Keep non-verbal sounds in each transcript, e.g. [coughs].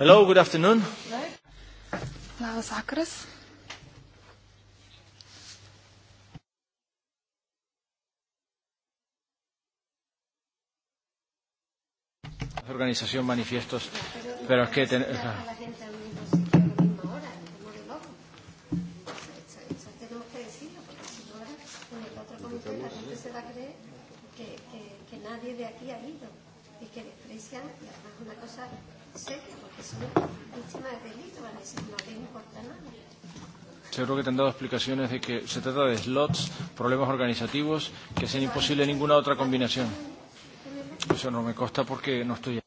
Hello, good afternoon. Labas vakaras. Organización manifiestos, pero es que ten... que, que, que nadie de aquí ha ido y que desprecian y además una cosa Seguro que te han dado explicaciones de que se trata de slots, problemas organizativos, que hacen imposible ninguna otra combinación. Eso no me consta porque no estoy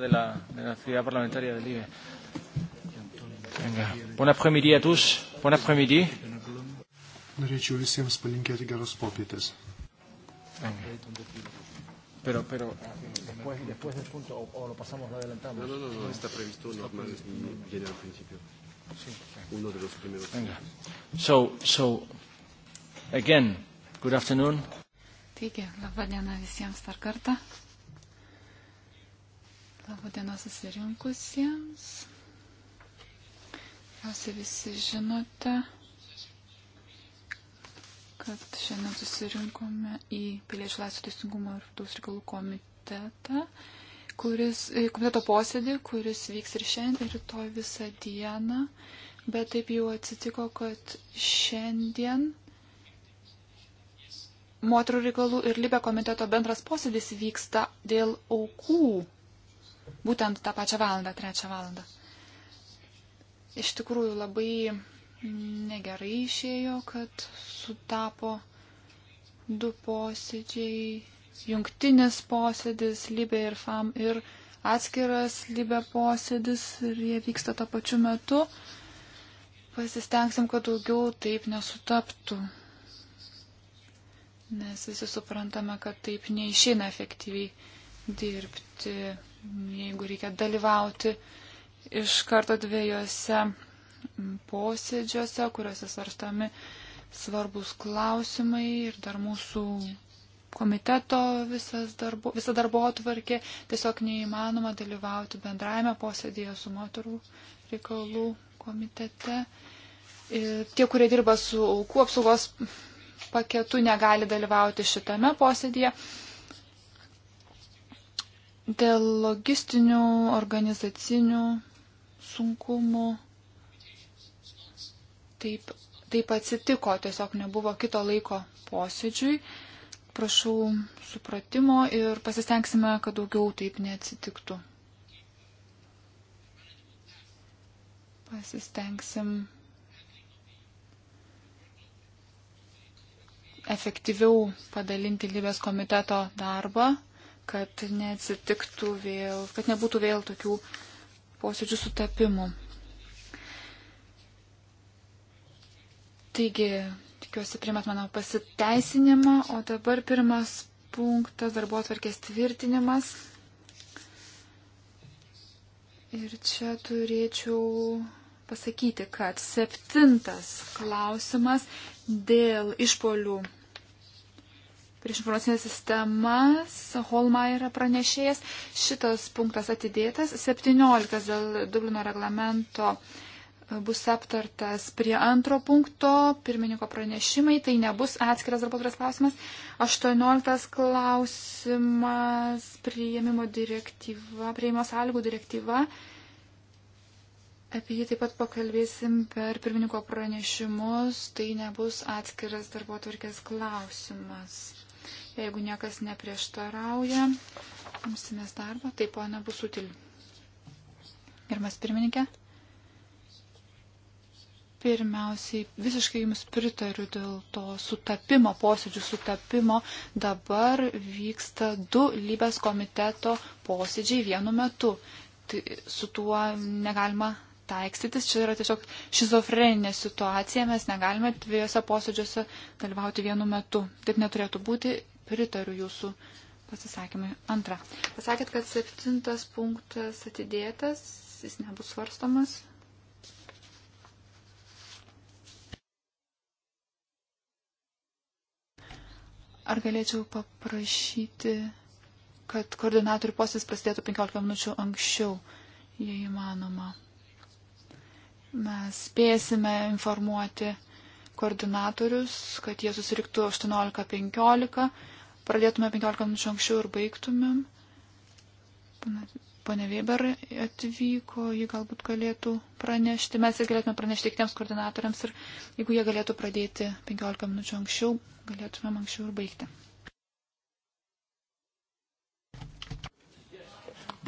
de la, de la actividad parlamentaria del IBE. Venga. Buen après-midi a tous. Buen après-midi. Norėčiau visiems palinkėti geros popietės. Venga. Pero, pero después, después del punto, o, o lo pasamos, lo adelantamos. No, no, no, no está previsto, normal, viene al principio. Sí. Uno de los primeros. Venga. So, so, again, good afternoon. Taigi, laba diena visiems dar kartą. Labą dieną susirinkusiems. Tikriausiai visi žinote, kad šiandien susirinkome į Piliečių laisvės teisingumo ir vidaus reikalų komitetą, kuris, e, komiteto posėdį, kuris vyks ir šiandien, ir rytoj visą dieną. Bet taip jau atsitiko, kad šiandien moterų reikalų ir Libė komiteto bendras posėdis vyksta dėl aukų Būtent tą pačią valandą, trečią valandą. Iš tikrųjų labai negerai išėjo, kad sutapo du posėdžiai, jungtinis posėdis, Libė ir FAM ir atskiras Libė posėdis ir jie vyksta tą pačiu metu. Pasistengsim, kad daugiau taip nesutaptų. Nes visi suprantame, kad taip neišina efektyviai dirbti jeigu reikia dalyvauti iš karto dviejose posėdžiuose, kuriuose svarstami svarbus klausimai ir dar mūsų komiteto darbo, visa darbo atvarkė. Tiesiog neįmanoma dalyvauti bendraime posėdėje su moterų reikalų komitete. Ir tie, kurie dirba su aukų apsaugos paketu, negali dalyvauti šitame posėdėje. Dėl logistinių, organizacinių sunkumų taip, taip atsitiko, tiesiog nebuvo kito laiko posėdžiui. Prašau supratimo ir pasistengsime, kad daugiau taip neatsitiktų. Pasistengsim efektyviau padalinti lybės komiteto darbą kad neatsitiktų vėl, kad nebūtų vėl tokių posėdžių sutapimų. Taigi, tikiuosi primat mano pasiteisinimą, o dabar pirmas punktas darbo atvarkės tvirtinimas. Ir čia turėčiau pasakyti, kad septintas klausimas dėl išpolių prieš informacinės sistemas, Holmaira pranešėjas, šitas punktas atidėtas, 17 dėl Dublino reglamento e, bus aptartas prie antro punkto, pirmininko pranešimai, tai nebus atskiras darbuotojas klausimas, 18 klausimas prieimimo direktyva, prieimimo sąlygų direktyva, apie jį taip pat pakalbėsim per pirmininko pranešimus, tai nebus atskiras darbuotvarkės klausimas. Jeigu niekas neprieštarauja, imsimės darbą. Taip, pana Busutil. Gerbiamas pirmininkė. Pirmiausiai, visiškai Jums pritariu dėl to sutapimo, posėdžių sutapimo. Dabar vyksta du lybės komiteto posėdžiai vienu metu. Tai su tuo negalima taikstytis. Čia yra tiesiog šizofreninė situacija, mes negalime dviejose posėdžiuose dalyvauti vienu metu. Taip neturėtų būti pritariu jūsų pasisakymui. Antra. Pasakėt, kad septintas punktas atidėtas, jis nebus svarstomas. Ar galėčiau paprašyti, kad koordinatorių posės prasidėtų 15 minučių anksčiau, jei įmanoma? Mes spėsime informuoti koordinatorius, kad jie susiriktų 18.15 pradėtume 15 minučių anksčiau ir baigtumėm. Pane Weber atvyko, jį galbūt galėtų pranešti. Mes ir galėtume pranešti kitiems koordinatoriams ir jeigu jie galėtų pradėti 15 minučių anksčiau, galėtumėm anksčiau ir baigti.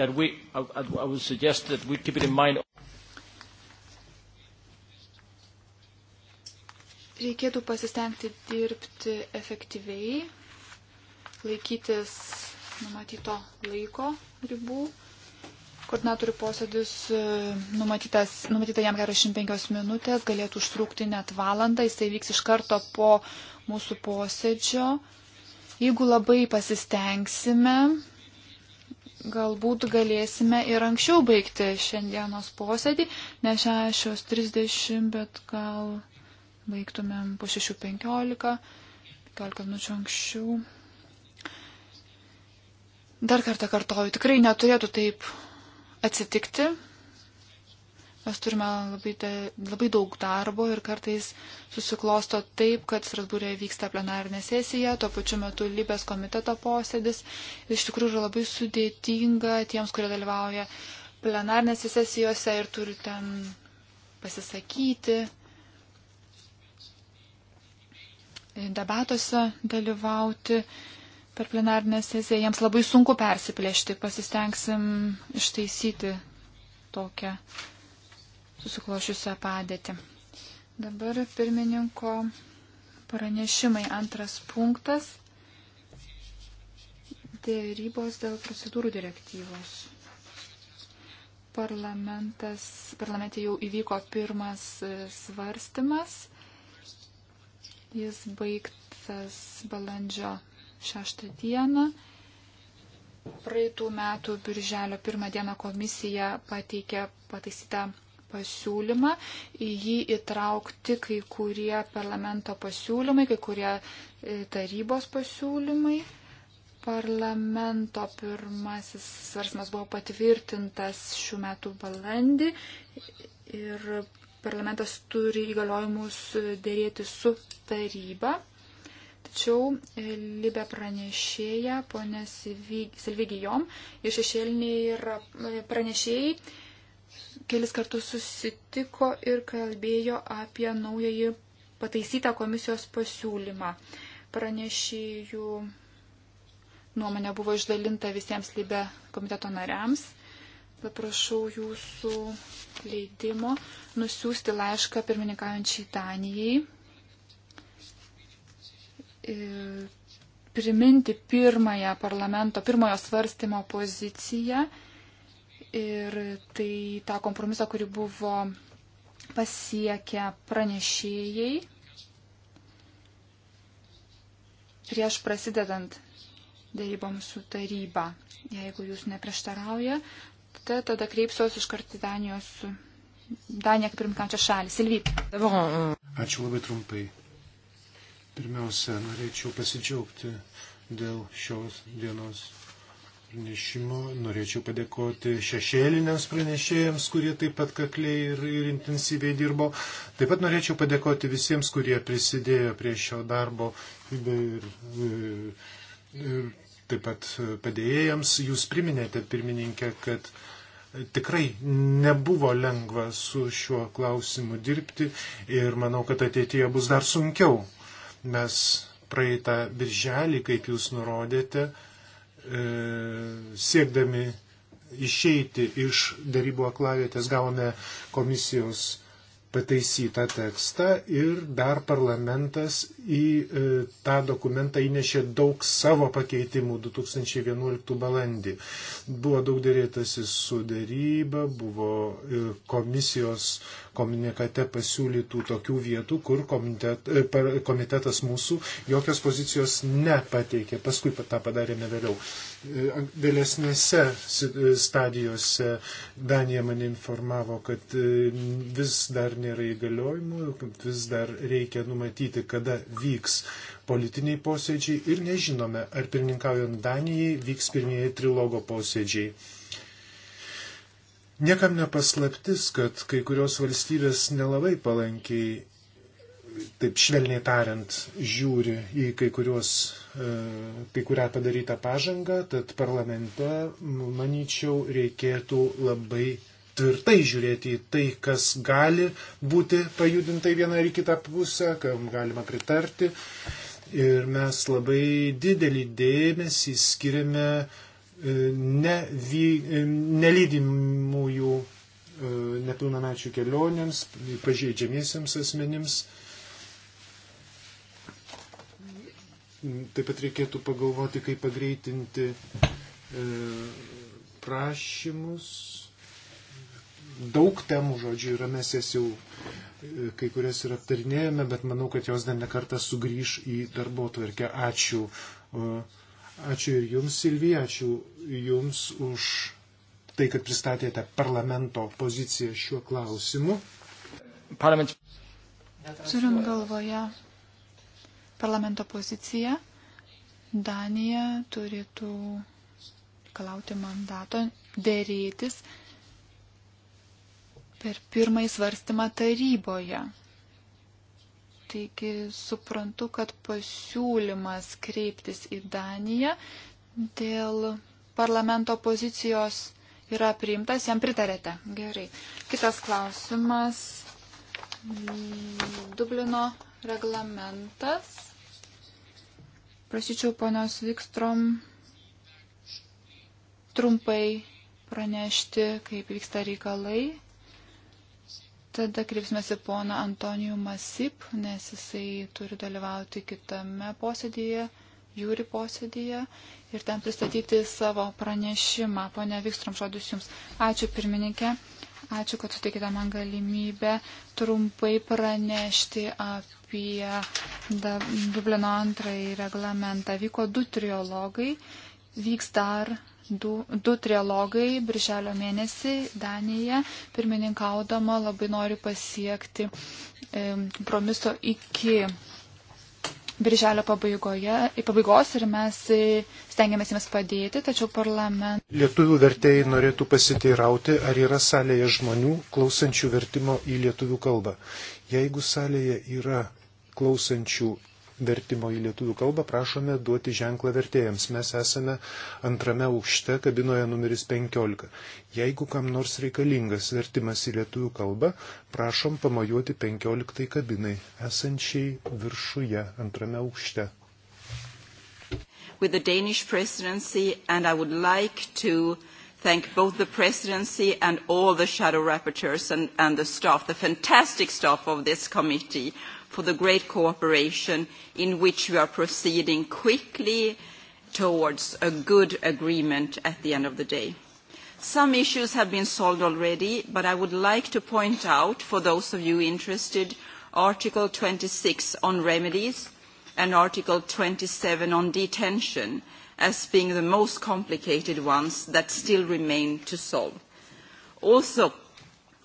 that we, I, I would suggest that we keep it in mind. Reikėtų pasistengti dirbti efektyviai, laikytis numatyto laiko ribų. Koordinatorių posėdis e, numatyta jam 45 minutės, galėtų užtrukti net valandą, jisai vyks iš karto po mūsų posėdžio. Jeigu labai pasistengsime, galbūt galėsime ir anksčiau baigti šiandienos posėdį, ne 6.30, bet gal baigtumėm po 6.15, 15 minučių anksčiau. Dar kartą kartoju, tikrai neturėtų taip atsitikti. Mes turime labai, de, labai daug darbo ir kartais susiklosto taip, kad Strasbūrėje vyksta plenarinė sesija, tuo pačiu metu Libės komiteto posėdis. Iš tikrųjų yra labai sudėtinga tiems, kurie dalyvauja plenarinėse sesijose ir turi ten pasisakyti, debatuose dalyvauti per plenarinę sesiją. Jiems labai sunku persiplėšti, pasistengsim ištaisyti tokią susiklošiusią padėtį. Dabar pirmininko pranešimai antras punktas. Dėrybos dėl procedūrų direktyvos. Parlamentas, parlamente jau įvyko pirmas e, svarstymas. Jis baigtas balandžio 6 dieną. Praeitų metų birželio 1 dieną komisija pateikė pataisytą pasiūlymą. Į jį įtraukti kai kurie parlamento pasiūlymai, kai kurie e, tarybos pasiūlymai. Parlamento pirmasis svarsmas buvo patvirtintas šių metų balandį ir parlamentas turi įgaliojimus dėrėti su taryba. Tačiau e, Libė pranešėja, ponė Silvigijom ir šešėliniai e, pranešėjai kelis kartus susitiko ir kalbėjo apie naująjį pataisytą komisijos pasiūlymą. Pranešėjų nuomonė buvo išdalinta visiems Libė komiteto nariams. Paprašau jūsų leidimo nusiųsti laišką pirmininkaujančiai Danijai E, priminti pirmąją parlamento, pirmojo svarstymo poziciją ir tai tą kompromisą, kuri buvo pasiekę pranešėjai prieš prasidedant dėryboms su taryba. Jeigu jūs neprieštarauja, tai tada kreipsiuosi iš karto Danijos, Daniją kaip primkančią šalį. Silvyt. Uh, Ačiū labai trumpai. Pirmiausia, norėčiau pasidžiaugti dėl šios dienos pranešimo. Norėčiau padėkoti šešėliniams pranešėjams, kurie taip pat kakliai ir, ir intensyviai dirbo. Taip pat norėčiau padėkoti visiems, kurie prisidėjo prie šio darbo ir, ir, ir taip pat padėjėjams. Jūs priminėte, pirmininkė, kad tikrai nebuvo lengva su šiuo klausimu dirbti ir manau, kad ateityje bus dar sunkiau. Mes praeitą birželį, kaip jūs nurodėte, e, siekdami išeiti iš darybų aklavietės gavome komisijos pataisytą tekstą ir dar parlamentas į e, tą dokumentą įnešė daug savo pakeitimų 2011 balandį. Buvo daug dėrėtasi su daryba, buvo e, komisijos komunikate pasiūlytų tokių vietų, kur komitet, e, komitetas mūsų jokios pozicijos nepateikė. Paskui tą padarėme vėliau. E, vėlesnėse e, stadijose Danija mane informavo, kad vis dar nėra įgaliojimų, kad vis dar reikia numatyti, kada vyks politiniai posėdžiai ir nežinome, ar pirmininkaujant Danijai vyks pirmieji trilogo posėdžiai. Niekam nepaslaptis, kad kai kurios valstybės nelabai palankiai, taip švelniai tariant, žiūri į kai, kurios, e, kai kurią padarytą pažangą, tad parlamente, manyčiau, reikėtų labai tvirtai žiūrėti į tai, kas gali būti pajudinta į vieną ar į kitą pusę, kam galima pritarti. Ir mes labai didelį dėmesį skiriame nevy, nelydimųjų e, nepilnamečių kelionėms, pažeidžiamiesiams asmenims. Taip pat reikėtų pagalvoti, kaip pagreitinti e, prašymus. Daug temų, žodžiu, yra, mes jas jau e, kai kurias ir aptarinėjome, bet manau, kad jos dar nekartą sugrįž į darbo tvarkę. Ačiū. Uh, Ačiū ir jums, Silvija, ačiū jums už tai, kad pristatėte parlamento poziciją šiuo klausimu. Parlament... Turint galvoje parlamento poziciją, Danija turėtų kalauti mandato dėrėtis per pirmąjį svarstymą taryboje. Taigi suprantu, kad pasiūlymas kreiptis į Daniją dėl parlamento pozicijos yra priimtas, jam pritarėte. Gerai. Kitas klausimas. Dublino reglamentas. Prašyčiau ponios Vikstrom trumpai pranešti, kaip vyksta reikalai Tada kreipsimės į poną Antonijų Masip, nes jisai turi dalyvauti kitame posėdėje, jūri posėdėje ir ten pristatyti savo pranešimą. Pone Vikstrom, žodis jums. Ačiū pirmininkė, ačiū, kad suteikite man galimybę trumpai pranešti apie Dublino antrąjį reglamentą. Vyko du triologai, vyks dar du, du trilogai birželio mėnesį Danija, pirmininkaudama, labai nori pasiekti kompromiso e, iki birželio pabaigoje, pabaigos ir mes e, stengiamės jiems padėti, tačiau parlament. Lietuvių vertėjai norėtų pasiteirauti, ar yra salėje žmonių klausančių vertimo į lietuvių kalbą. Jeigu salėje yra klausančių vertimo į lietuvių kalbą, prašome duoti ženklą vertėjams. Mes esame antrame aukšte, kabinoje numeris 15. Jeigu kam nors reikalingas vertimas į lietuvių kalbą, prašom pamajuoti 15 kabinai, esančiai viršuje, antrame aukšte. With the Danish presidency, and I would like to thank both the presidency and all the shadow rapporteurs and, and the staff, the fantastic staff of this committee, for the great cooperation in which we are proceeding quickly towards a good agreement at the end of the day. Some issues have been solved already, but I would like to point out, for those of you interested, Article 26 on remedies and Article 27 on detention as being the most complicated ones that still remain to solve. Also,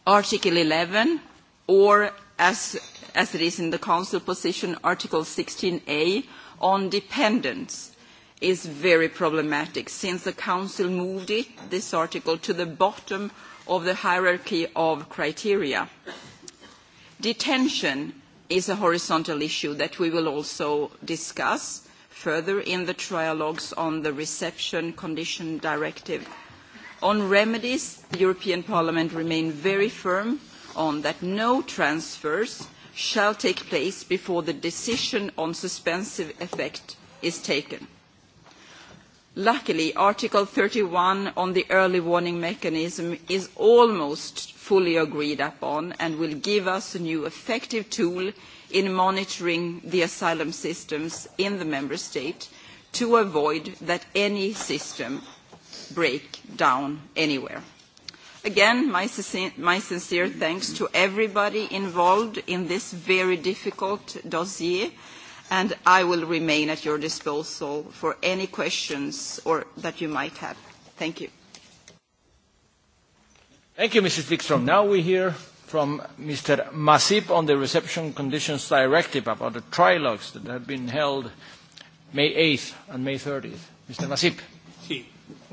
Article 11, or as as it is in the Council position, Article 16A on dependence is very problematic since the Council moved it, this article, to the bottom of the hierarchy of criteria. Detention is a horizontal issue that we will also discuss further in the trialogues on the reception condition directive. On remedies, the European Parliament remained very firm on that no transfers shall take place before the decision on suspensive effect is taken. Luckily, Article 31 on the early warning mechanism is almost fully agreed upon and will give us a new effective tool in monitoring the asylum systems in the Member State to avoid that any system break down anywhere. Again, my, my sincere thanks to everybody involved in this very difficult dossier, and I will remain at your disposal for any questions or that you might have. Thank you. Thank you, Mrs. Wikström. Now we hear from Mr. Masip on the Reception Conditions Directive about the trilogues that have been held May 8th and May 30th. Mr. Masip. Sí,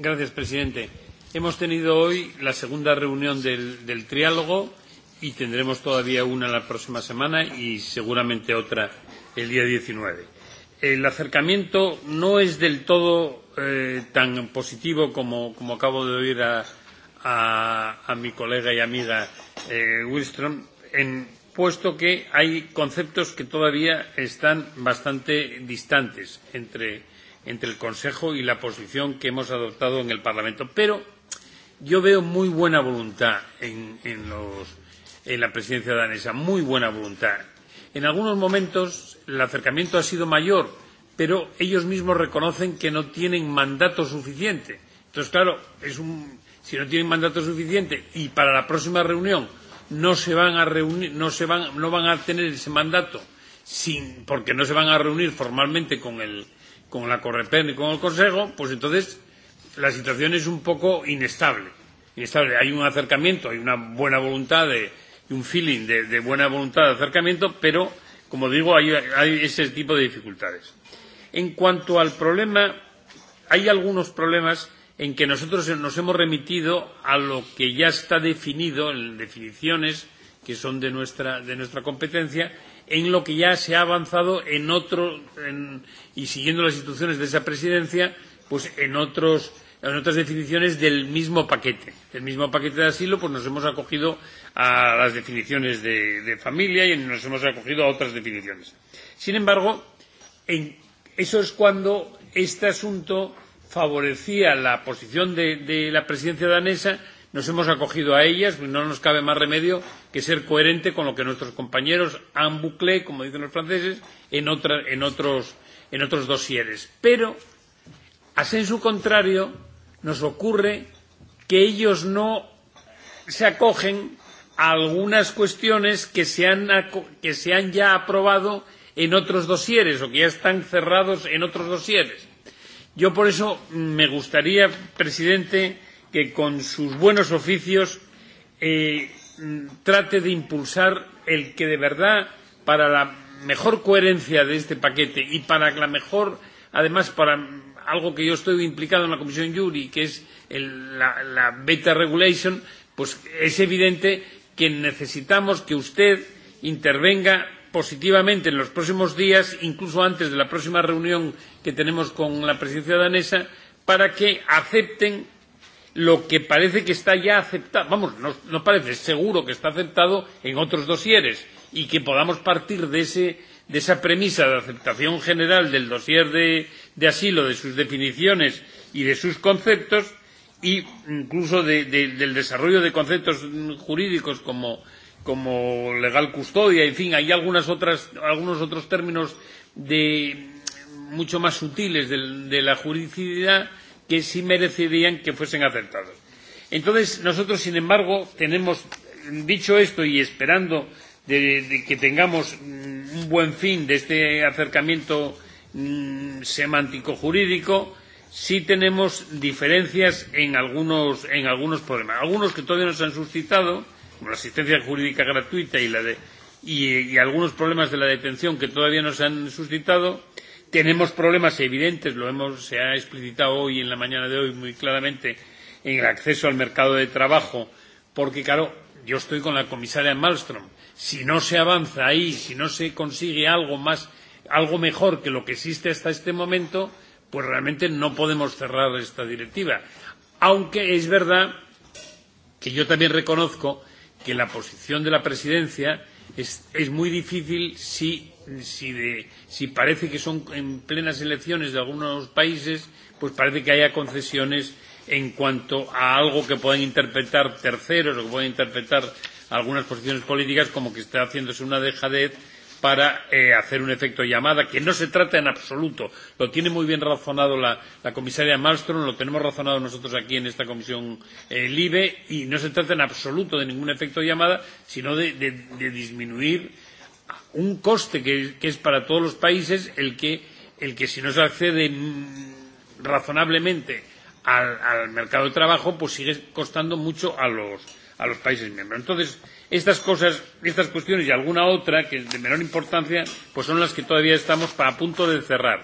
gracias, Presidente. Hemos tenido hoy la segunda reunión del, del triálogo y tendremos todavía una la próxima semana y seguramente otra el día 19. El acercamiento no es del todo eh, tan positivo como, como acabo de oír a, a, a mi colega y amiga eh, Wilstrom, en, puesto que hay conceptos que todavía están bastante distantes entre, entre el Consejo y la posición que hemos adoptado en el Parlamento. Pero yo veo muy buena voluntad en, en, los, en la presidencia danesa, muy buena voluntad. En algunos momentos el acercamiento ha sido mayor, pero ellos mismos reconocen que no tienen mandato suficiente. Entonces, claro, es un, si no tienen mandato suficiente y para la próxima reunión no se van a reunir, no, se van, no van a tener ese mandato sin, porque no se van a reunir formalmente con, el, con la Correper ni con el Consejo, pues entonces la situación es un poco inestable. inestable. Hay un acercamiento, hay una buena voluntad de, un feeling de, de buena voluntad de acercamiento, pero, como digo, hay, hay ese tipo de dificultades. En cuanto al problema, hay algunos problemas en que nosotros nos hemos remitido a lo que ya está definido en definiciones que son de nuestra, de nuestra competencia, en lo que ya se ha avanzado en otro en, y siguiendo las instituciones de esa presidencia, pues en otros las otras definiciones del mismo paquete. Del mismo paquete de asilo, pues nos hemos acogido a las definiciones de, de familia y nos hemos acogido a otras definiciones. Sin embargo, en, eso es cuando este asunto favorecía la posición de, de la presidencia danesa, nos hemos acogido a ellas, pues no nos cabe más remedio que ser coherente con lo que nuestros compañeros han bouclé, como dicen los franceses, en, otra, en, otros, en otros dosieres. Pero, a sensu contrario, nos ocurre que ellos no se acogen a algunas cuestiones que se han, que se han ya aprobado en otros dosieres o que ya están cerrados en otros dosieres. Yo por eso me gustaría, presidente, que con sus buenos oficios eh, trate de impulsar el que de verdad para la mejor coherencia de este paquete y para la mejor, además, para algo que yo estoy implicado en la Comisión Jury, que es el, la, la beta regulation, pues es evidente que necesitamos que usted intervenga positivamente en los próximos días, incluso antes de la próxima reunión que tenemos con la presidencia danesa, para que acepten lo que parece que está ya aceptado, vamos, no, no parece, seguro que está aceptado en otros dosieres y que podamos partir de, ese, de esa premisa de aceptación general del dosier de, de asilo, de sus definiciones y de sus conceptos, e incluso de, de, del desarrollo de conceptos jurídicos como, como legal custodia, en fin, hay algunas otras, algunos otros términos de, mucho más sutiles de, de la juridicidad que sí merecerían que fuesen acertados. Entonces, nosotros, sin embargo, tenemos, dicho esto y esperando de, de que tengamos un buen fin de este acercamiento mm, semántico jurídico, sí tenemos diferencias en algunos, en algunos problemas. Algunos que todavía nos han suscitado, como la asistencia jurídica gratuita y, la de, y, y algunos problemas de la detención que todavía nos han suscitado. Tenemos problemas evidentes, lo hemos, se ha explicitado hoy en la mañana de hoy muy claramente en el acceso al mercado de trabajo, porque claro, yo estoy con la comisaria Malmström. Si no se avanza ahí, si no se consigue algo más algo mejor que lo que existe hasta este momento, pues realmente no podemos cerrar esta directiva. Aunque es verdad que yo también reconozco que la posición de la presidencia es, es muy difícil si, si, de, si parece que son en plenas elecciones de algunos países, pues parece que haya concesiones en cuanto a algo que pueden interpretar terceros o que pueden interpretar algunas posiciones políticas como que está haciéndose una dejadez para eh, hacer un efecto llamada, que no se trata en absoluto. Lo tiene muy bien razonado la, la comisaria Malmström, lo tenemos razonado nosotros aquí en esta comisión eh, LIBE, y no se trata en absoluto de ningún efecto llamada, sino de, de, de disminuir un coste que, que es para todos los países el que, el que si no se accede mm, razonablemente al, al mercado de trabajo, pues sigue costando mucho a los, a los países miembros. Entonces, eh, Estas cosas, estas cuestiones y alguna otra que es de menor importancia, pues son las que todavía estamos a punto de cerrar.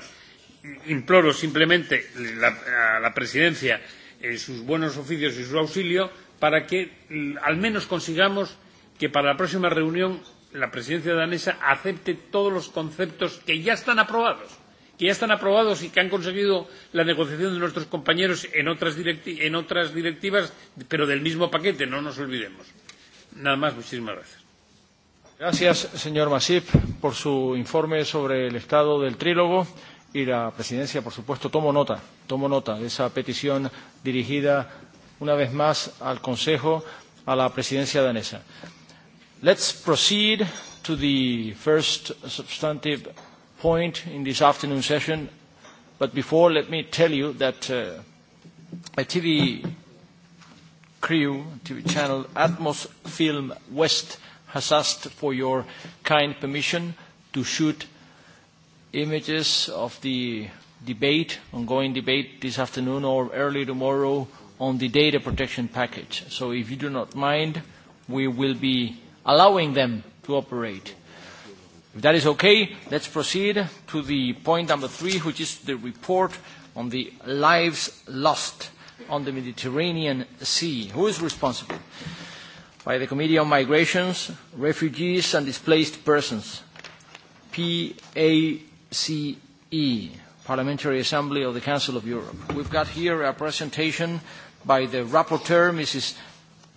Imploro simplemente la, a la presidencia eh, sus buenos oficios y su auxilio para que mm, al menos consigamos que para la próxima reunión la presidencia danesa acepte todos los conceptos que ya están aprobados que ya están aprobados y que han conseguido la negociación de nuestros compañeros en otras, directi en otras directivas, pero del mismo paquete, no nos olvidemos. Nada más, muchísimas gracias. Gracias, señor Masip, por su informe sobre el estado del trílogo y la presidencia, por supuesto, tomo nota, tomo nota de esa petición dirigida una vez más al Consejo, a la presidencia danesa. Let's proceed to the first substantive point in this afternoon session, but before let me tell you that uh, a TV Crew TV channel Atmos Film West has asked for your kind permission to shoot images of the debate, ongoing debate this afternoon or early tomorrow on the data protection package. So if you do not mind, we will be allowing them to operate. If that is okay, let's proceed to the point number three, which is the report on the lives lost on the Mediterranean Sea. Who is responsible? By the Committee on Migrations, Refugees and Displaced Persons, PACE, Parliamentary Assembly of the Council of Europe. We've got here a presentation by the rapporteur, Mrs.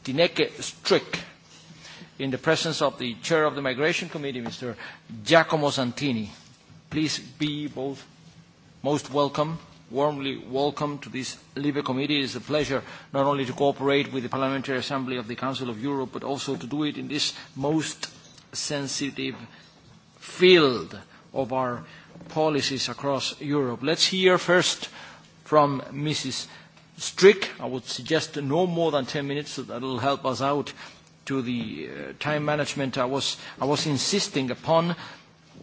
Tineke Strick, in the presence of the Chair of the Migration Committee, Mr. Giacomo Santini. Please be both most welcome warmly welcome to this LIBE committee. It is a pleasure not only to cooperate with the Parliamentary Assembly of the Council of Europe, but also to do it in this most sensitive field of our policies across Europe. Let's hear first from Mrs. Strick. I would suggest no more than 10 minutes, so that will help us out to the uh, time management I was, I was insisting upon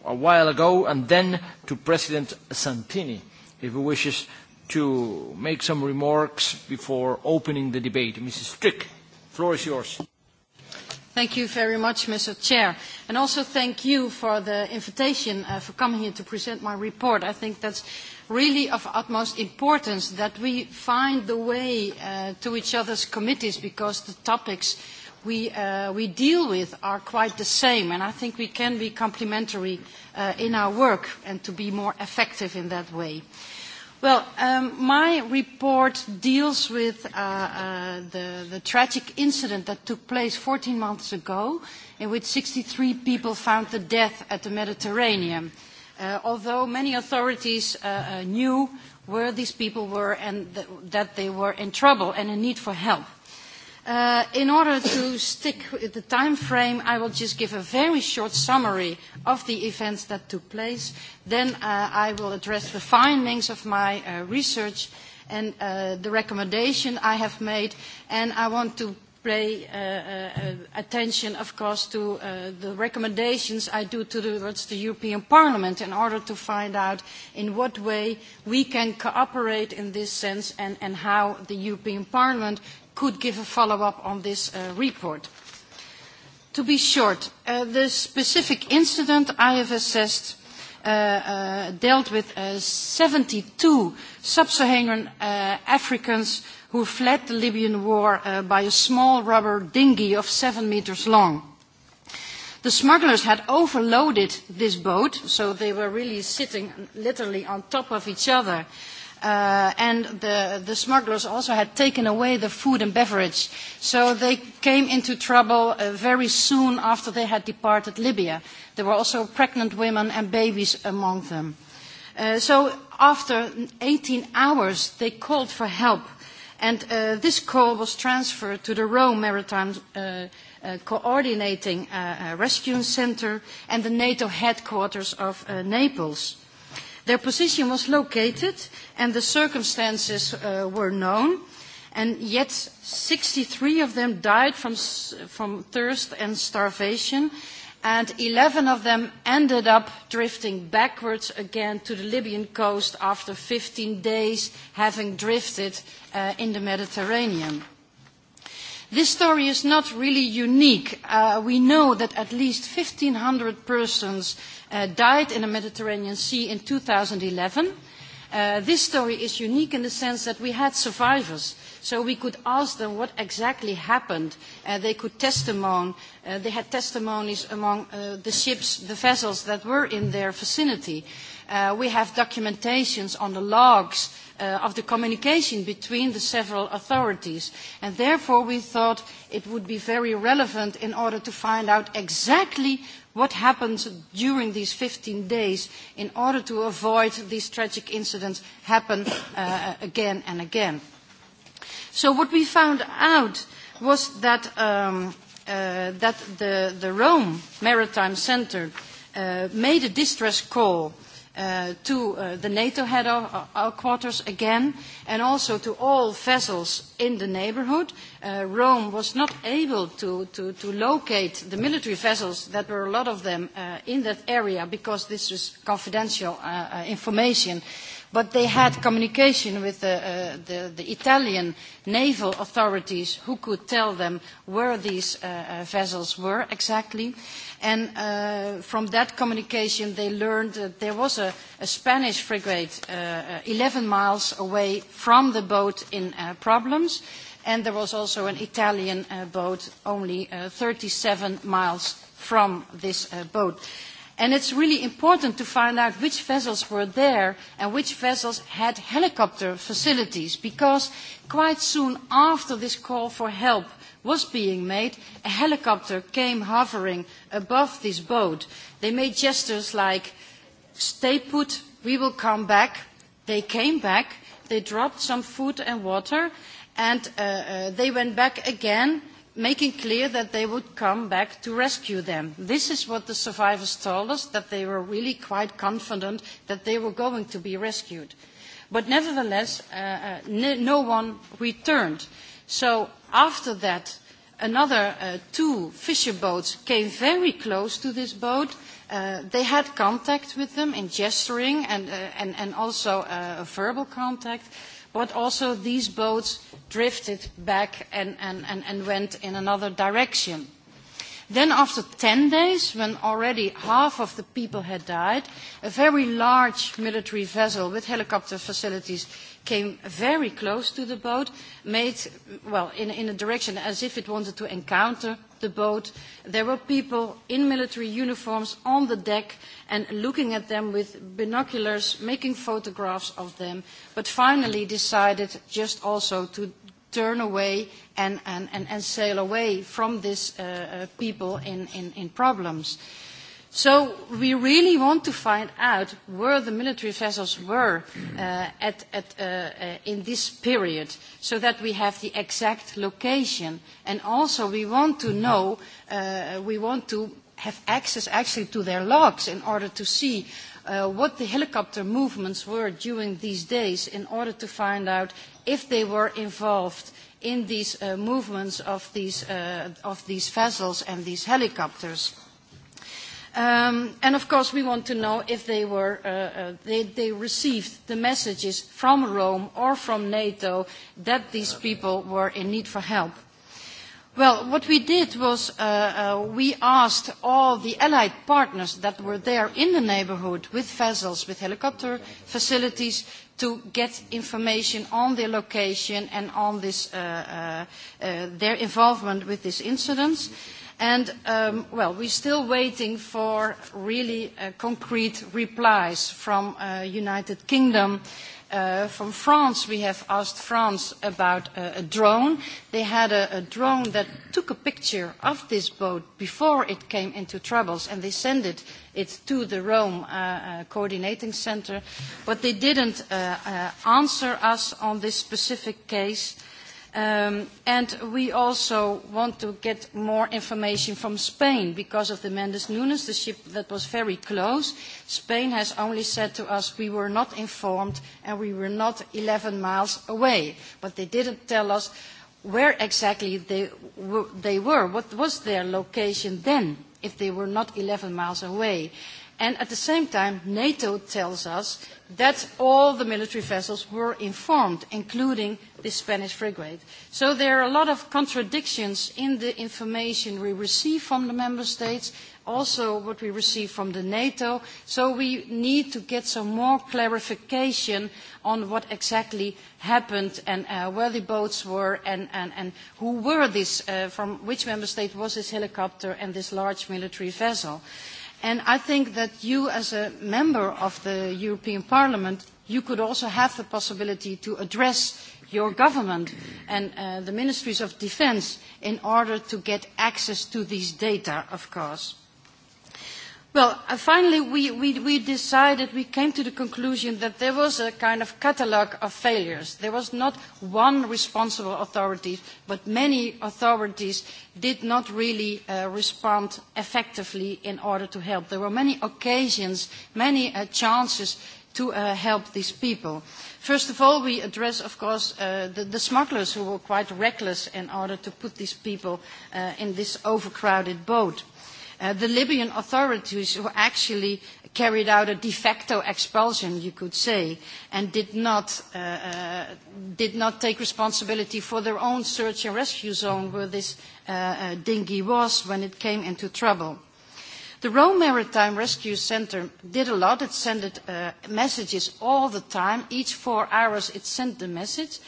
a while ago, and then to President Santini if he wishes to make some remarks before opening the debate. Mrs. Strick, floor is yours. Thank you very much, Mr. Chair. And also thank you for the invitation uh, for coming here to present my report. I think that's really of utmost importance that we find the way uh, to each other's committees because the topics we, uh, we deal with are quite the same, and I think we can be complementary uh, in our work and to be more effective in that way. Uh, Well, um, my report deals with uh, uh, the, the tragic incident that took place 14 months ago, in which 63 people found the death at the Mediterranean. Uh, although many authorities uh, uh, knew where these people were and th- that they were in trouble and in need for help. Uh, in order to stick with the time frame, I will just give a very short summary of the events that took place. Then uh, I will address the findings of my uh, research and uh, the recommendation I have made. And I want to pay uh, uh, attention, of course, to uh, the recommendations I do towards the European Parliament in order to find out in what way we can cooperate in this sense and, and how the European Parliament could give a follow-up on this uh, report. To be short, uh, the specific incident I have assessed uh, uh, dealt with uh, 72 sub-Saharan uh, Africans who fled the Libyan war uh, by a small rubber dinghy of seven meters long. The smugglers had overloaded this boat, so they were really sitting literally on top of each other, uh, uh, and the, the smugglers also had taken away the food and beverage. So they came into trouble uh, very soon after they had departed Libya. There were also pregnant women and babies among them. Uh, so after 18 hours, they called for help. And uh, this call was transferred to the Rome Maritime uh, uh, Coordinating uh, uh, Rescue Center and the NATO headquarters of uh, Naples. Their position was located and the circumstances uh, were known, and yet 63 of them died from, from thirst and starvation, and 11 of them ended up drifting backwards again to the Libyan coast after 15 days having drifted uh, in the Mediterranean. This story is not really unique. Uh, we know that at least 1,500 persons uh, died in the Mediterranean Sea in 2011. Uh, this story is unique in the sense that we had survivors. So we could ask them what exactly happened. Uh, they could testimony. Uh, they had testimonies among uh, the ships, the vessels that were in their vicinity. Uh, we have documentations on the logs uh, of the communication between the several authorities. And therefore we thought it would be very relevant in order to find out exactly what happens during these 15 days in order to avoid these tragic incidents happen uh, again and again. So what we found out was that, um, uh, that the, the Rome Maritime Center uh, made a distress call uh, uh, to uh, the NATO head of, uh, quarters again, and also to all vessels in the neighborhood. Uh, Rome was not able to, to, to locate the military vessels, that were a lot of them, uh, in that area because this was confidential uh, uh, information. Uh, But they had communication with the, uh, the, the Italian naval authorities who could tell them where these uh, uh vessels were exactly. And uh, from that communication, they learned that there was a, a Spanish frigate uh, 11 uh, miles away from the boat in uh, problems. And there was also an Italian uh, boat only uh, 37 miles from this uh, boat. Uh, And it's really important to find out which vessels were there and which vessels had helicopter facilities, because quite soon after this call for help was being made, a helicopter came hovering above this boat. They made gestures like, stay put, we will come back. They came back, they dropped some food and water, and uh, uh, they went back again making clear that they would come back to rescue them. This is what the survivors told us, that they were really quite confident that they were going to be rescued. But nevertheless, uh, uh, n- no one returned. So after that, another uh, two fisher boats came very close to this boat. Uh, they had contact with them in gesturing and, uh, and, and also uh, verbal contact. Uh, but also these boats drifted back and, and, and, and went in another direction. Then after 10 days, when already half of the people had died, a very large military vessel with helicopter facilities came very close to the boat, made, well, in, in a direction as if it wanted to encounter the boat. There were people in military uniforms on the deck and looking at them with binoculars, making photographs of them, but finally decided just also to turn away and, and, and, and sail away from these uh, uh, people in, in, in problems. So we really want to find out where the military vessels were uh, at, at, uh, uh, in this period so that we have the exact location. And also we want to know, uh, we want to have access actually to their logs in order to see uh, what the helicopter movements were during these days in order to find out if they were involved in these uh, movements of these, uh, of these vessels and these helicopters. Um, and of course, we want to know if they, were, uh, uh, they, they received the messages from Rome or from NATO that these people were in need for help. Well, what we did was uh, uh, we asked all the allied partners that were there in the neighborhood with vessels, with helicopter facilities, to get information on their location and on this, uh, uh, uh, their involvement with these incidents. And, um, well, we're still waiting for really uh, concrete replies from uh, United Kingdom, uh, Uh, from France, we have asked France about uh, a drone. They had a, a drone that took a picture of this boat before it came into troubles, and they sent it, it to the Rome uh, uh, Coordinating Center. But they didn't uh, uh, answer us on this specific case. Uh, Um, and we also want to get more information from Spain because of the Mendes Nunes, the ship that was very close. Spain has only said to us we were not informed and we were not 11 miles away. But they didn't tell us where exactly they, w they were, what was their location then if they were not 11 miles away. Uh, And at the same time, NATO tells us that all the military vessels were informed, including the Spanish frigate. So there are a lot of contradictions in the information we receive from the member states, also what we receive from the NATO. So we need to get some more clarification on what exactly happened and uh, where the boats were and, and, and who were this, uh, from which member state was this helicopter and this large military vessel. Uh, And I think that you, as a member of the European Parliament, you could also have the possibility to address your government and uh, the ministries of defense in order to get access to these data, of course. Well, uh, finally, we, we, we decided, we came to the conclusion that there was a kind of catalogue of failures. There was not one responsible authority, but many authorities did not really uh, respond effectively in order to help. There were many occasions, many uh, chances to uh, help these people. First of all, we address, of course, uh, the, the smugglers who were quite reckless in order to put these people uh, in this overcrowded boat. Uh, the Libyan authorities who actually carried out a de facto expulsion, you could say, and did not, uh, uh, did not take responsibility for their own search and rescue zone where this uh, uh, dinghy was when it came into trouble. The Rome Maritime Rescue Center did a lot. It sent it, uh, messages all the time. Each four hours it sent the message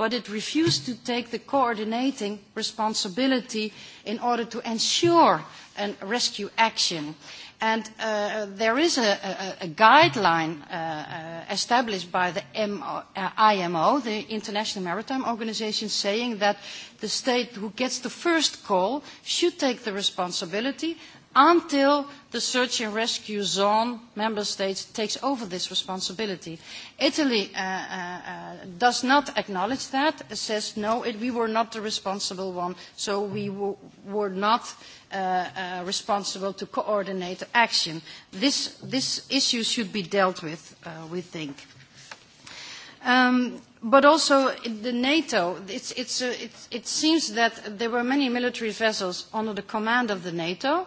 but it refused to take the coordinating responsibility in order to ensure a rescue action. And uh, there is a, a, a guideline uh, uh established by the MO, uh, IMO, the International Maritime Organization, saying that the state who gets the first call should take the responsibility until the search and rescue zone member states takes over this responsibility. Italy uh, uh, uh does not acknowledge that, says no, it, we were not the responsible one, so we w were not uh, uh, responsible to coordinate action. This, this issue should be dealt with, uh, we think. Um, but also the NATO, it's, it's, uh, it's, it seems that there were many military vessels under the command of the NATO, uh,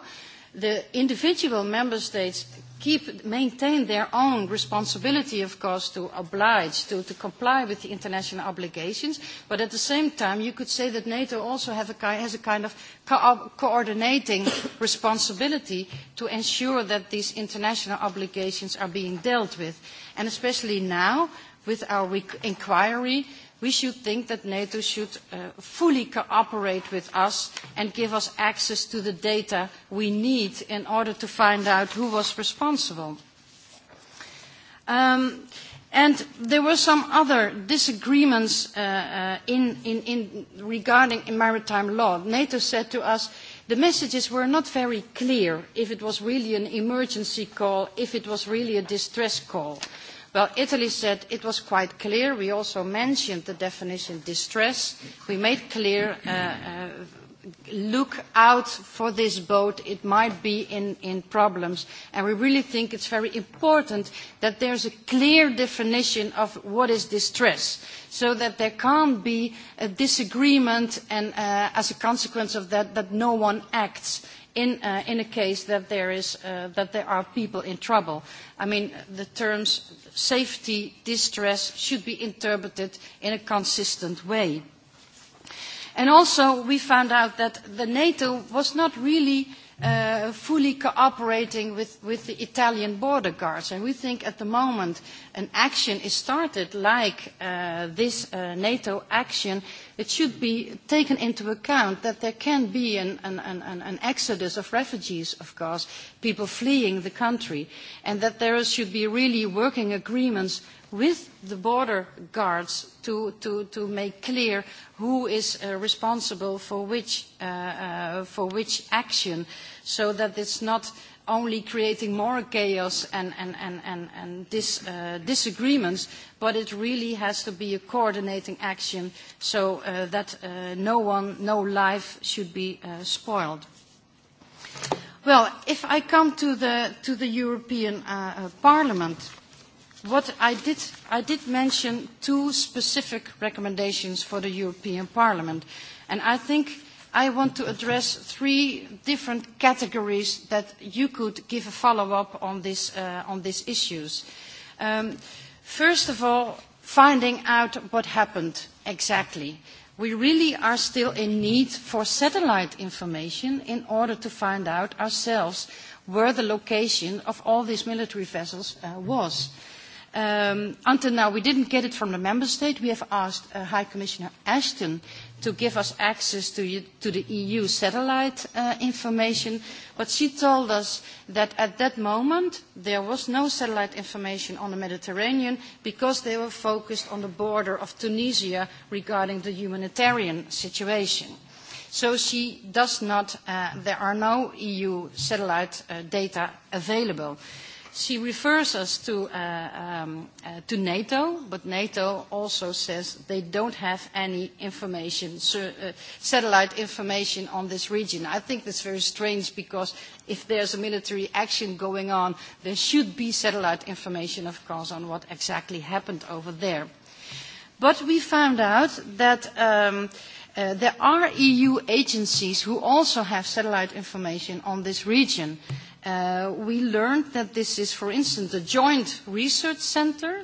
the individual member states keep, maintain their own responsibility, of course, to oblige, to, to comply with the international obligations. But at the same time, you could say that NATO also have a, has a kind of co coordinating [coughs] responsibility to ensure that these international obligations are being dealt with. And especially now, with our inquiry, we should think that NATO should uh, fully cooperate with us and give us access to the data we need in order to find out who was responsible. Um, And there were some other disagreements uh, uh in, in, in regarding in maritime law. NATO said to us the messages were not very clear if it was really an emergency call, if it was really a distress call. Uh, Well, Italy said it was quite clear. We also mentioned the definition distress. We made clear uh, uh, look out for this boat. It might be in, in problems. And we really think it's very important that there's a clear definition of what is distress so that there can't be a disagreement and uh, as a consequence of that, that no one acts in, uh, in a case that there, is, uh, that there are people in trouble. I mean, the terms safety, distress should be interpreted in a consistent way. And also, we found out that the NATO was not really uh, uh, fully cooperating with, with the Italian border guards. And we think at the moment an action is started like uh, this uh, NATO action. It should be taken into account that there can be an, an, an, an exodus of refugees, of course, people fleeing the country, and that there should be really working agreements with the border guards to, to, to make clear who is uh, responsible for which, uh, uh, for which action, so that it's not only creating more chaos and, and, and, and, and dis, uh, disagreements, but it really has to be a coordinating action so uh, that uh, no one, no life should be uh, spoiled. Well, if I come to the, to the European uh, uh, Parliament, uh, what I did, I did mention two specific recommendations for the European Parliament, and I think I want to address three different categories that you could give a follow-up on, this, uh, on these issues. Um, first of all, finding out what happened exactly. We really are still in need for satellite information in order to find out ourselves where the location of all these military vessels uh, was. Mm-hmm Um, until now, we didn't get it from the member state. We have asked uh, High Commissioner Ashton to give us access to, to the EU satellite uh, information, but she told us that at that moment there was no satellite information on the Mediterranean because they were focused on the border of Tunisia regarding the humanitarian situation. So she does not, uh, there are no EU satellite uh, data available. Uh, she refers us to, uh, um, uh, to NATO, but NATO also says they don't have any information, so, uh, satellite information on this region. I think that's very strange because if there's a military action going on, there should be satellite information, of course, on what exactly happened over there. But we found out that um, uh, there are EU agencies who also have satellite information on this region. Uh, Uh, we learned that this is, for instance, a joint research center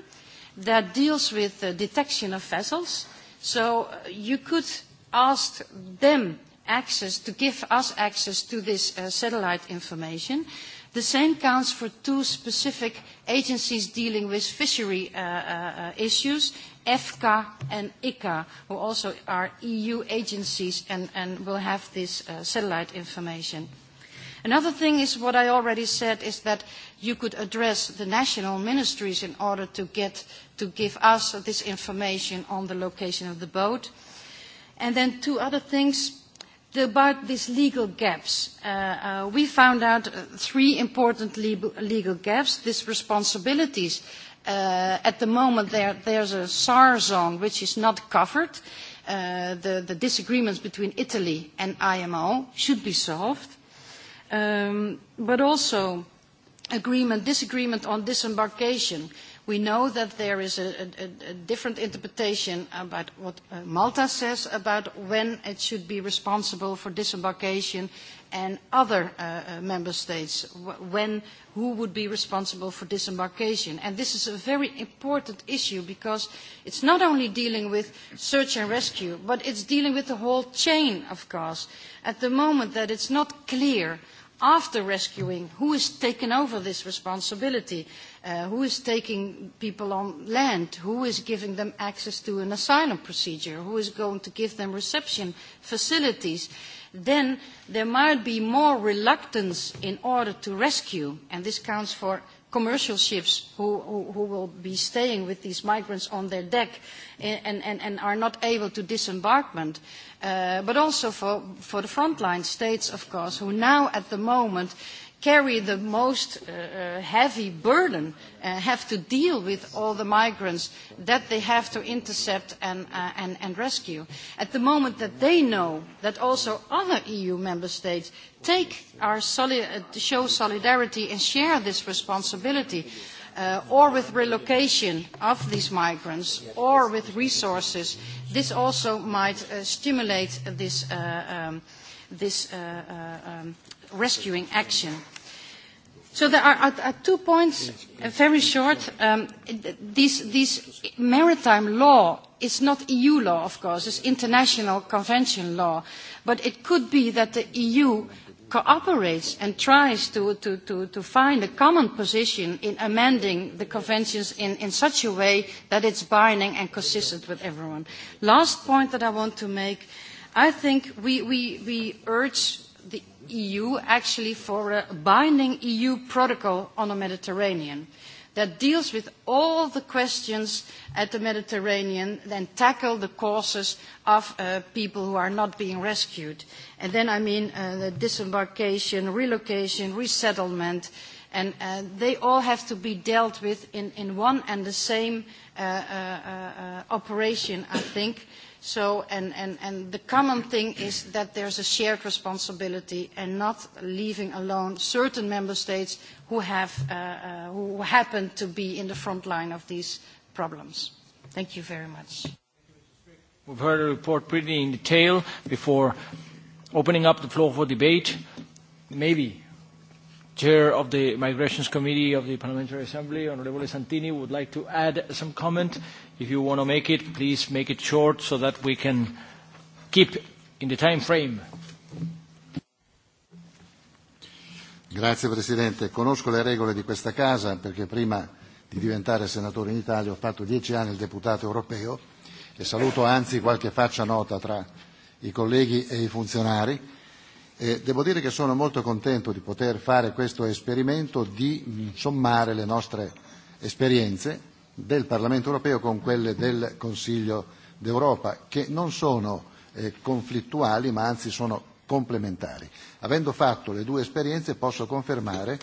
that deals with the uh, detection of vessels. So uh, you could ask them access to give us access to this uh, satellite information. The same counts for two specific agencies dealing with fishery uh, uh, issues, EFCA and ICA, who also are EU agencies and, and will have this uh, satellite information. Uh, Another thing is what I already said is that you could address the national ministries in order to, get, to give us this information on the location of the boat. And then two other things the, about these legal gaps. Uh, uh, we found out uh, three important legal, legal gaps. These responsibilities, uh, at the moment there, there's a SAR zone which is not covered. Uh, the, the disagreements between Italy and IMO should be solved. Um, but also agreement, disagreement on disembarkation. We know that there is a, a, a different interpretation about what uh, Malta says about when it should be responsible for disembarkation and other uh, uh member states, when, who would be responsible for disembarkation. And this is a very important issue because it's not only dealing with search and rescue, but it's dealing with the whole chain, of course. At the moment that it's not clear uh, after rescuing, who is taking over this responsibility? Uh, who is taking people on land? Who is giving them access to an asylum procedure? Who is going to give them reception facilities? Then there might be more reluctance in order to rescue, and this counts for commercial ships who, who, who will be staying with these migrants on their deck and, and, and are not able to disembarkment, uh, but also for, for the frontline states, of course, who now at the moment carry the most uh, uh, heavy burden, uh, have to deal with all the migrants that they have to intercept and, uh, and, and rescue. At the moment that they know that also other EU member states take our soli- uh, show solidarity and share this responsibility, uh, or with relocation of these migrants, or with resources, this also might uh, stimulate this, uh, um, this uh, uh, um, rescuing action. So there are, are, are two points, uh, very short. Um, this, this maritime law is not EU law, of course. It's international convention law. But it could be that the EU cooperates and tries to, to, to, to find a common position in amending the conventions in, in such a way that it's binding and consistent with everyone. Last point that I want to make, I think we, we, we urge EU actually for a binding EU protocol on the Mediterranean that deals with all the questions at the Mediterranean and tackle the causes of uh, people who are not being rescued. And then I mean uh, the disembarkation, relocation, resettlement, and uh, they all have to be dealt with in, in one and the same uh, uh, uh, operation, I think. So, and, and, and the common thing is that there's a shared responsibility and not leaving alone certain member states who, have, uh, uh, who happen to be in the front line of these problems. Thank you very much. We've heard the report pretty in detail before opening up the floor for debate. Maybe Chair of the Migrations Committee of the Parliamentary Assembly, Honorable Santini, would like to add some comment. If you want to make it, please make it short so that we can keep in the time frame. Grazie Presidente. Conosco le regole di questa Casa perché prima di diventare senatore in Italia ho fatto dieci anni il deputato europeo e saluto anzi qualche faccia nota tra i colleghi e i funzionari Eh, devo dire che sono molto contento di poter fare questo esperimento di sommare le nostre esperienze del Parlamento europeo con quelle del Consiglio d'Europa, che non sono eh, conflittuali ma anzi sono complementari. Avendo fatto le due esperienze posso confermare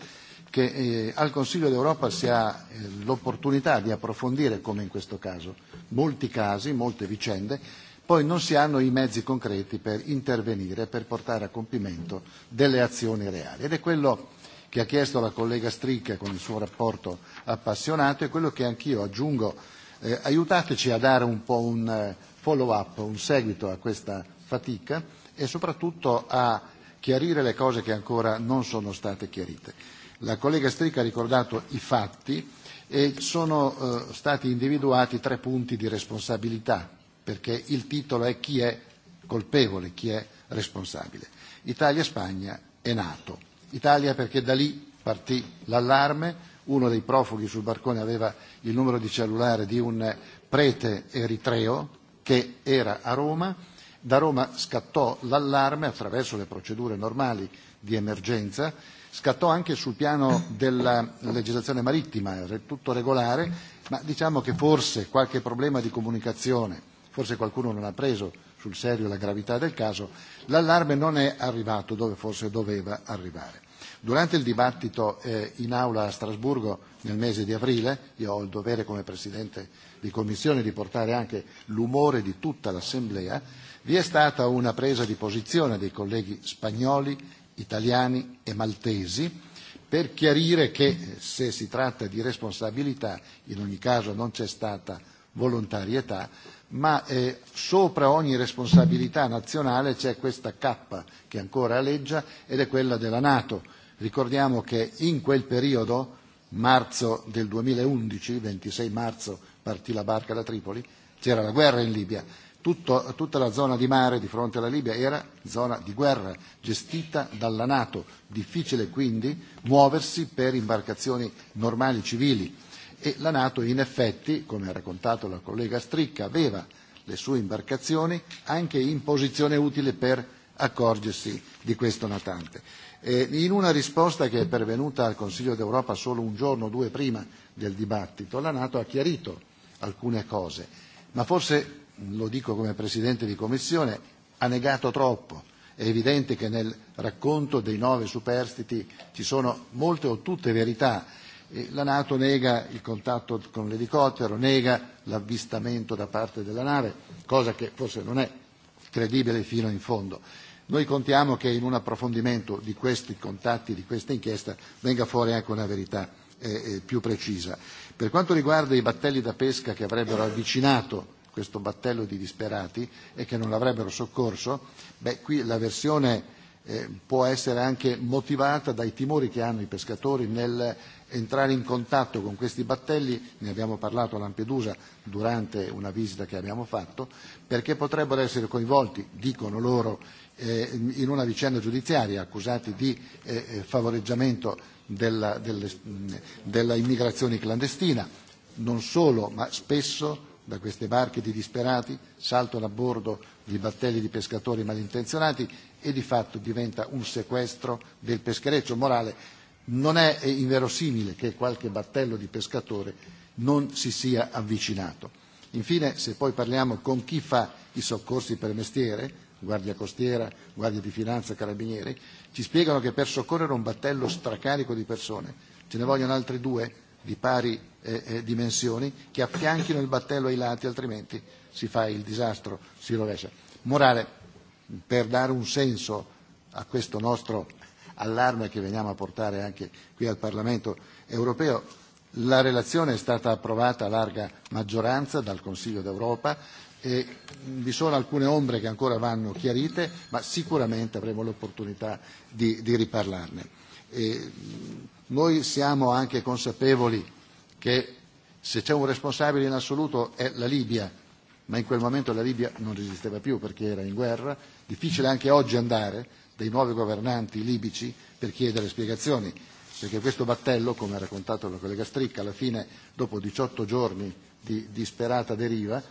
che eh, al Consiglio d'Europa si ha eh, l'opportunità di approfondire, come in questo caso, molti casi, molte vicende poi non si hanno i mezzi concreti per intervenire, per portare a compimento delle azioni reali. Ed è quello che ha chiesto la collega Stricca con il suo rapporto appassionato e quello che anch'io aggiungo. Eh, aiutateci a dare un po' un eh, follow-up, un seguito a questa fatica e soprattutto a chiarire le cose che ancora non sono state chiarite. La collega Stricca ha ricordato i fatti e sono eh, stati individuati tre punti di responsabilità perché il titolo è chi è colpevole, chi è responsabile. Italia e Spagna è nato. Italia perché da lì partì l'allarme, uno dei profughi sul barcone aveva il numero di cellulare di un prete eritreo che era a Roma, da Roma scattò l'allarme attraverso le procedure normali di emergenza, scattò anche sul piano della legislazione marittima, era tutto regolare, ma diciamo che forse qualche problema di comunicazione forse qualcuno non ha preso sul serio la gravità del caso, l'allarme non è arrivato dove forse doveva arrivare. Durante il dibattito eh, in aula a Strasburgo nel mese di aprile, io ho il dovere come Presidente di Commissione di portare anche l'umore di tutta l'Assemblea, vi è stata una presa di posizione dei colleghi spagnoli, italiani e maltesi per chiarire che eh, se si tratta di responsabilità in ogni caso non c'è stata volontarietà, ma eh, sopra ogni responsabilità nazionale c'è questa cappa che ancora alleggia ed è quella della Nato. Ricordiamo che in quel periodo, marzo del 2011, 26 marzo partì la barca da Tripoli, c'era la guerra in Libia. Tutto, tutta la zona di mare di fronte alla Libia era zona di guerra gestita dalla Nato, difficile quindi muoversi per imbarcazioni normali civili e la Nato in effetti, come ha raccontato la collega Stricca, aveva le sue imbarcazioni anche in posizione utile per accorgersi di questo natante. Eh, in una risposta che è pervenuta al Consiglio d'Europa solo un giorno o due prima del dibattito, la Nato ha chiarito alcune cose, ma forse, lo dico come Presidente di Commissione, ha negato troppo. È evidente che nel racconto dei nove superstiti ci sono molte o tutte verità E la Nato nega il contatto con l'elicottero, nega l'avvistamento da parte della nave, cosa che forse non è credibile fino in fondo. Noi contiamo che in un approfondimento di questi contatti, di questa inchiesta, venga fuori anche una verità eh, eh più precisa. Per quanto riguarda i battelli da pesca che avrebbero avvicinato questo battello di disperati e che non l'avrebbero soccorso, beh, qui la versione eh, può essere anche motivata dai timori che hanno i pescatori nel entrare in contatto con questi battelli, ne abbiamo parlato a Lampedusa durante una visita che abbiamo fatto, perché potrebbero essere coinvolti, dicono loro, eh, in una vicenda giudiziaria, accusati di eh, eh favoreggiamento della, delle, della immigrazione clandestina. Non solo, ma spesso da queste barche di disperati saltano a bordo di battelli di pescatori malintenzionati e di fatto diventa un sequestro del peschereccio morale non è inverosimile che qualche battello di pescatore non si sia avvicinato. Infine, se poi parliamo con chi fa i soccorsi per mestiere, Guardia Costiera, Guardia di Finanza, Carabinieri, ci spiegano che per soccorrere un battello stracarico di persone ce ne vogliono altri due di pari eh, eh, dimensioni che affianchino il battello ai lati, altrimenti si fa il disastro, si rovescia. Morale, per dare un senso a questo nostro allarme che veniamo a portare anche qui al Parlamento europeo. La relazione è stata approvata a larga maggioranza dal Consiglio d'Europa e vi sono alcune ombre che ancora vanno chiarite, ma sicuramente avremo l'opportunità di, di riparlarne. E noi siamo anche consapevoli che se c'è un responsabile in assoluto è la Libia, ma in quel momento la Libia non resisteva più perché era in guerra, difficile anche oggi andare, dei nuovi governanti libici per chiedere spiegazioni, perché questo battello, come ha raccontato la collega Stricca, alla fine, dopo 18 giorni di disperata deriva,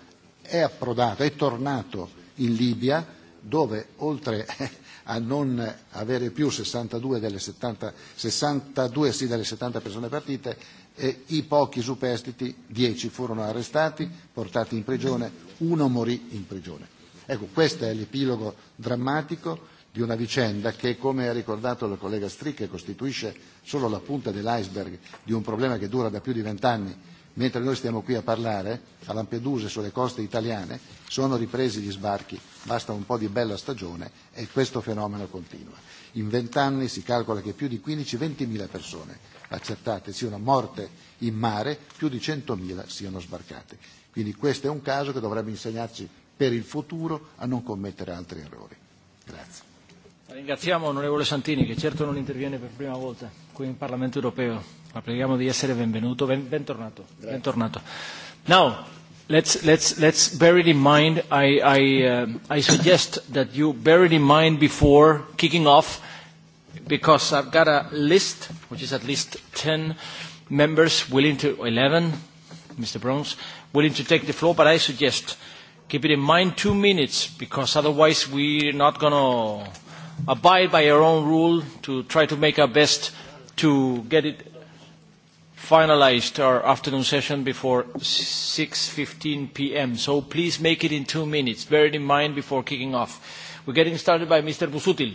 è approdato, è tornato in Libia, dove oltre [laughs] a non avere più 62 delle 70, 62 sì, delle 70 persone partite, eh, i pochi superstiti, 10 furono arrestati, portati in prigione, uno morì in prigione. Ecco, questo è l'epilogo drammatico di una vicenda che, come ha ricordato la collega Stricche, costituisce solo la punta dell'iceberg di un problema che dura da più di vent'anni. Mentre noi stiamo qui a parlare, a Lampedusa e sulle coste italiane sono ripresi gli sbarchi, basta un po' di bella stagione e questo fenomeno continua. In vent'anni si calcola che più di 15-20 mila persone accertate siano morte in mare, più di 100 mila siano sbarcate. Quindi questo è un caso che dovrebbe insegnarci per il futuro a non commettere altri errori. Grazie. Ringraziamo onorevole Santini che certo non interviene per prima volta qui in Parlamento europeo, ma preghiamo di essere benvenuto, ben, bentornato, bentornato. Now, let's, let's, let's bear it in mind, I, I, uh, I suggest that you bear it in mind before kicking off, because I've got a list, which is at least 10 members willing to, 11, Mr. Bronx, willing to take the floor, but I suggest keep it in mind two minutes, because otherwise we're not going to abide by our own rule, to try to make our best to get it finalized, our afternoon session, before 6.15 p.m. So please make it in two minutes. Bear it in mind before kicking off. We're getting started by Mr. Busutil.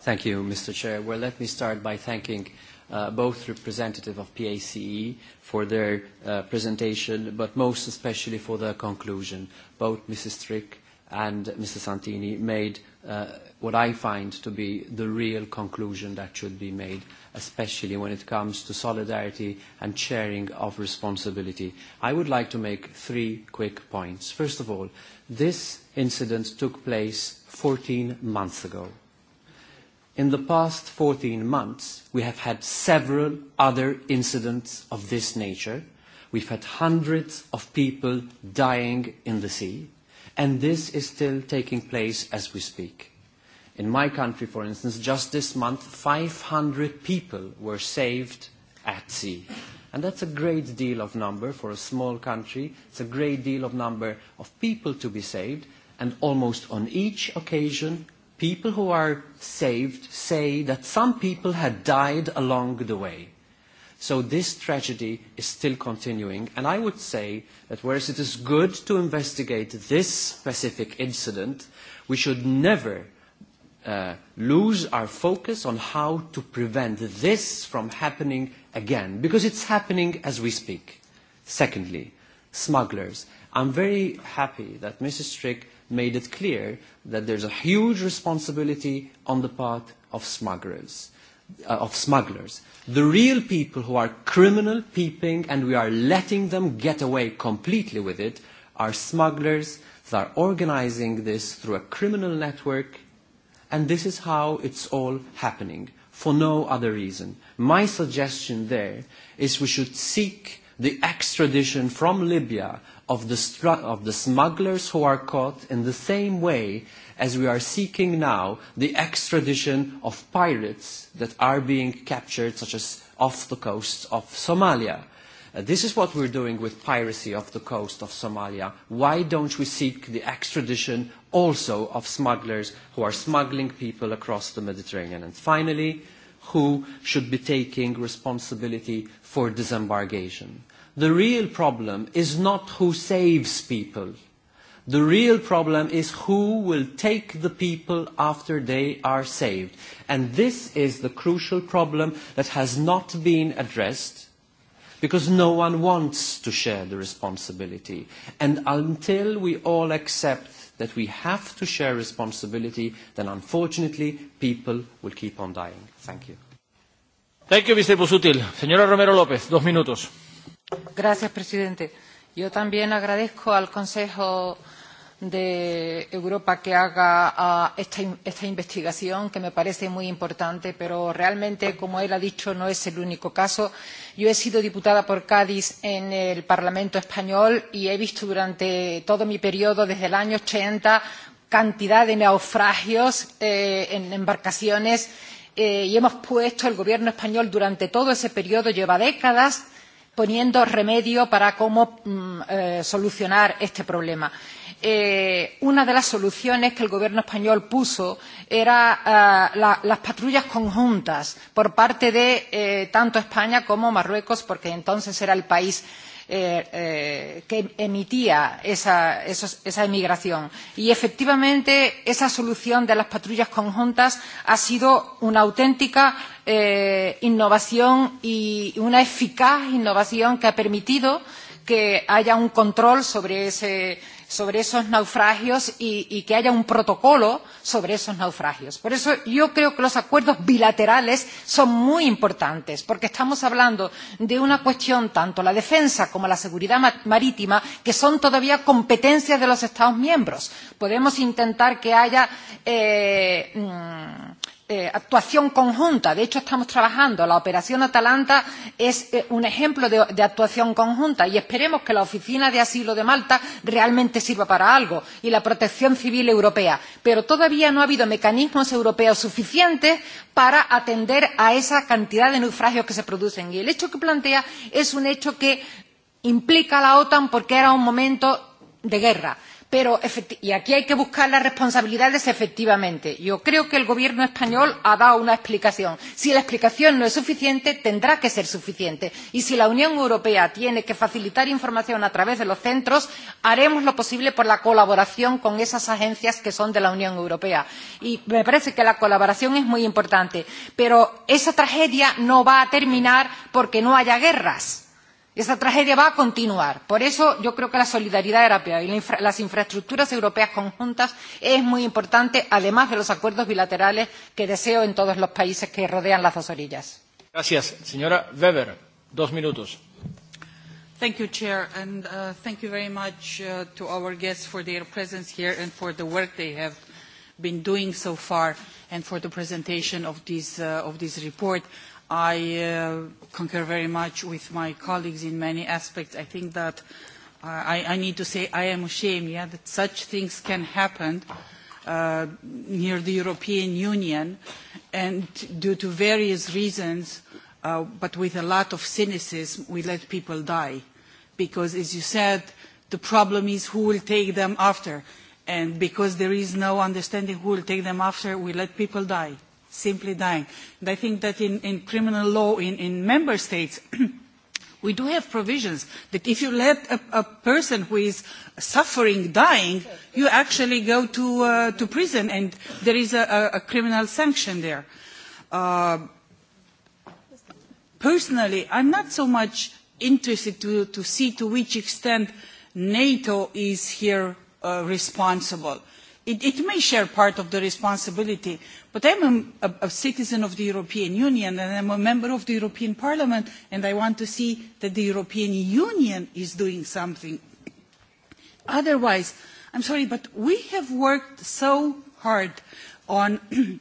Thank you, Mr. Chair. Well, let me start by thanking uh, both representative of PACE for their uh, presentation, but most especially for their conclusion. Both Mrs. Strick and Mr. Santini made uh, what I find to be the real conclusion that should be made, especially when it comes to solidarity and sharing of responsibility. I would like to make three quick points. First of all, this incident took place 14 months ago. In the past 14 months, we have had several other incidents of this nature. We've had hundreds of people dying in the sea. And this is still taking place as we speak. In my country, for instance, just this month, 500 people were saved at sea. And that's a great deal of number for a small country. It's a great deal of number of people to be saved. And almost on each occasion, people who are saved say that some people had died along the way. So this tragedy is still continuing. And I would say that whereas it is good to investigate this specific incident, we should never uh, lose our focus on how to prevent this from happening again, because it's happening as we speak. Secondly, smugglers. I'm very happy that Mrs. Strick made it clear that there's a huge responsibility on the part of smugglers uh, of smugglers. The real people who are criminal peeping and we are letting them get away completely with it are smugglers that are organizing this through a criminal network and this is how it's all happening for no other reason. My suggestion there is we should seek the extradition from Libya of the, of the smugglers who are caught in the same way as we are seeking now the extradition of pirates that are being captured, such as off the coast of Somalia. Uh, this is what we're doing with piracy off the coast of Somalia. Why don't we seek the extradition also of smugglers who are smuggling people across the Mediterranean? And finally, who should be taking responsibility for disembargation? The real problem is not who saves people. The real problem is who will take the people after they are saved. And this is the crucial problem that has not been addressed because no one wants to share the responsibility. And until we all accept that we have to share responsibility, then unfortunately people will keep on dying. Thank you. Thank you, Mr. Busutil. Señora Romero López, dos minutos. Gracias, presidente. Yo también agradezco al Consejo de Europa que haga uh, esta, esta investigación, que me parece muy importante, pero realmente, como él ha dicho, no es el único caso. Yo he sido diputada por Cádiz en el Parlamento español y he visto durante todo mi periodo, desde el año 80, cantidad de naufragios eh, en embarcaciones eh, y hemos puesto, el gobierno español durante todo ese periodo lleva décadas, poniendo remedio para cómo mm, eh, solucionar este problema. Eh, una de las soluciones que el gobierno español puso era eh, la, las patrullas conjuntas por parte de eh, tanto España como Marruecos, porque entonces era el país eh, eh, eh, que emitía esa, esos, esa emigración. Y efectivamente esa solución de las patrullas conjuntas ha sido una auténtica eh, innovación y una eficaz innovación que ha permitido que haya un control sobre ese sobre esos naufragios y, y que haya un protocolo sobre esos naufragios. Por eso yo creo que los acuerdos bilaterales son muy importantes, porque estamos hablando de una cuestión, tanto la defensa como la seguridad marítima, que son todavía competencias de los Estados miembros. Podemos intentar que haya. Eh, mmm, eh, actuación conjunta. De hecho, estamos trabajando. La operación Atalanta es eh, un ejemplo de, de actuación conjunta y esperemos que la Oficina de Asilo de Malta realmente sirva para algo y la protección civil europea. Pero todavía no ha habido mecanismos europeos suficientes para atender a esa cantidad de naufragios que se producen. Y el hecho que plantea es un hecho que implica a la OTAN porque era un momento de guerra pero y aquí hay que buscar las responsabilidades efectivamente. Yo creo que el gobierno español ha dado una explicación. Si la explicación no es suficiente, tendrá que ser suficiente. Y si la Unión Europea tiene que facilitar información a través de los centros, haremos lo posible por la colaboración con esas agencias que son de la Unión Europea. Y me parece que la colaboración es muy importante. Pero esa tragedia no va a terminar porque no haya guerras Esa tragedia va a continuar. Por eso yo creo que la solidaridad europea y la infra las infraestructuras europeas conjuntas es muy importante, además de los acuerdos bilaterales que deseo en todos los países que rodean las dos orillas. Gracias. Señora Weber, dos minutos. Thank you, Chair, and uh, thank you very much uh, to our guests for their presence here and for the work they have been doing so far and for the presentation of this, uh, of this report. I uh, concur very much with my colleagues in many aspects. I think that uh, I, I need to say I am ashamed yeah, that such things can happen uh, near the European Union and due to various reasons, uh, but with a lot of cynicism, we let people die. Because as you said, the problem is who will take them after. And because there is no understanding who will take them after, we let people die simply dying. And I think that in, in criminal law in, in member states, [clears throat] we do have provisions that if you let a, a person who is suffering dying, you actually go to, uh, to prison and there is a, a, a criminal sanction there. Uh, personally, I'm not so much interested to, to see to which extent NATO is here uh, responsible. Uh, It, it may share part of the responsibility, but I'm a, a, a citizen of the European Union and I'm a member of the European Parliament and I want to see that the European Union is doing something. Otherwise, I'm sorry, but we have worked so hard on [clears throat]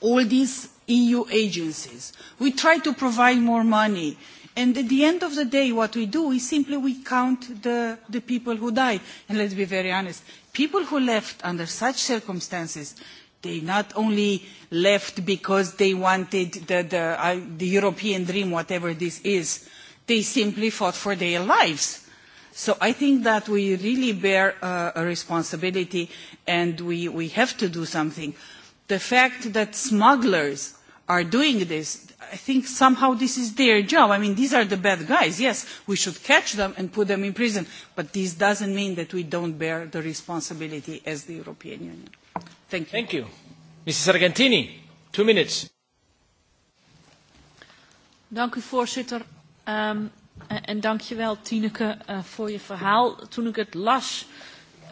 all these EU agencies. We try to provide more money. And at the end of the day, what we do is simply we count the, the people who die. And let's be very honest, people who left under such circumstances, they not only left because they wanted the, the, uh, the European dream, whatever this is, they simply fought for their lives. So I think that we really bear uh, a responsibility and we, we have to do something. The fact that smugglers are doing this, I think somehow this is their job. I mean, these are the bad guys. Yes, we should catch them and put them in prison. But this doesn't mean that we don't bear the responsibility as the European Union. Thank you. Thank you. Mrs. Argentini, two minutes. Dank u, voorzitter. Um, en dank je wel, Tineke, uh, voor je verhaal. Toen ik het las, uh,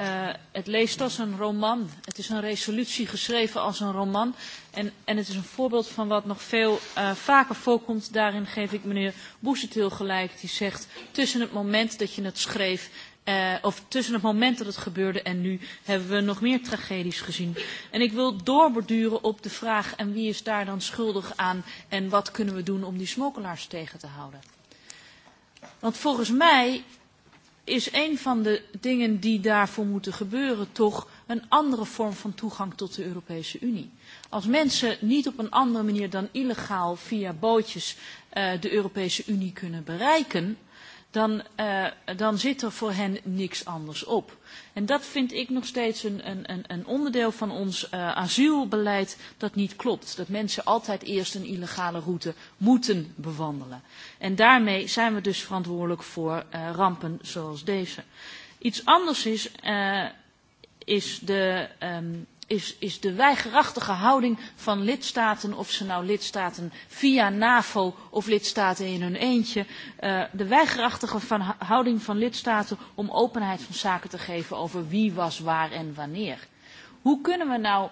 Uh, het leest als een roman. Het is een resolutie geschreven als een roman. En, en het is een voorbeeld van wat nog veel uh, vaker voorkomt. Daarin geef ik meneer Boesetil gelijk. Die zegt, tussen het moment dat je het schreef Uh, of tussen het moment dat het gebeurde en nu hebben we nog meer tragedies gezien. En ik wil doorborduren op de vraag en wie is daar dan schuldig aan en wat kunnen we doen om die smokkelaars tegen te houden. Want volgens mij is een van de dingen die daarvoor moeten gebeuren toch een andere vorm van toegang tot de Europese Unie. Als mensen niet op een andere manier dan illegaal via bootjes uh, de Europese Unie kunnen bereiken, dan, uh, dan zit er voor hen niks anders op. En dat vind ik nog steeds een, een, een onderdeel van ons uh, asielbeleid dat niet klopt. Dat mensen altijd eerst een illegale route moeten bewandelen. En daarmee zijn we dus verantwoordelijk voor uh, rampen zoals deze. Iets anders is, uh, is de, um, is, is de weigerachtige houding van lidstaten, of ze nou lidstaten via NAVO of lidstaten in hun eentje, uh, de weigerachtige van, houding van lidstaten om openheid van zaken te geven over wie was waar en wanneer. Hoe kunnen we nou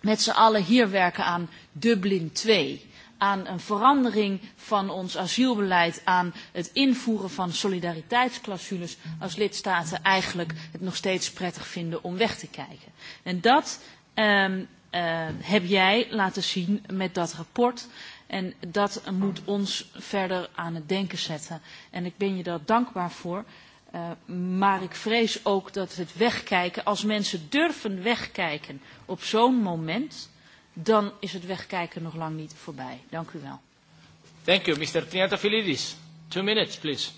met z'n allen hier werken aan Dublin 2? aan een verandering van ons asielbeleid, aan het invoeren van solidariteitsclausules, als lidstaten eigenlijk het nog steeds prettig vinden om weg te kijken. En dat um, uh, heb jij laten zien met dat rapport. En dat moet ons verder aan het denken zetten. En ik ben je daar dankbaar voor. Uh, maar ik vrees ook dat het wegkijken, als mensen durven wegkijken op zo'n moment, dan is het wegkijken nog lang niet voorbij. Dank u wel. Thank you, Mr. Triantafilidis. Two minutes, please.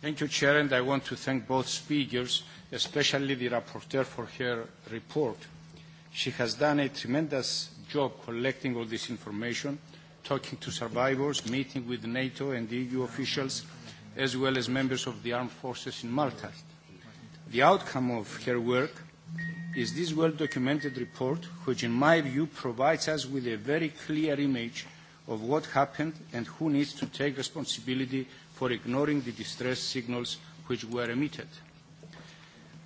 Thank you, Chair, and I want to thank both speakers, especially the rapporteur for her report. She has done a tremendous job collecting all this information, talking to survivors, meeting with NATO and EU e officials, as well as members of the armed forces in Malta. The outcome of her work is this well-documented report, which in my view provides us with a very clear image of what happened and who needs to take responsibility for ignoring the distress signals which were emitted.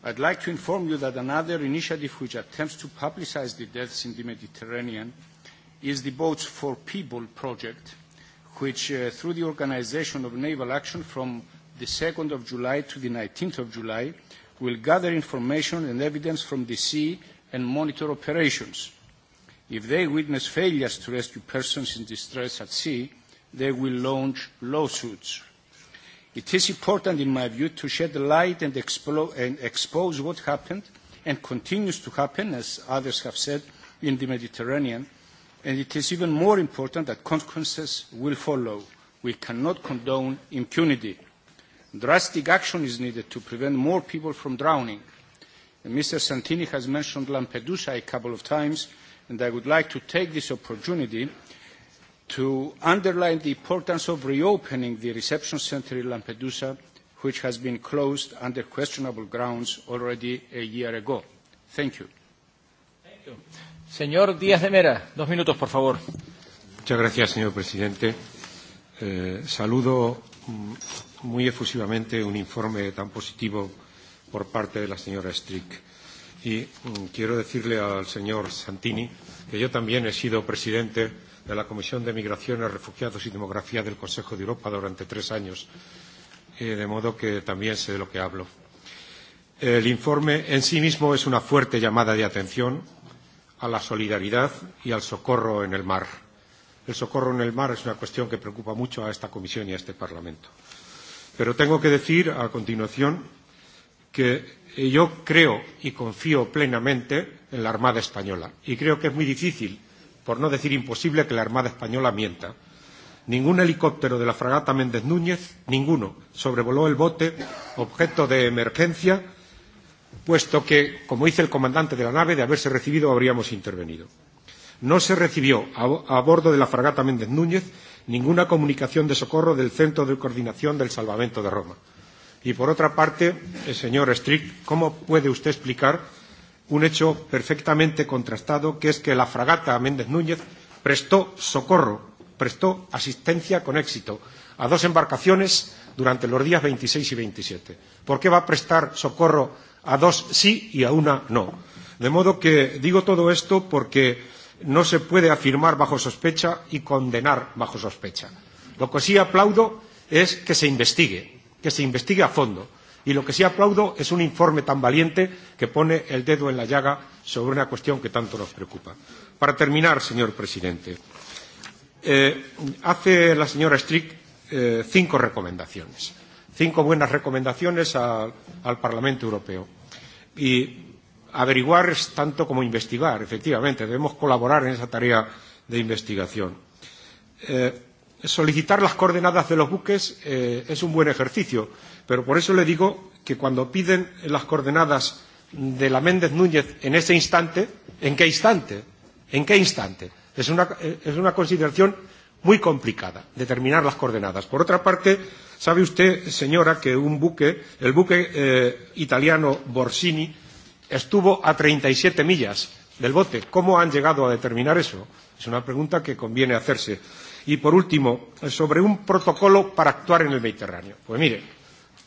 I'd like to inform you that another initiative which attempts to publicize the deaths in the Mediterranean is the Boats for People project, which uh, through the organization of naval action from the 2nd of July to the 19th of July will gather information and evidence from the sea and monitor operations. If they witness failures to rescue persons in distress at sea, they will launch lawsuits. It is important, in my view, to shed light and, explo- and expose what happened and continues to happen, as others have said, in the Mediterranean, and it is even more important that consequences will follow. We cannot condone impunity. Drastic action is needed to prevent more people from drowning. And Mr. Santini has mentioned Lampedusa a couple of times, and I would like to take this opportunity to underline the importance of reopening the reception centre in Lampedusa, which has been closed under questionable grounds already a year ago. Thank you. Thank you. Señor Díaz de Mera, dos minutos, por favor. Muchas gracias, señor presidente. Eh, saludo Mm, muy efusivamente un informe tan positivo por parte de la señora Strick. Y mm, quiero decirle al señor Santini que yo también he sido presidente de la Comisión de Migraciones, Refugiados y Demografía del Consejo de Europa durante tres años, eh, de modo que también sé de lo que hablo. El informe en sí mismo es una fuerte llamada de atención a la solidaridad y al socorro en el mar el socorro en el mar es una cuestión que preocupa mucho a esta comisión y a este Parlamento. Pero tengo que decir a continuación que eh, yo creo y confío plenamente en la Armada Española y creo que es muy difícil, por no decir imposible, que la Armada Española mienta. Ningún helicóptero de la fragata Méndez Núñez, ninguno, sobrevoló el bote objeto de emergencia, puesto que, como dice el comandante de la nave, de haberse recibido habríamos intervenido no se recibió a, a bordo de la fragata Méndez Núñez ninguna comunicación de socorro del Centro de Coordinación del Salvamento de Roma. Y por otra parte, eh, señor Strick, ¿cómo puede usted explicar un hecho perfectamente contrastado, que es que la fragata Méndez Núñez prestó socorro, prestó asistencia con éxito a dos embarcaciones durante los días 26 y 27. ¿Por qué va a prestar socorro a dos sí y a una no? De modo que digo todo esto porque no se puede afirmar bajo sospecha y condenar bajo sospecha. Lo que sí aplaudo es que se investigue, que se investigue a fondo. Y lo que sí aplaudo es un informe tan valiente que pone el dedo en la llaga sobre una cuestión que tanto nos preocupa. Para terminar, señor presidente, eh, hace la señora Strick eh, cinco recomendaciones, cinco buenas recomendaciones a, al Parlamento Europeo. Y averiguar es tanto como investigar, efectivamente. Debemos colaborar en esa tarea de investigación. Eh, solicitar las coordenadas de los buques eh, es un buen ejercicio, pero por eso le digo que cuando piden las coordenadas de la Méndez Núñez en ese instante, ¿en qué instante? ¿En qué instante? Es una, es una consideración muy complicada determinar las coordenadas. Por otra parte, sabe usted, señora, que un buque, el buque eh, italiano Borsini, estuvo a 37 millas del bote. ¿Cómo han llegado a determinar eso? Es una pregunta que conviene hacerse. Y por último, sobre un protocolo para actuar en el Mediterráneo. Pues mire,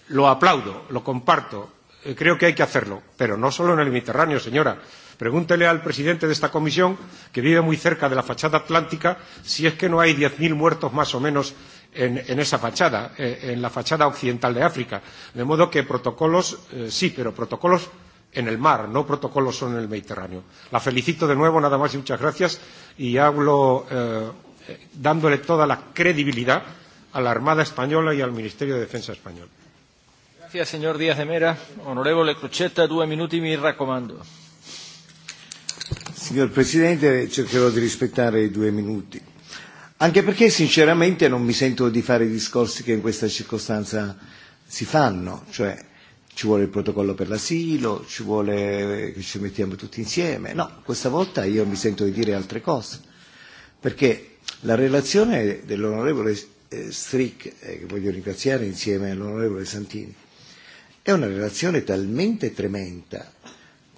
lo aplaudo, lo comparto, eh, creo que hay que hacerlo, pero no solo en el Mediterráneo, señora. Pregúntele al presidente de esta comisión, que vive muy cerca de la fachada atlántica, si es que no hay 10.000 muertos más o menos en, en esa fachada, eh, en la fachada occidental de África. De modo que protocolos, eh, sí, pero protocolos en el mar, no protocolos solo en el Mediterráneo. La felicito de nuevo, nada más y muchas gracias, y hablo eh, eh, dándole toda la credibilidad a la Armada Española y al Ministerio de Defensa Español. Gracias, señor Díaz de Mera. Onorevole Crocetta, due minuti mi raccomando. Signor Presidente, cercherò di rispettare i due minuti, anche perché sinceramente non mi sento di fare i discorsi che in questa circostanza si fanno, cioè ci vuole il protocollo per l'asilo, ci vuole che ci mettiamo tutti insieme. No, questa volta io mi sento di dire altre cose, perché la relazione dell'onorevole eh, Strick, eh, che voglio ringraziare insieme all'onorevole Santini, è una relazione talmente tremenda,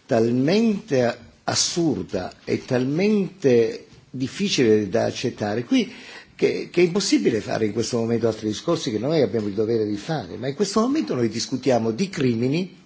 talmente assurda e talmente difficile da accettare. Qui che, che è impossibile fare in questo momento altri discorsi che noi abbiamo il dovere di fare, ma in questo momento noi discutiamo di crimini,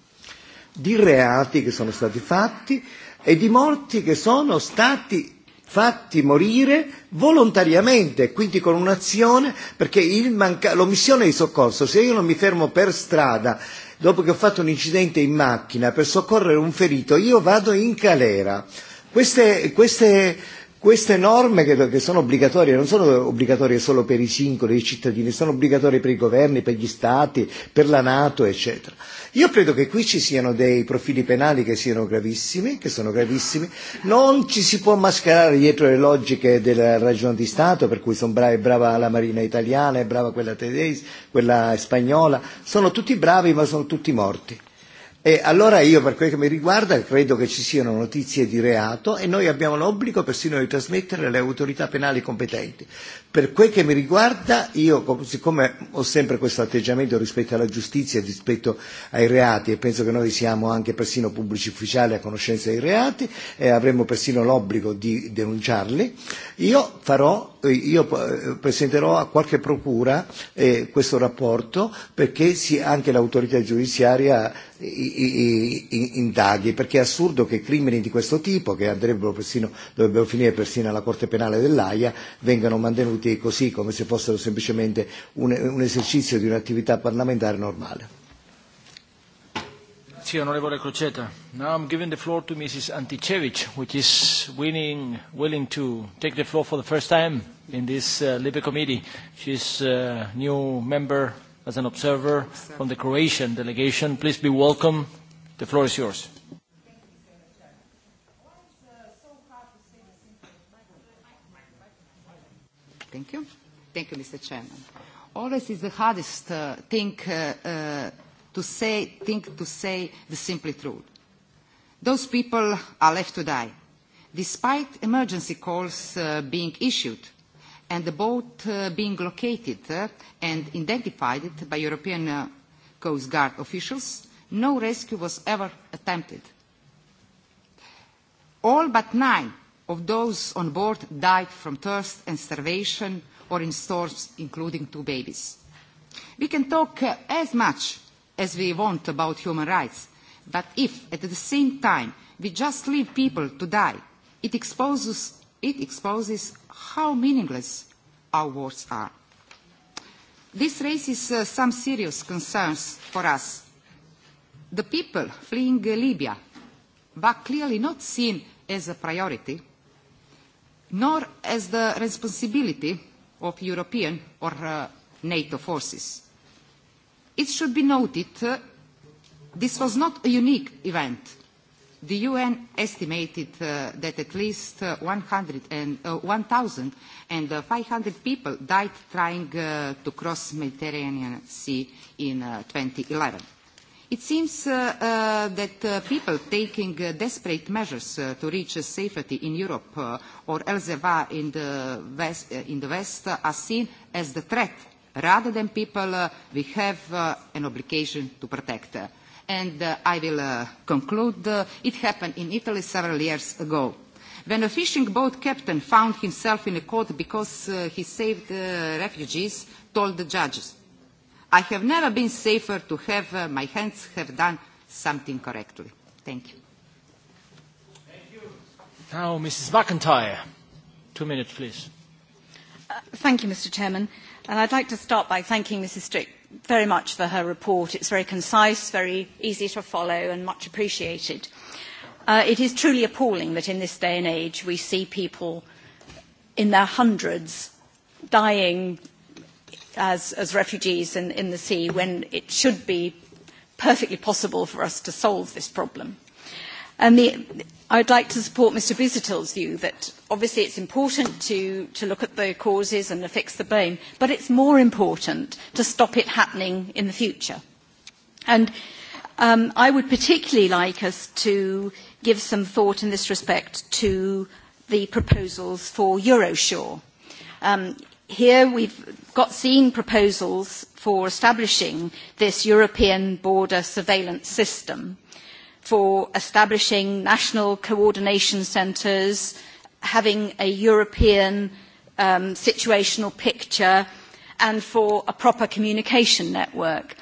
di reati che sono stati fatti e di morti che sono stati fatti morire volontariamente, quindi con un'azione, perché il manca- l'omissione di soccorso, se io non mi fermo per strada, dopo che ho fatto un incidente in macchina, per soccorrere un ferito, io vado in calera. Queste, queste Queste norme che, che sono obbligatorie non sono obbligatorie solo per i singoli, i cittadini, sono obbligatorie per i governi, per gli stati, per la Nato, eccetera. Io credo che qui ci siano dei profili penali che siano gravissimi, che sono gravissimi, non ci si può mascherare dietro le logiche della ragione di Stato, per cui sono bravi, brava la marina italiana, è brava quella tedesca, quella spagnola, sono tutti bravi ma sono tutti morti. E allora io per quel che mi riguarda credo che ci siano notizie di reato e noi abbiamo l'obbligo persino di trasmettere alle autorità penali competenti. Per quel che mi riguarda, io siccome ho sempre questo atteggiamento rispetto alla giustizia e rispetto ai reati e penso che noi siamo anche persino pubblici ufficiali a conoscenza dei reati e avremmo persino l'obbligo di denunciarli, io, farò, eh, io eh, presenterò a qualche procura eh, questo rapporto perché si, anche l'autorità giudiziaria i, i, i, indaghi, perché è assurdo che crimini di questo tipo, che andrebbero persino, dovrebbero finire persino alla Corte Penale dell'AIA, vengano mantenuti contenuti così come se fossero semplicemente un, un esercizio di un'attività parlamentare normale. Grazie, onorevole Crocetta. Now I'm giving the floor to Mrs. Anticevic, which is willing, willing to take the floor for the first time in this uh, Libe committee. She's a uh, new member as an observer from the Croatian delegation. Please be welcome. The floor is yours. Thank you. Thank you, Mr. Chairman. Always is the hardest uh, thing uh, uh, to say, think to say the simple truth. Those people are left to die. Despite emergency calls uh, being issued and the boat uh, being located uh, and identified by European uh, Coast Guard officials, no rescue was ever attempted. All but nine of those on board died from thirst and starvation or in storms, including two babies. We can talk uh, as much as we want about human rights, but if at the same time we just leave people to die, it exposes, it exposes how meaningless our wars are. This raises uh, some serious concerns for us. The people fleeing uh, Libya were clearly not seen as a priority nor as the responsibility of European or uh, NATO forces. It should be noted uh, this was not a unique event. The UN estimated uh, that at least uh, 100 and, uh, 1,500 people died trying uh, to cross Mediterranean Sea in uh, 2011. It seems uh, uh, that uh, people taking uh, desperate measures uh, to reach uh, safety in Europe uh, or elsewhere in the West, uh, in the West uh, are seen as the threat rather than people uh, we have uh, an obligation to protect. Uh, and uh, I will uh, conclude. Uh, it happened in Italy several years ago. When a fishing boat captain found himself in a court because uh, he saved uh, refugees, told the judges, I have never been safer to have uh, my hands have done something correctly. Thank you. Thank you. Now, Mrs. McIntyre, two minutes, please. Uh, thank you, Mr. Chairman. And I'd like to start by thanking Mrs. Strick very much for her report. It's very concise, very easy to follow, and much appreciated. Uh, it is truly appalling that in this day and age we see people in their hundreds dying as, as refugees in, in the sea when it should be perfectly possible for us to solve this problem. And the, I'd like to support Mr Busuttil's view that obviously it's important to, to look at the causes and to fix the blame, but it's more important to stop it happening in the future. And um, I would particularly like us to give some thought in this respect to the proposals for Eurosure. Um, here we've got seen proposals for establishing this European border surveillance system, for establishing national coordination centres, having a European um, situational picture, and for a proper communication network.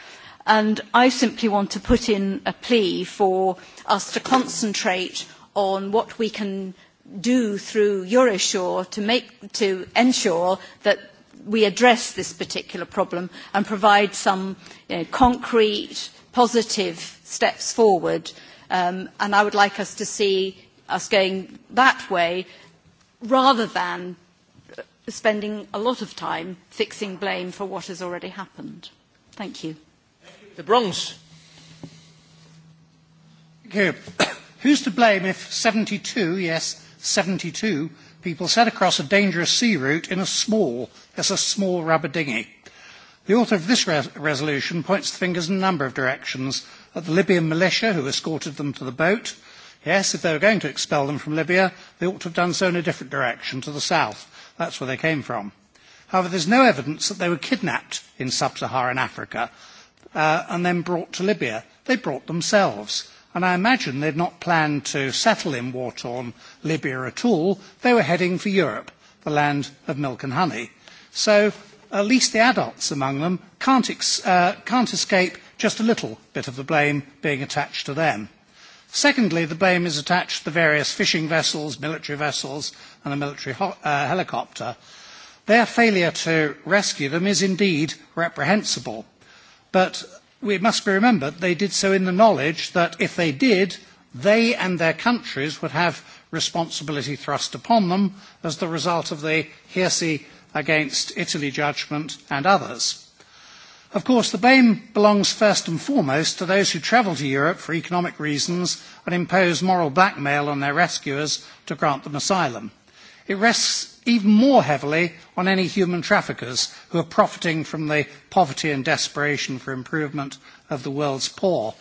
And I simply want to put in a plea for us to concentrate on what we can do through Eurosure to, make, to ensure that we address this particular problem and provide some you know, concrete, positive steps forward. Um, and I would like us to see us going that way rather than uh, spending a lot of time fixing blame for what has already happened. Thank you. The Bronx. Thank you. [coughs] Who's to blame if 72, yes, 72 people set across a dangerous sea route in a small, as a small rubber dinghy. The author of this res- resolution points the fingers in a number of directions at the Libyan militia who escorted them to the boat. Yes, if they were going to expel them from Libya, they ought to have done so in a different direction, to the south. That's where they came from. However, there's no evidence that they were kidnapped in sub-Saharan Africa uh, and then brought to Libya. They brought themselves and I imagine they'd not planned to settle in war-torn Libya at all. They were heading for Europe, the land of milk and honey. So at least the adults among them can't, ex- uh, can't escape just a little bit of the blame being attached to them. Secondly, the blame is attached to the various fishing vessels, military vessels, and the military ho- uh, helicopter. Their failure to rescue them is indeed reprehensible. But it must be remembered they did so in the knowledge that if they did, they and their countries would have responsibility thrust upon them as the result of the hearsay against Italy judgment and others. Of course, the blame belongs first and foremost to those who travel to Europe for economic reasons and impose moral blackmail on their rescuers to grant them asylum. It rests even more heavily on any human traffickers who are profiting from the poverty and desperation for improvement of the world's poor.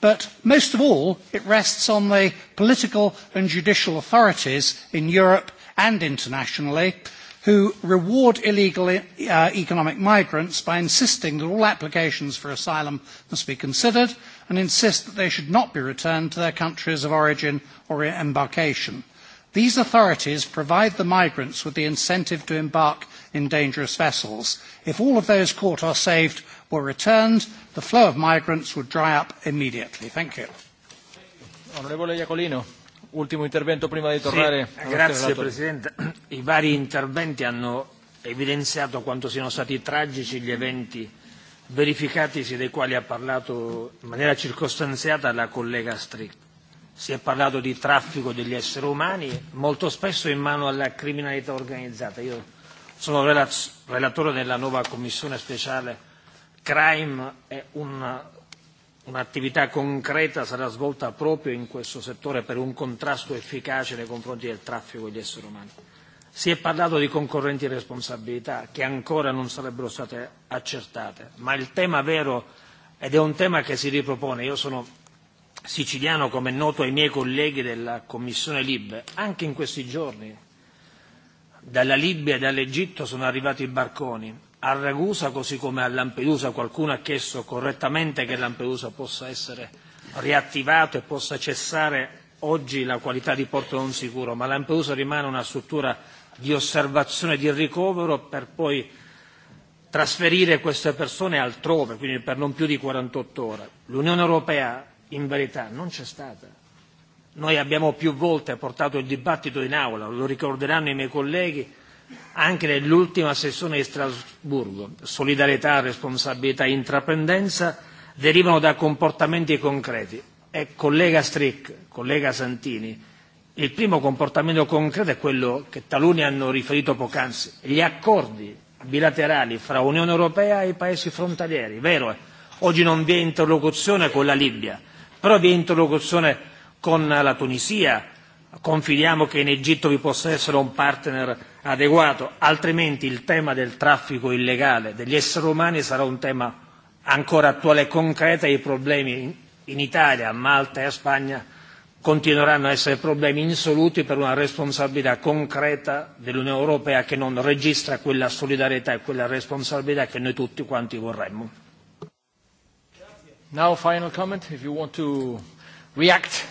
But most of all, it rests on the political and judicial authorities in Europe and internationally who reward illegal uh, economic migrants by insisting that all applications for asylum must be considered and insist that they should not be returned to their countries of origin or embarkation. These authorities provide the migrants with the incentive to embark in dangerous vessels. If all of those caught or saved were returned, the flow of migrants would dry up immediately. Thank you. Onorevole Iacolino, ultimo intervento prima di tornare. Eh, sì, grazie Presidente. I vari interventi hanno evidenziato quanto siano stati tragici gli eventi verificatisi dei quali ha parlato in maniera circostanziata la collega Strick si è parlato di traffico degli esseri umani, molto spesso in mano alla criminalità organizzata. Io sono relatore della nuova commissione speciale Crime e un, un'attività concreta sarà svolta proprio in questo settore per un contrasto efficace nei confronti del traffico degli esseri umani. Si è parlato di concorrenti e responsabilità che ancora non sarebbero state accertate, ma il tema vero, ed è un tema che si ripropone, io sono siciliano, come è noto ai miei colleghi della Commissione Libe, anche in questi giorni dalla Libia e dall'Egitto sono arrivati i barconi. A Ragusa, così come a Lampedusa, qualcuno ha chiesto correttamente che Lampedusa possa essere riattivato e possa cessare oggi la qualità di porto non sicuro, ma Lampedusa rimane una struttura di osservazione e di ricovero per poi trasferire queste persone altrove, quindi per non più di 48 ore. L'Unione Europea in verità non c'è stata. Noi abbiamo più volte portato il dibattito in aula, lo ricorderanno i miei colleghi, anche nell'ultima sessione di Strasburgo. Solidarietà, responsabilità e intraprendenza derivano da comportamenti concreti. E collega Strick, collega Santini, il primo comportamento concreto è quello che taluni hanno riferito poc'anzi, gli accordi bilaterali fra Unione Europea e i paesi frontalieri. Vero, oggi non vi è interlocuzione con la Libia, però vi è interlocuzione con la Tunisia, confidiamo che in Egitto vi possa essere un partner adeguato, altrimenti il tema del traffico illegale degli esseri umani sarà un tema ancora attuale e concreto e i problemi in Italia, Malta e Spagna continueranno a essere problemi insoluti per una responsabilità concreta dell'Unione Europea che non registra quella solidarietà e quella responsabilità che noi tutti quanti vorremmo. Now, final comment, if you want to react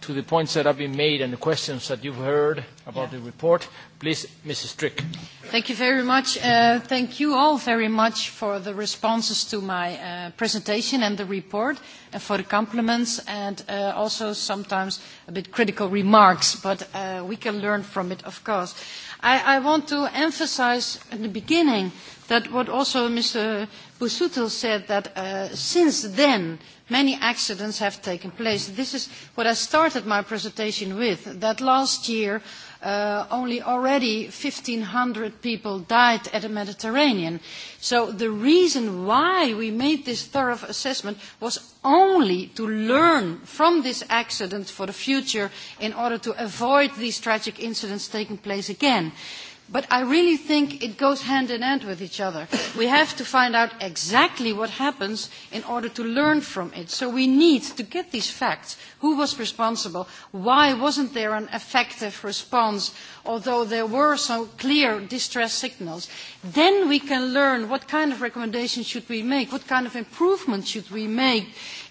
to the points that have been made and the questions that you've heard about yeah. the report. Please, Mrs. Strick. Thank you very much. Uh, thank you all very much for the responses to my uh, presentation and the report, and for the compliments, and uh, also sometimes a bit critical remarks, but uh, we can learn from it, of course. I, I want to emphasize in the beginning that what also Mr. Busutil said, that uh, since then many accidents have taken place. This is what I started my presentation with, that last year uh, only already 1,500 people died at the Mediterranean. So the reason why we made this thorough assessment was only to learn from this accident for the future in order to avoid these tragic incidents taking place again. Uh, But I really think it goes hand in hand with each other. We have to find out exactly what happens in order to learn from it. So we need to get these facts. Who was responsible? Why wasn't there an effective response, although there were some clear distress signals? Then we can learn what kind of recommendations should we make, what kind of improvements should we make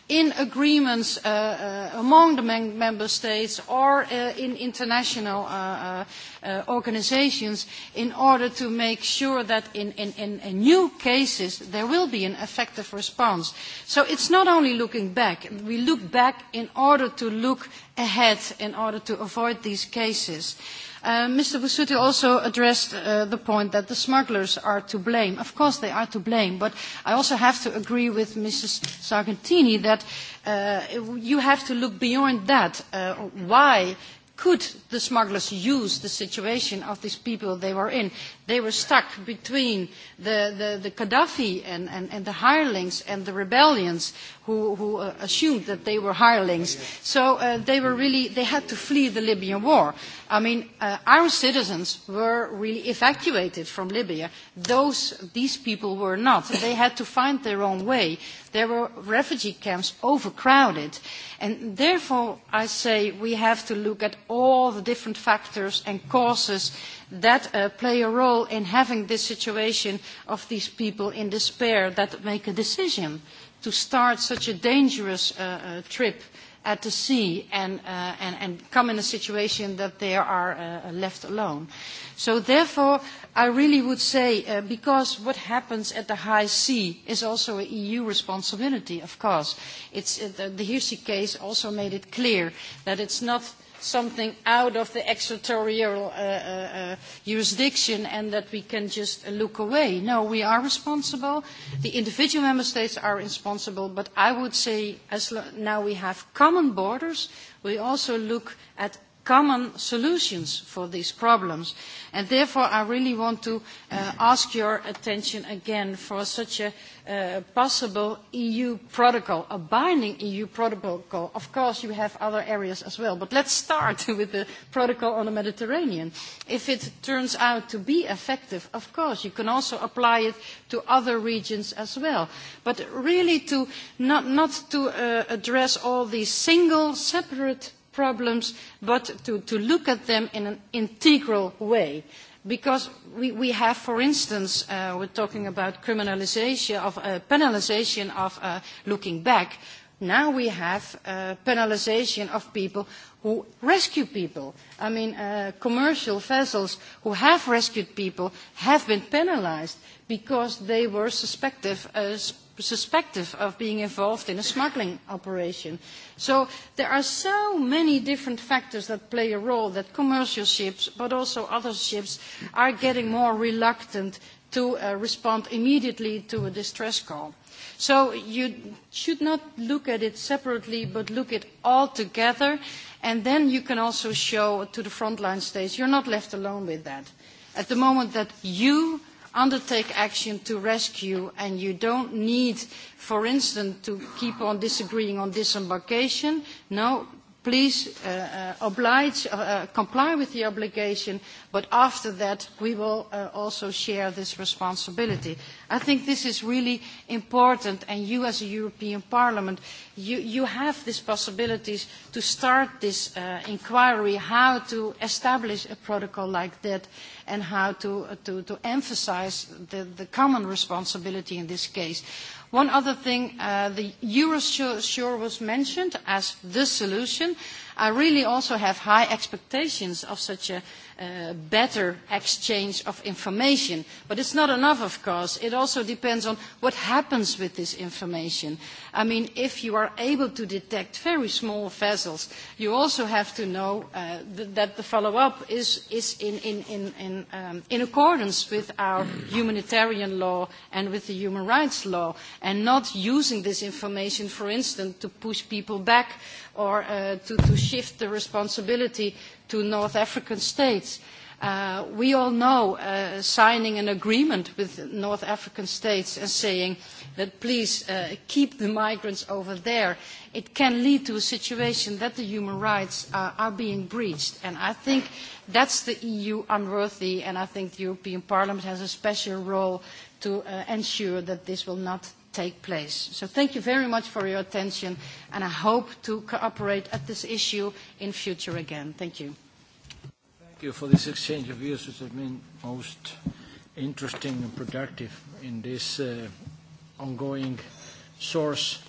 in agreements uh, uh, among the member states or uh, in international uh, uh, uh, organizations in order to make sure that in, in, in, in new cases there will be an effective response. So it's not only looking back. We look back in order to look ahead, in order to avoid these cases. Uh, Uh, Mr. Busuti also addressed uh, the point that the smugglers are to blame. Of course they are to blame, but I also have to agree with Mrs. Sargentini that uh, you have to look beyond that. Uh, why could the smugglers use the situation of these people they were in? They were stuck between the, the, the Gaddafi and, and, and the hirelings and the rebellions who, who uh, assumed that they were hirelings. So uh, they were really, they had to flee the Libyan war. I mean, uh, our citizens were really evacuated from Libya. Those, these people were not. They had to find their own way. There were refugee camps overcrowded. And therefore, I say we have to look at all the different factors and causes that uh, play a role in having this situation of these people in despair that make a decision to start such a dangerous uh, uh, trip at the sea and, uh, and, and come in a situation that they are uh, left alone. So therefore, I really would say, uh, because what happens at the high sea is also an EU responsibility, of course. It's, uh, the Hirsi case also made it clear that it's not – something out of the extraterritorial uh, uh, uh, jurisdiction and that we can just look away. No, we are responsible. The individual member states are responsible, but I would say as now we have common borders, we also look at common solutions for these problems. And therefore, I really want to uh, ask your attention again for such a uh, possible EU protocol, a binding EU protocol. Of course, you have other areas as well, but let's start [laughs] with the protocol on the Mediterranean. If it turns out to be effective, of course, you can also apply it to other regions as well. But really to not, not to uh, address all these single, separate problems, but to, to look at them in an integral way. Because we, we have, for instance, uh, we're talking about criminalization of uh, penalization of uh, looking back. Now we have uh, penalization of people who rescue people. I mean, uh, commercial vessels who have rescued people have been penalized because they were suspected, uh, suspected of being involved in a smuggling operation. So there are so many different factors that play a role that commercial ships, but also other ships, are getting more reluctant to uh, respond immediately to a distress call. So you should not look at it separately, but look at it all together, and then you can also show to the frontline states you're not left alone with that. At the moment that you undertake action to rescue and you don't need, for instance, to keep on disagreeing on disembarkation. No, please uh, uh, oblige, uh, uh, comply with the obligation, but after that we will uh, also share this responsibility. I think this is really important, and you as a European Parliament, you, you have these possibilities to start this uh, inquiry, how to establish a protocol like that, and how to, uh, to, to emphasize the, the common responsibility in this case. One other thing, uh, the Eurosure was mentioned as the solution. I really also have high expectations of such a uh, uh, better exchange of information. But it's not enough, of course. It also depends on what happens with this information. I mean, if you are able to detect very small vessels, you also have to know uh, th that the follow-up is, is in, in, in, in, um, in accordance with our humanitarian law and with the human rights law, and not using this information, for instance, to push people back or uh, to, to shift the responsibility to North African states. Uh, we all know uh, signing an agreement with North African states and saying that please uh, keep the migrants over there, it can lead to a situation that the human rights uh, are being breached. And I think that's the EU unworthy, and I think the European Parliament has a special role to uh, ensure that this will not take place. So thank you very much for your attention, and I hope to cooperate at this issue in future again. Thank you. Thank you for this exchange of views, which has been most interesting and productive in this uh, ongoing source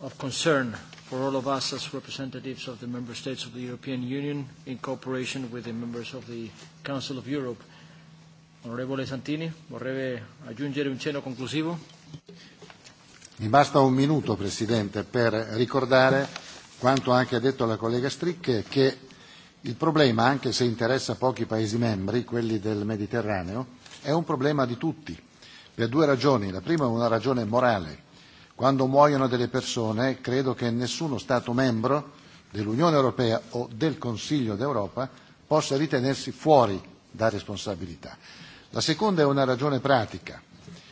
of concern for all of us as representatives of the member states of the European Union in cooperation with the members of the Council of Europe. Onorevole Santini, vorrebbe aggiungere un cenno conclusivo? Mi basta un minuto, Presidente, per ricordare quanto anche ha detto la collega Stricche, che il problema, anche se interessa pochi Paesi membri, quelli del Mediterraneo, è un problema di tutti, per due ragioni. La prima è una ragione morale. Quando muoiono delle persone, credo che nessuno Stato membro dell'Unione Europea o del Consiglio d'Europa possa ritenersi fuori da responsabilità. La seconda è una ragione pratica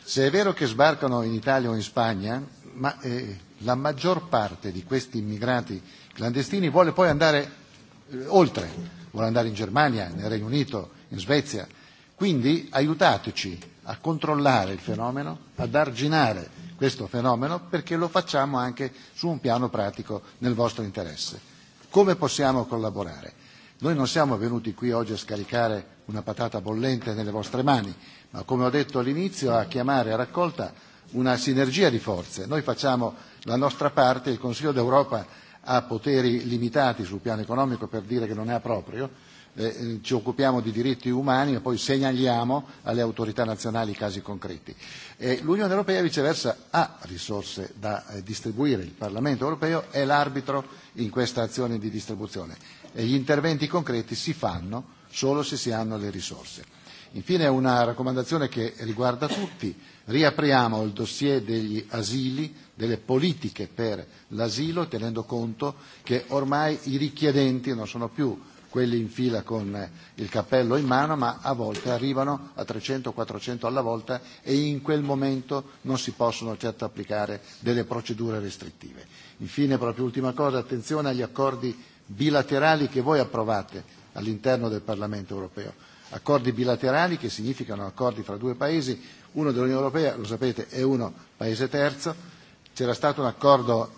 Se è vero che sbarcano in Italia o in Spagna, ma eh, la maggior parte di questi immigrati clandestini vuole poi andare eh, oltre, vuole andare in Germania, nel Regno Unito, in Svezia. Quindi aiutateci a controllare il fenomeno, ad arginare questo fenomeno perché lo facciamo anche su un piano pratico nel vostro interesse. Come possiamo collaborare? Noi non siamo venuti qui oggi a scaricare una patata bollente nelle vostre mani, ma come ho detto all'inizio, a chiamare a raccolta una sinergia di forze. Noi facciamo la nostra parte, il Consiglio d'Europa ha poteri limitati sul piano economico per dire che non è proprio, eh, eh, ci occupiamo di diritti umani e poi segnaliamo alle autorità nazionali i casi concreti. Eh, L'Unione Europea viceversa ha risorse da eh, distribuire, il Parlamento Europeo è l'arbitro in questa azione di distribuzione e gli interventi concreti si fanno solo se si hanno le risorse. Infine una raccomandazione che riguarda tutti. Riapriamo il dossier degli asili, delle politiche per l'asilo, tenendo conto che ormai i richiedenti non sono più quelli in fila con il cappello in mano, ma a volte arrivano a 300-400 alla volta e in quel momento non si possono certo applicare delle procedure restrittive. Infine, proprio ultima cosa, attenzione agli accordi bilaterali che voi approvate all'interno del Parlamento europeo accordi bilaterali che significano accordi fra due paesi, uno dell'Unione Europea, lo sapete, e uno paese terzo. C'era stato un accordo,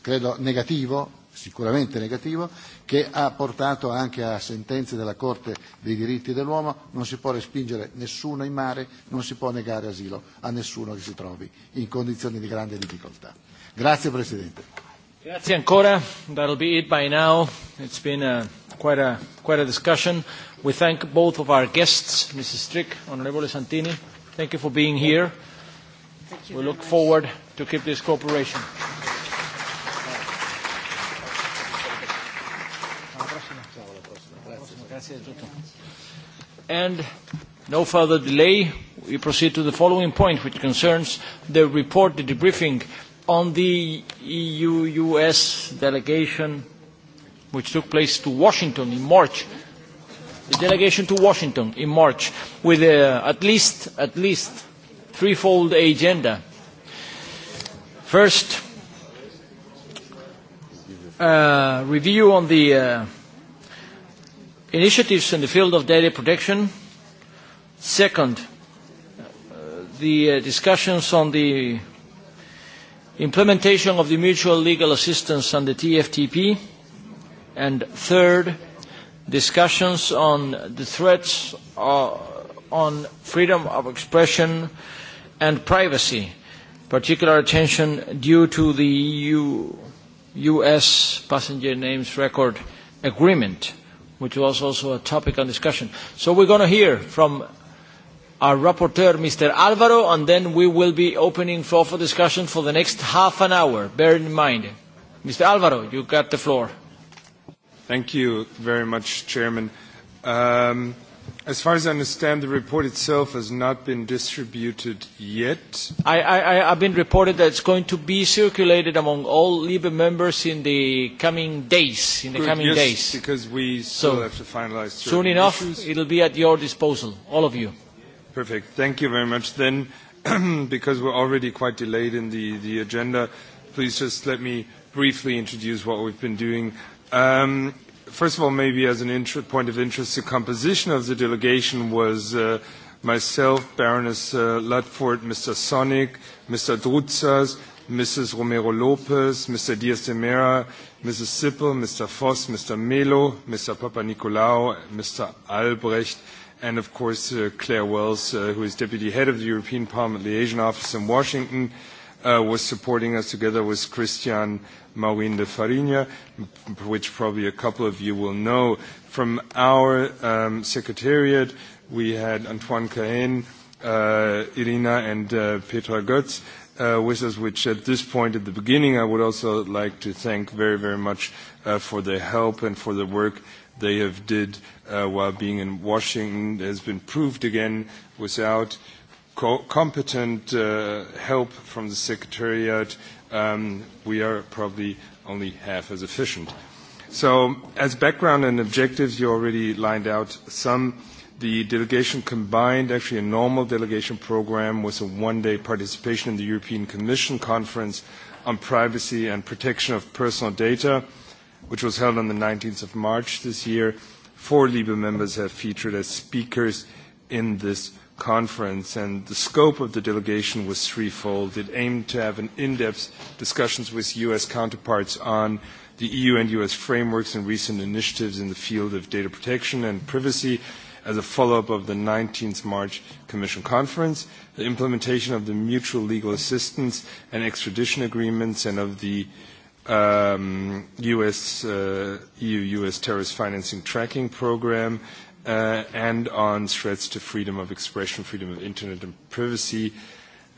credo, negativo, sicuramente negativo, che ha portato anche a sentenze della Corte dei diritti dell'uomo, non si può respingere nessuno in mare, non si può negare asilo a nessuno che si trovi in condizioni di grande difficoltà. Grazie Presidente. Grazie ancora. That'll be it by now. It's been a, uh, quite, a, quite a discussion. We thank both of our guests, Mrs. Strick, Honorable Santini. Thank you for being here. Thank you we look much. forward to keep this cooperation. And no further delay, we proceed to the following point, which concerns the report, the debriefing on the EU-US delegation, which took place to Washington in March the delegation to Washington in March with uh, at least at least threefold agenda. First, uh, review on the uh, initiatives in the field of data protection. Second, uh, the uh, discussions on the implementation of the mutual legal assistance and the TFTP. And third, discussions on the threats uh, on freedom of expression and privacy, particular attention due to the EU, U.S. passenger names record agreement, which was also a topic on discussion. So we're going to hear from our rapporteur, Mr. Alvaro, and then we will be opening floor for discussion for the next half an hour. Bear in mind. Mr. Alvaro, you got the floor. Thank you very much, Chairman. Um, as far as I understand, the report itself has not been distributed yet. I, I, I've been reported that it's going to be circulated among all LIBE members in the coming days. In the Good, coming yes, days, because we still so, have to finalize. Soon enough, issues. it'll be at your disposal, all of you. Perfect. Thank you very much. Then, [clears throat] because we're already quite delayed in the, the agenda, please just let me briefly introduce what we've been doing Um, first of all, maybe as an intro, point of interest, the composition of the delegation was uh, myself, Baroness uh, Ludford, Mr. Sonic, Mr. Drutzas, Mrs. Romero Lopez, Mr. Diaz de Mera, Mrs. Sippel, Mr. Voss, Mr. Melo, Mr. Papanicolaou, Mr. Albrecht, and of course uh, Claire Wells, uh, who is Deputy Head of the European Parliament Liaison Office in Washington, uh, was supporting us together with Christian Mawinda Farinha, which probably a couple of you will know. From our um, secretariat, we had Antoine Cahen, uh, Irina, and uh, Petra Götz uh, with us, which at this point at the beginning I would also like to thank very, very much uh, for their help and for the work they have did uh, while being in Washington. It has been proved again without co- competent uh, help from the Secretariat, um, we are probably only half as efficient. So as background and objectives, you already lined out some. The delegation combined actually a normal delegation program with a one-day participation in the European Commission conference on privacy and protection of personal data, which was held on the 19th of March this year. Four LIBE members have featured as speakers in this conference, and the scope of the delegation was threefold. It aimed to have an in-depth discussions with U.S. counterparts on the EU and U.S. frameworks and recent initiatives in the field of data protection and privacy as a follow-up of the 19th March Commission conference, the implementation of the mutual legal assistance and extradition agreements and of the um, U.S. Uh, EU-U.S. terrorist financing tracking program, uh, and on threats to freedom of expression, freedom of internet and privacy,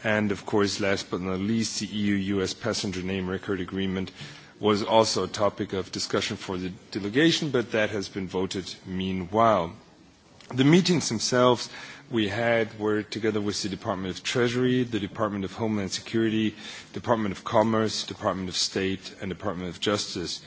and of course, last but not least, the EU-US passenger name record agreement was also a topic of discussion for the delegation, but that has been voted meanwhile. The meetings themselves we had were together with the Department of Treasury, the Department of Homeland Security, Department of Commerce, Department of State, and Department of Justice. Uh,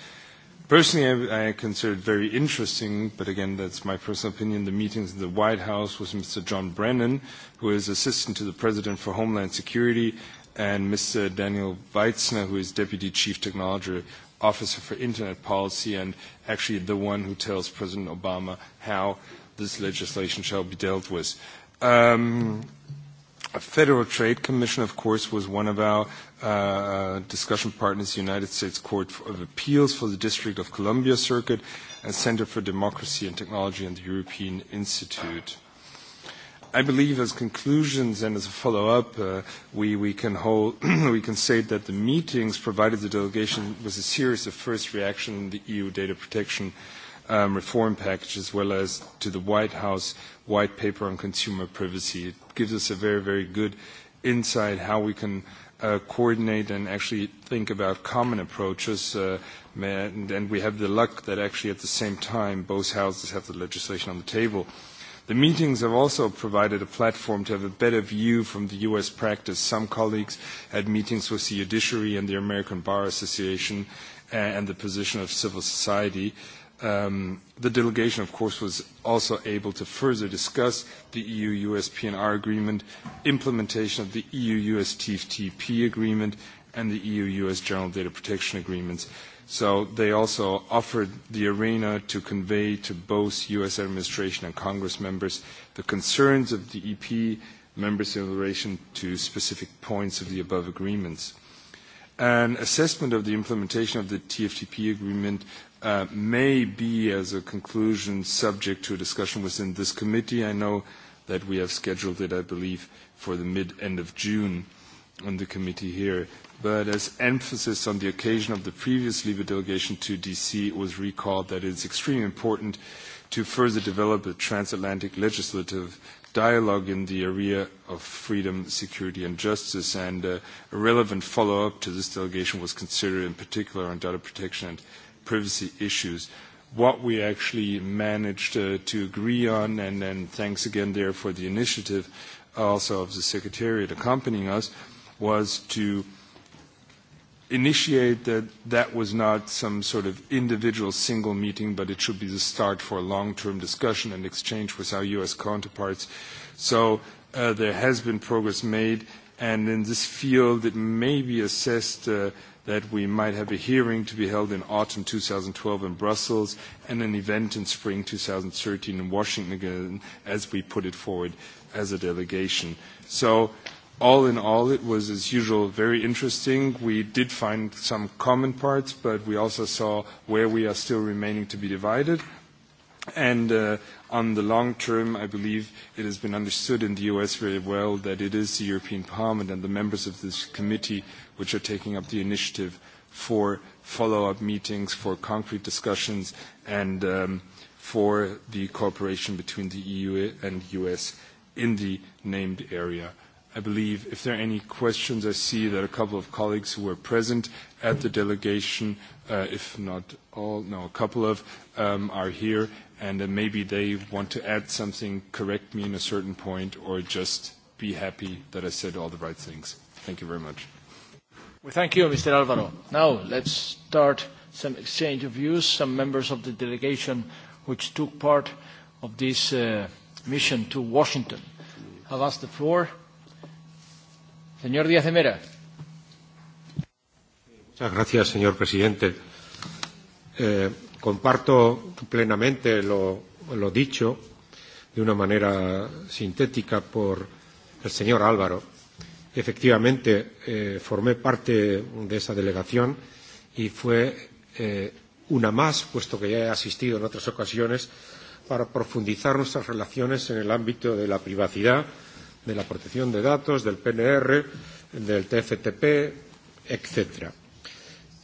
personally, I, I considered very interesting, but again, that's my personal opinion, the meetings in the White House with Mr. John Brennan, who is Assistant to the President for Homeland Security, and Mr. Daniel Weitzner, who is Deputy Chief Technology Officer for Internet Policy, and actually the one who tells President Obama how this legislation shall be dealt with. Um, a Federal Trade Commission, of course, was one of our Uh, uh, discussion partners, United States Court of Appeals for the District of Columbia Circuit and Center for Democracy and Technology and the European Institute. I believe as conclusions and as a follow-up, uh, we, we can hold, [clears throat] we can say that the meetings provided the delegation with a series of first reaction on the EU data protection um, reform package as well as to the White House white paper on consumer privacy. It gives us a very, very good insight how we can uh, uh, coordinate and actually think about common approaches. Uh, and, and we have the luck that actually at the same time both houses have the legislation on the table. The meetings have also provided a platform to have a better view from the U.S. practice. Some colleagues had meetings with the judiciary and the American Bar Association uh, and the position of civil society. Uh, Um, the delegation, of course, was also able to further discuss the EU-US PNR agreement, implementation of the EU-US TFTP agreement, and the EU-US General Data Protection Agreements. So they also offered the arena to convey to both U.S. administration and Congress members the concerns of the EP members in relation to specific points of the above agreements. An assessment of the implementation of the TFTP agreement uh, may be, as a conclusion, subject to a discussion within this committee. I know that we have scheduled it, I believe, for the mid-end of June on the committee here. But as emphasis on the occasion of the previous Libya delegation to DC was recalled that it's extremely important to further develop a transatlantic legislative dialogue in the area of freedom, security, and justice, and uh, a relevant follow-up to this delegation was considered in particular on data protection and privacy issues. What we actually managed uh, to agree on, and then thanks again there for the initiative also of the Secretariat accompanying us, was to initiate that that was not some sort of individual single meeting, but it should be the start for a long-term discussion and exchange with our U.S. counterparts. So uh, there has been progress made, and in this field, it may be assessed uh, that we might have a hearing to be held in autumn 2012 in Brussels and an event in spring 2013 in Washington again, as we put it forward as a delegation. So all in all, it was, as usual, very interesting. We did find some common parts, but we also saw where we are still remaining to be divided. And uh, on the long term, I believe it has been understood in the U.S. very well that it is the European Parliament and the members of this committee which are taking up the initiative for follow-up meetings, for concrete discussions, and um, for the cooperation between the EU and U.S. in the named area. I believe if there are any questions, I see that a couple of colleagues who were present at the delegation, uh, if not all, no, a couple of, um, are here, and uh, maybe they want to add something, correct me in a certain point, or just be happy that I said all the right things. Thank you very much. Well, thank you, Mr. Alvaro. Now let's start some exchange of views. Some members of the delegation which took part of this uh, mission to Washington have asked the floor. Señor Díaz de Mera. Muchas gracias, señor presidente. Eh, comparto plenamente lo, lo dicho de una manera sintética por el señor Álvaro Efectivamente, eh, formé parte de esa delegación y fue eh, una más, puesto que ya he asistido en otras ocasiones, para profundizar nuestras relaciones en el ámbito de la privacidad, de la protección de datos, del PNR, del TFTP, etc.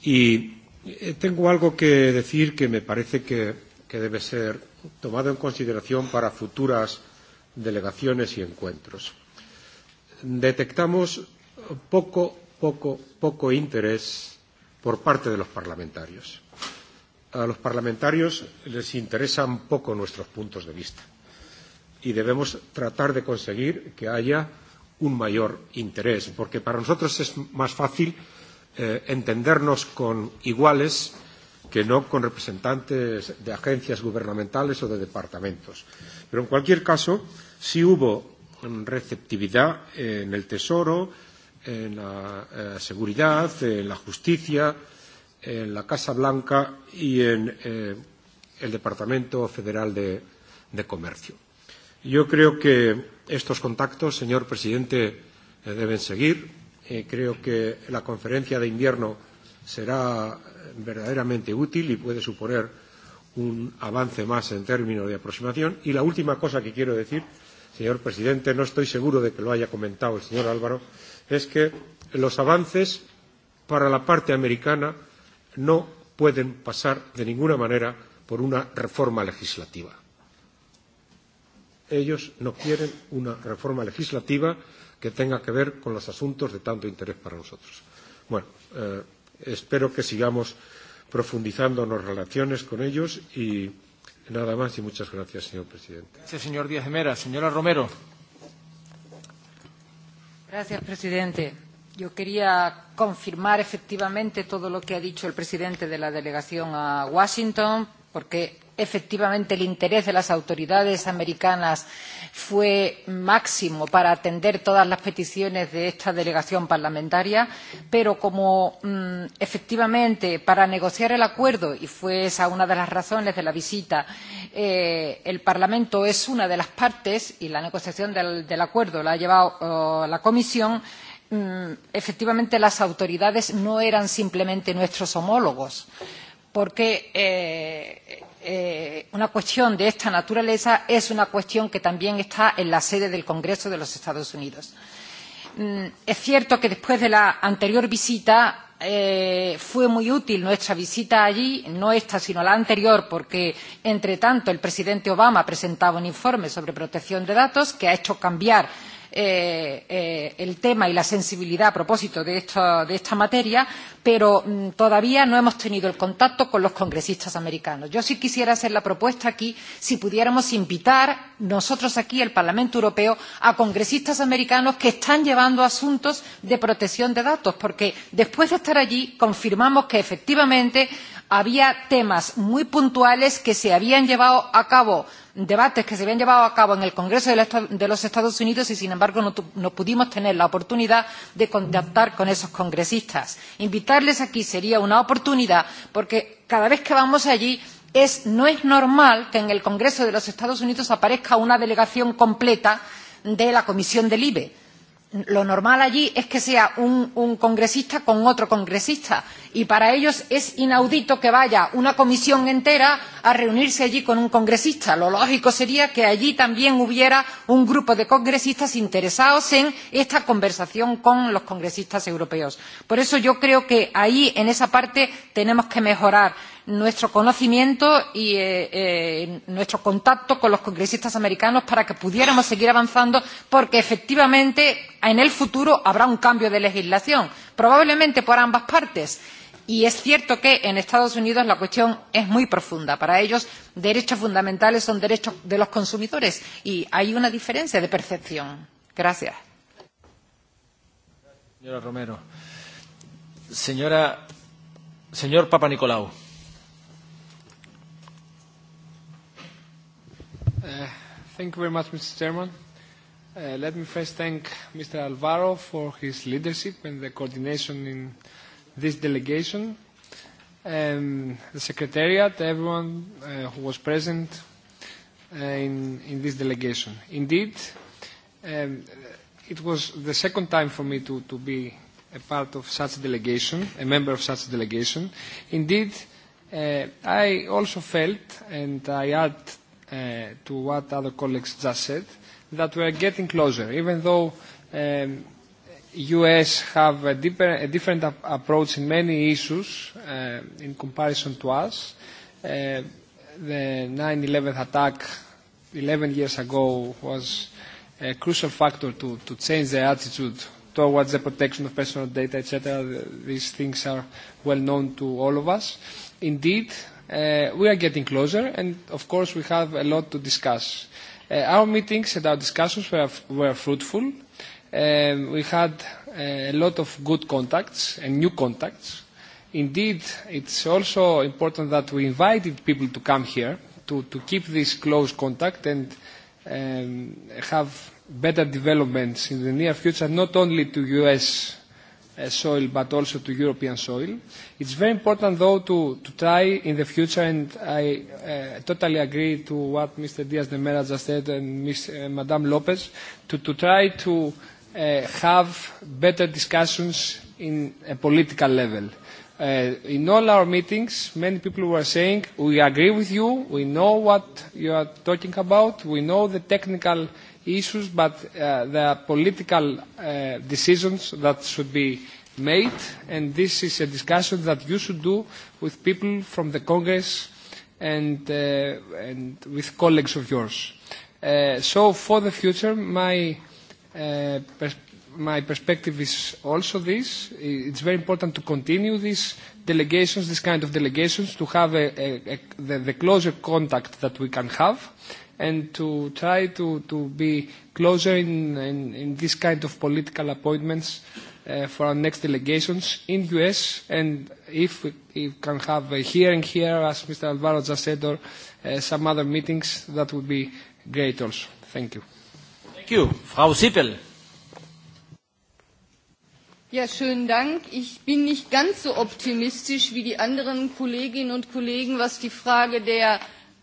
Y eh, tengo algo que decir que me parece que, que debe ser tomado en consideración para futuras delegaciones y encuentros detectamos poco, poco, poco interés por parte de los parlamentarios. A los parlamentarios les interesan poco nuestros puntos de vista y debemos tratar de conseguir que haya un mayor interés, porque para nosotros es más fácil eh, entendernos con iguales que no con representantes de agencias gubernamentales o de departamentos. Pero en cualquier caso, sí hubo receptividad en el Tesoro, en la eh, seguridad, en la justicia, en la Casa Blanca y en eh, el Departamento Federal de, de Comercio. Yo creo que estos contactos, señor presidente, eh, deben seguir. Eh, creo que la conferencia de invierno será verdaderamente útil y puede suponer un avance más en términos de aproximación. Y la última cosa que quiero decir señor presidente, no estoy seguro de que lo haya comentado el señor Álvaro, es que los avances para la parte americana no pueden pasar de ninguna manera por una reforma legislativa. Ellos no quieren una reforma legislativa que tenga que ver con los asuntos de tanto interés para nosotros. Bueno, eh, espero que sigamos profundizando en las relaciones con ellos y Nada más y muchas gracias, señor presidente. Gracias, señor Díaz de Mera. Señora Romero. Gracias, presidente. Yo quería confirmar efectivamente todo lo que ha dicho el presidente de la delegación a Washington porque efectivamente el interés de las autoridades americanas fue máximo para atender todas las peticiones de esta delegación parlamentaria pero como mm, efectivamente para negociar el acuerdo y fue esa una de las razones de la visita eh, el parlamento es una de las partes y la negociación del acuerdo la ha llevado la comisión mm, efectivamente las autoridades no eran simplemente nuestros homólogos sino porque eh, eh, una cuestión de esta naturaleza es una cuestión que también está en la sede del Congreso de los Estados Unidos. Mm, es cierto que después de la anterior visita eh, fue muy útil nuestra visita allí, no esta sino la anterior, porque entre tanto el presidente Obama presentaba un informe sobre protección de datos que ha hecho cambiar eh, eh, el tema y la sensibilidad a propósito de, esto, de esta materia, pero mm, todavía no hemos tenido el contacto con los congresistas americanos. Yo sí quisiera hacer la propuesta aquí si pudiéramos invitar nosotros aquí, el Parlamento Europeo, a congresistas americanos que están llevando asuntos de protección de datos, porque después de estar allí confirmamos que efectivamente había temas muy puntuales que se habían llevado a cabo, debates que se habían llevado a cabo en el Congreso de los Estados Unidos y, sin embargo, no, no pudimos tener la oportunidad de contactar con esos congresistas. Invitarles aquí sería una oportunidad porque cada vez que vamos allí es, no es normal que en el Congreso de los Estados Unidos aparezca una delegación completa de la Comisión del IBE lo normal allí es que sea un, un congresista con otro congresista y para ellos es inaudito que vaya una comisión entera a reunirse allí con un congresista. Lo lógico sería que allí también hubiera un grupo de congresistas interesados en esta conversación con los congresistas europeos. Por eso yo creo que ahí, en esa parte, tenemos que mejorar nuestro conocimiento y eh, eh, nuestro contacto con los congresistas americanos para que pudiéramos seguir avanzando porque efectivamente en el futuro habrá un cambio de legislación, probablemente por ambas partes. Y es cierto que en Estados Unidos la cuestión es muy profunda. Para ellos, derechos fundamentales son derechos de los consumidores y hay una diferencia de percepción. Gracias. Señora Romero. Señora, señor Papa Nicolau. Thank you very much, Mr. Chairman. Uh, let me first thank Mr. Alvaro for his leadership and the coordination in this delegation, and the Secretariat, everyone uh, who was present uh, in, in this delegation. Indeed, um, it was the second time for me to, to be a part of such a delegation, a member of such a delegation. Indeed, uh, I also felt, and I add uh, to what other colleagues just said, that we are getting closer, even though um, U.S. have a, deeper, a different ap approach in many issues uh, in comparison to us. Uh, the 9/11 attack 11 years ago was a crucial factor to, to change the attitude towards the protection of personal data, etc. These things are well known to all of us. Indeed, uh, we are getting closer, and of course we have a lot to discuss. Uh, our meetings and our discussions were, were fruitful. Um, uh, we had uh, a lot of good contacts and new contacts. Indeed, it's also important that we invited people to come here to, to keep this close contact and um, have better developments in the near future, not only to U.S uh, soil but also to European soil. It's very important though to, to try in the future and I uh, totally agree to what Mr. Diaz de Mera just said and Ms. Uh, Madame Lopez to, to try to uh, have better discussions in a political level. Uh, in all our meetings, many people were saying, we agree with you, we know what you are talking about, we know the technical uh, issues, but uh, there are political uh, decisions that should be made, and this is a discussion that you should do with people from the Congress and, uh, and with colleagues of yours. Uh, so for the future, my, uh, pers my perspective is also this. It's very important to continue these delegations, this kind of delegations, to have a, a, a, the, the closer contact that we can have and to try to, to be closer in, in, in this kind of political appointments uh, for our next delegations in U.S. and if we if can have a hearing here, as Mr. Alvaro just said, or uh, some other meetings, that would be great also. Thank you. Thank you. Frau Sippel. Ja, schönen Dank. Ich bin nicht ganz so optimistisch wie die anderen Kolleginnen und Kollegen, was die Frage der äh,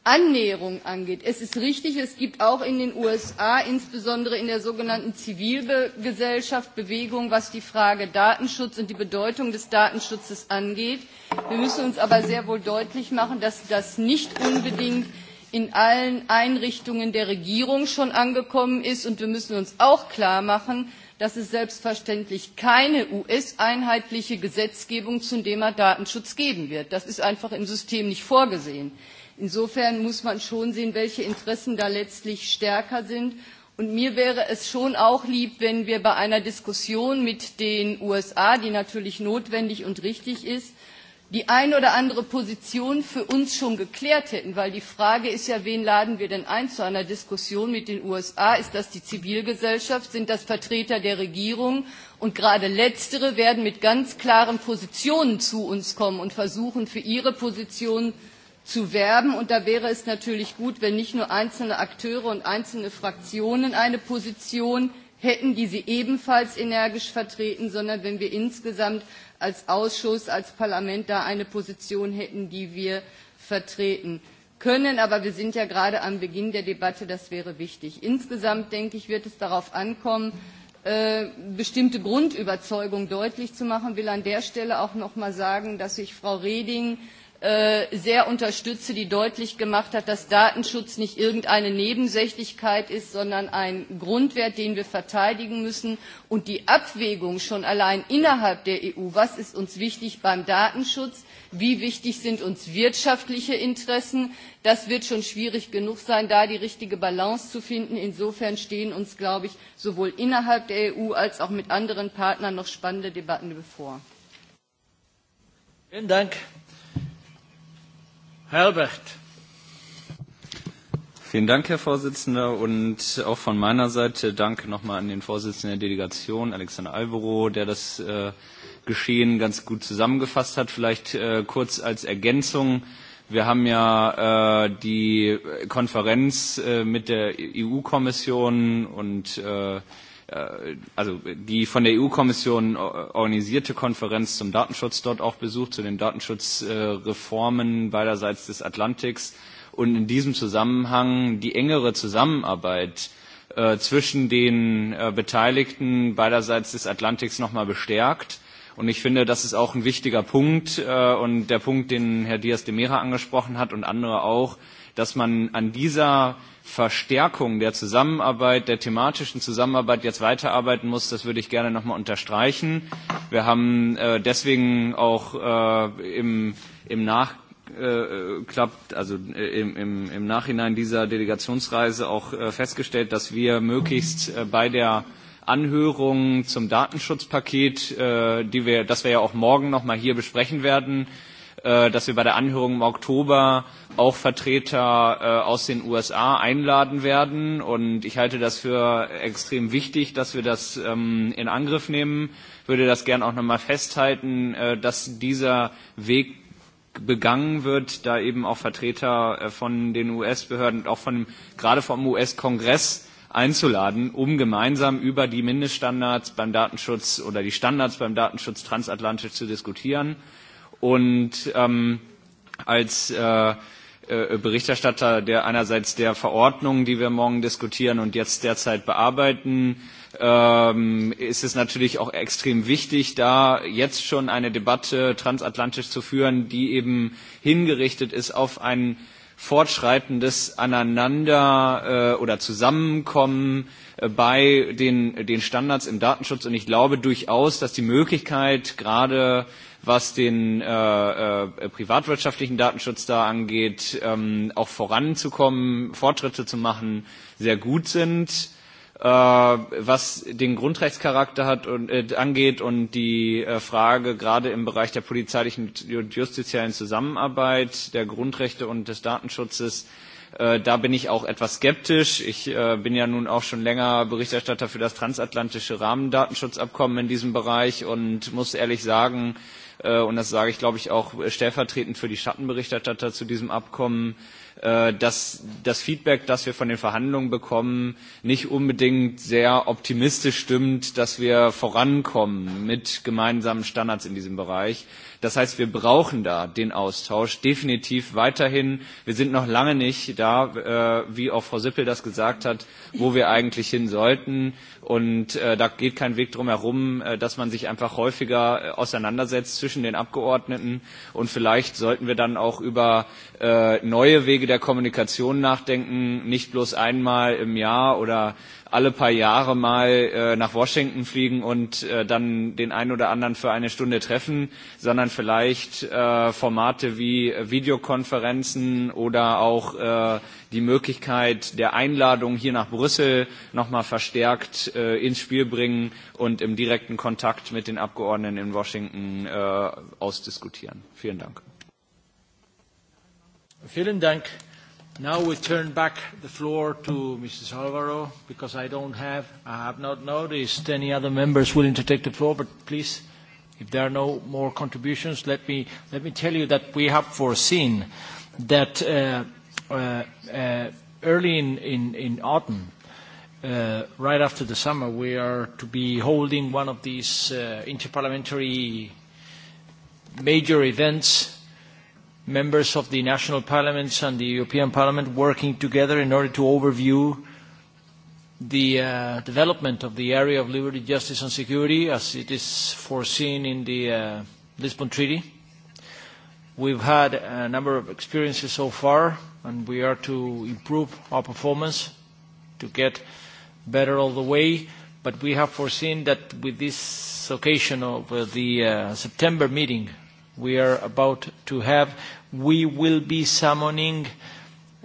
Annäherung angeht. Es ist richtig, es gibt auch in den USA, insbesondere in der sogenannten Zivilgesellschaft, Bewegung, was die Frage Datenschutz und die Bedeutung des Datenschutzes angeht. Wir müssen uns aber sehr wohl deutlich machen, dass das nicht unbedingt in allen Einrichtungen der Regierung schon angekommen ist. Und wir müssen uns auch klar machen, dass es selbstverständlich keine US-einheitliche Gesetzgebung zum Thema Datenschutz geben wird. Das ist einfach im System nicht vorgesehen. Insofern muss man schon sehen, welche Interessen da letztlich stärker sind. Und mir wäre es schon auch lieb, wenn wir bei einer Diskussion mit den USA, die natürlich notwendig und richtig ist, die ein oder andere Position für uns schon geklärt hätten, weil die Frage ist ja, wen laden wir denn ein zu einer Diskussion mit den USA? Ist das die Zivilgesellschaft? Sind das Vertreter der Regierung? Und gerade letztere werden mit ganz klaren Positionen zu uns kommen und versuchen, für ihre Positionen zu werben. Und da wäre es natürlich gut, wenn nicht nur einzelne Akteure und einzelne Fraktionen eine Position hätten, die sie ebenfalls energisch vertreten, sondern wenn wir insgesamt als Ausschuss, als Parlament da eine Position hätten, die wir vertreten können. Aber wir sind ja gerade am Beginn der Debatte, das wäre wichtig. Insgesamt, denke ich, wird es darauf ankommen, äh, bestimmte Grundüberzeugung deutlich zu machen. Ich will an der Stelle auch noch mal sagen, dass ich Frau Reding Äh, sehr unterstütze, die deutlich gemacht hat, dass Datenschutz nicht irgendeine Nebensächlichkeit ist, sondern ein Grundwert, den wir verteidigen müssen. Und die Abwägung schon allein innerhalb der EU, was ist uns wichtig beim Datenschutz, wie wichtig sind uns wirtschaftliche Interessen, das wird schon schwierig genug sein, da die richtige Balance zu finden. Insofern stehen uns, glaube ich, sowohl innerhalb der EU als auch mit anderen Partnern noch spannende Debatten bevor. Vielen Dank. Herbert. Vielen Dank, Herr Vorsitzender. Und auch von meiner Seite danke nochmal an den Vorsitzenden der Delegation, Alexander Alvaro, der das äh, Geschehen ganz gut zusammengefasst hat. Vielleicht äh, kurz als Ergänzung. Wir haben ja äh, die Konferenz äh, mit der EU-Kommission und äh, Äh, also die von der EU-Kommission organisierte Konferenz zum Datenschutz dort auch besucht, zu den Datenschutzreformen beiderseits des Atlantiks und in diesem Zusammenhang die engere Zusammenarbeit äh, zwischen den äh, Beteiligten beiderseits des Atlantiks nochmal bestärkt. Und ich finde, das ist auch ein wichtiger Punkt äh, und der Punkt, den Herr Diaz de Mera angesprochen hat und andere auch, dass man an dieser Verstärkung der Zusammenarbeit, der thematischen Zusammenarbeit jetzt weiterarbeiten muss, das würde ich gerne nochmal unterstreichen. Wir haben äh, deswegen auch äh, im, im Nachgang äh, klappt, also äh, im, im, im Nachhinein dieser Delegationsreise auch äh, festgestellt, dass wir möglichst äh, bei der Anhörung zum Datenschutzpaket, äh, die wir, das wir ja auch morgen nochmal hier besprechen werden, äh, dass wir bei der Anhörung im Oktober auch Vertreter äh, aus den USA einladen werden. Und ich halte das für extrem wichtig, dass wir das ähm, in Angriff nehmen. Würde das gern auch nochmal festhalten, äh, dass dieser Weg begangen wird, da eben auch Vertreter äh, von den US-Behörden und auch von, gerade vom US-Kongress einzuladen, um gemeinsam über die Mindeststandards beim Datenschutz oder die Standards beim Datenschutz transatlantisch zu diskutieren. Äh, Und ähm, als äh, äh, Berichterstatter, der einerseits der Verordnung, die wir morgen diskutieren und jetzt derzeit bearbeiten, ähm, ist es natürlich auch extrem wichtig, da jetzt schon eine Debatte transatlantisch zu führen, die eben hingerichtet ist auf ein fortschreitendes Aneinander äh, oder Zusammenkommen äh, bei den, den Standards im Datenschutz. Und ich glaube durchaus, dass die Möglichkeit gerade äh, was den äh, äh, privatwirtschaftlichen Datenschutz da angeht, ähm, auch voranzukommen, Fortschritte zu machen, sehr gut sind. Äh, was den Grundrechtscharakter hat und, äh, angeht und die äh, Frage gerade im Bereich der polizeilichen und justiziellen Zusammenarbeit, der Grundrechte und des Datenschutzes, äh, da bin ich auch etwas skeptisch. Ich äh, bin ja nun auch schon länger Berichterstatter für das transatlantische Rahmendatenschutzabkommen in diesem Bereich und muss ehrlich sagen, äh, äh, und das sage ich, glaube ich, auch stellvertretend für die Schattenberichterstatter zu diesem Abkommen, äh, Äh, dass das Feedback, das wir von den Verhandlungen bekommen, nicht unbedingt sehr optimistisch stimmt, dass wir vorankommen mit gemeinsamen Standards in diesem Bereich. Das heißt, wir brauchen da den Austausch definitiv weiterhin. Wir sind noch lange nicht da, äh, wie auch Frau Sippel das gesagt hat, wo wir eigentlich hin sollten. Und äh, da geht kein Weg drum herum, äh, dass man sich einfach häufiger äh, auseinandersetzt zwischen den Abgeordneten. Und vielleicht sollten wir dann auch über äh, neue Wege Wege der Kommunikation nachdenken, nicht bloß einmal im Jahr oder alle paar Jahre mal äh, nach Washington fliegen und äh, dann den einen oder anderen für eine Stunde treffen, sondern vielleicht äh, Formate wie Videokonferenzen oder auch äh, die Möglichkeit der Einladung hier nach Brüssel nochmal verstärkt äh, ins Spiel bringen und im direkten Kontakt mit den Abgeordneten in Washington äh, ausdiskutieren. Vielen Dank. Vielen Dank. Now we turn back the floor to Mrs. Alvaro because I don't have, I have not noticed any other members willing to take the floor, but please, if there are no more contributions, let me, let me tell you that we have foreseen that uh, uh, uh, early in, in, in autumn, uh, right after the summer, we are to be holding one of these uh, interparliamentary major events members of the national parliaments and the European Parliament working together in order to overview the uh, development of the area of liberty, justice and security as it is foreseen in the uh, Lisbon Treaty. We've had a number of experiences so far and we are to improve our performance to get better all the way, but we have foreseen that with this occasion of uh, the uh, September meeting we are about to have, we will be summoning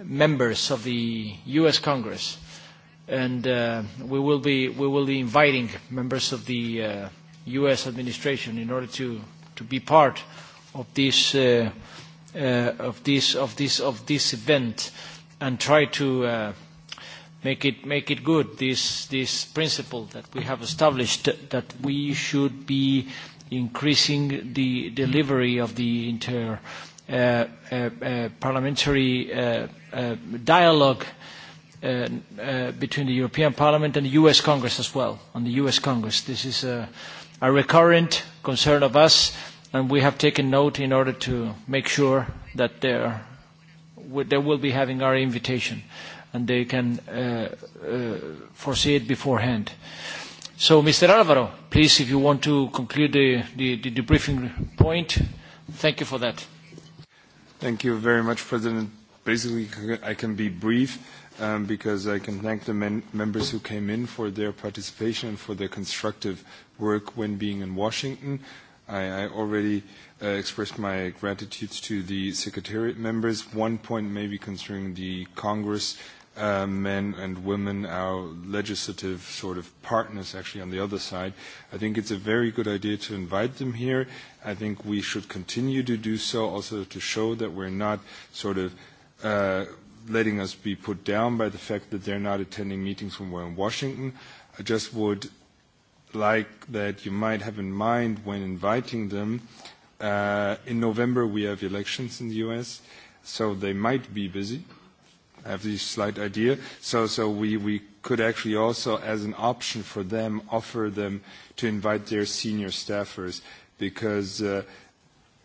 members of the U.S. Congress, and uh, we will be we will be inviting members of the uh, U.S. administration in order to to be part of this uh, uh, of this of this of this event and try to. Uh, Make it, make it good, this, this principle that we have established that we should be uh, increasing the delivery of the inter uh, uh, uh, parliamentary uh, uh, dialogue uh, uh, between the European Parliament and the U.S. Congress as well, on the U.S. Congress. This is a, a recurrent concern of us, and we have taken note in order to make sure that there, they will be having our invitation, and they can uh, uh, foresee it beforehand. Uh, So, Mr. Alvaro, please, if you want to conclude the, the, the debriefing point, thank you for that. Thank you very much, President. Basically, I can be brief um, because I can thank the men- members who came in for their participation and for their constructive work when being in Washington. I, I already uh, expressed my gratitude to the Secretariat members. One point maybe concerning the Congress uh, men and women, our legislative sort of partners actually on the other side. I think it's a very good idea to invite them here. I think we should continue to do so also to show that we're not sort of uh, letting us be put down by the fact that they're not attending meetings when we're in Washington. I just would like that you might have in mind when inviting them. Uh, in November, we have elections in the U.S., so they might be busy. Uh, have this slight idea. So, so we, we could actually also, as an option for them, offer them to invite their senior staffers because uh,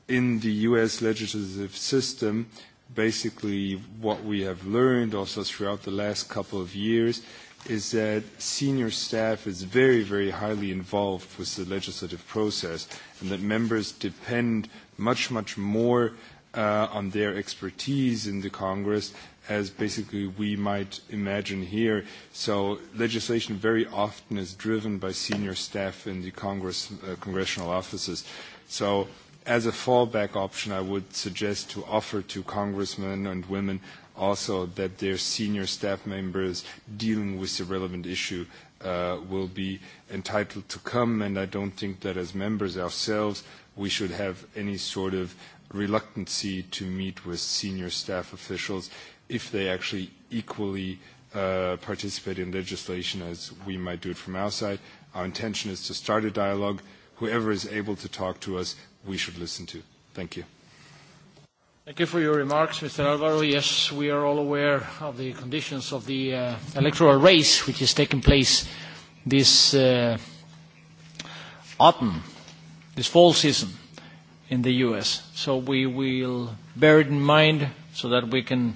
in the U.S. legislative system, basically what we have learned also throughout the last couple of years is that senior staff is very, very highly involved with the legislative process and that members depend much, much more uh, on their expertise in the Congress as basically we might imagine here. So legislation very often is driven by senior staff in the Congress, uh, congressional offices. So as a fallback option, I would suggest to offer to congressmen and women also that their senior staff members dealing with the relevant issue uh, will be entitled to come, and I don't think that as members ourselves we should have any sort of reluctancy to meet with senior staff officials if they actually equally uh, participate in legislation as we might do it from our side. Our intention is to start a dialogue. Whoever is able to talk to us, we should listen to. Thank you. Thank you for your remarks, Mr. Alvaro. Yes, we are all aware of the conditions of the uh, electoral race which is taking place this uh, autumn, this fall season in the U.S. So we will bear it in mind so that we can uh,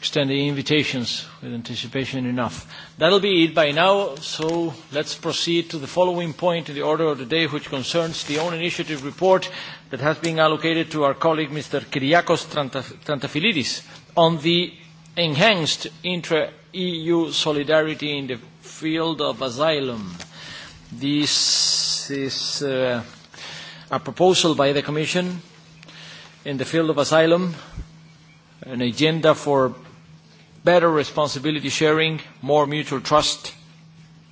extend the invitations with anticipation enough. That'll be it by now, so let's proceed to the following point in the order of the day, which concerns the own initiative report that has been allocated to our colleague Mr. Kyriakos Trantafilidis on the enhanced intra-EU solidarity in the field of asylum. This is uh, a proposal by the Commission in the field of asylum an agenda for better responsibility sharing, more mutual trust.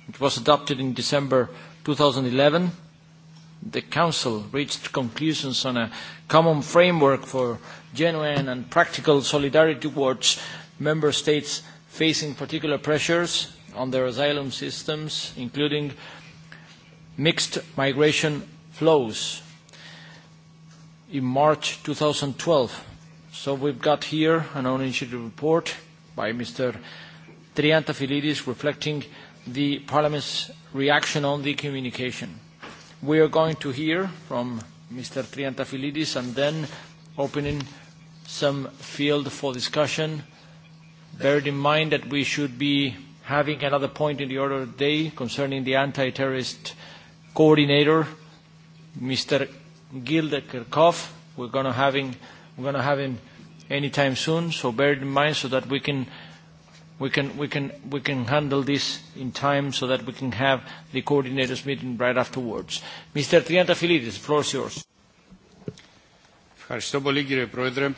It was adopted in December 2011. The Council reached conclusions on a common framework for genuine and practical solidarity towards member states facing particular pressures on their asylum systems, including mixed migration flows in March 2012. So we've got here an own initiative report by Mr. Triantafilidis reflecting the Parliament's reaction on the communication. We are going to hear from Mr. Triantafilidis and then opening some field for discussion. Bear in mind that we should be having another point in the order of the day concerning the anti-terrorist coordinator, Mr. Gilda Kirchhoff. We're going to having we're going to having anytime soon, so bear it in mind so that we can, we, can, we, can, we can handle this in time so that we can have the coordinators meeting right afterwards. Mr. Triantafilidis, the floor is yours. Ευχαριστώ πολύ κύριε Πρόεδρε.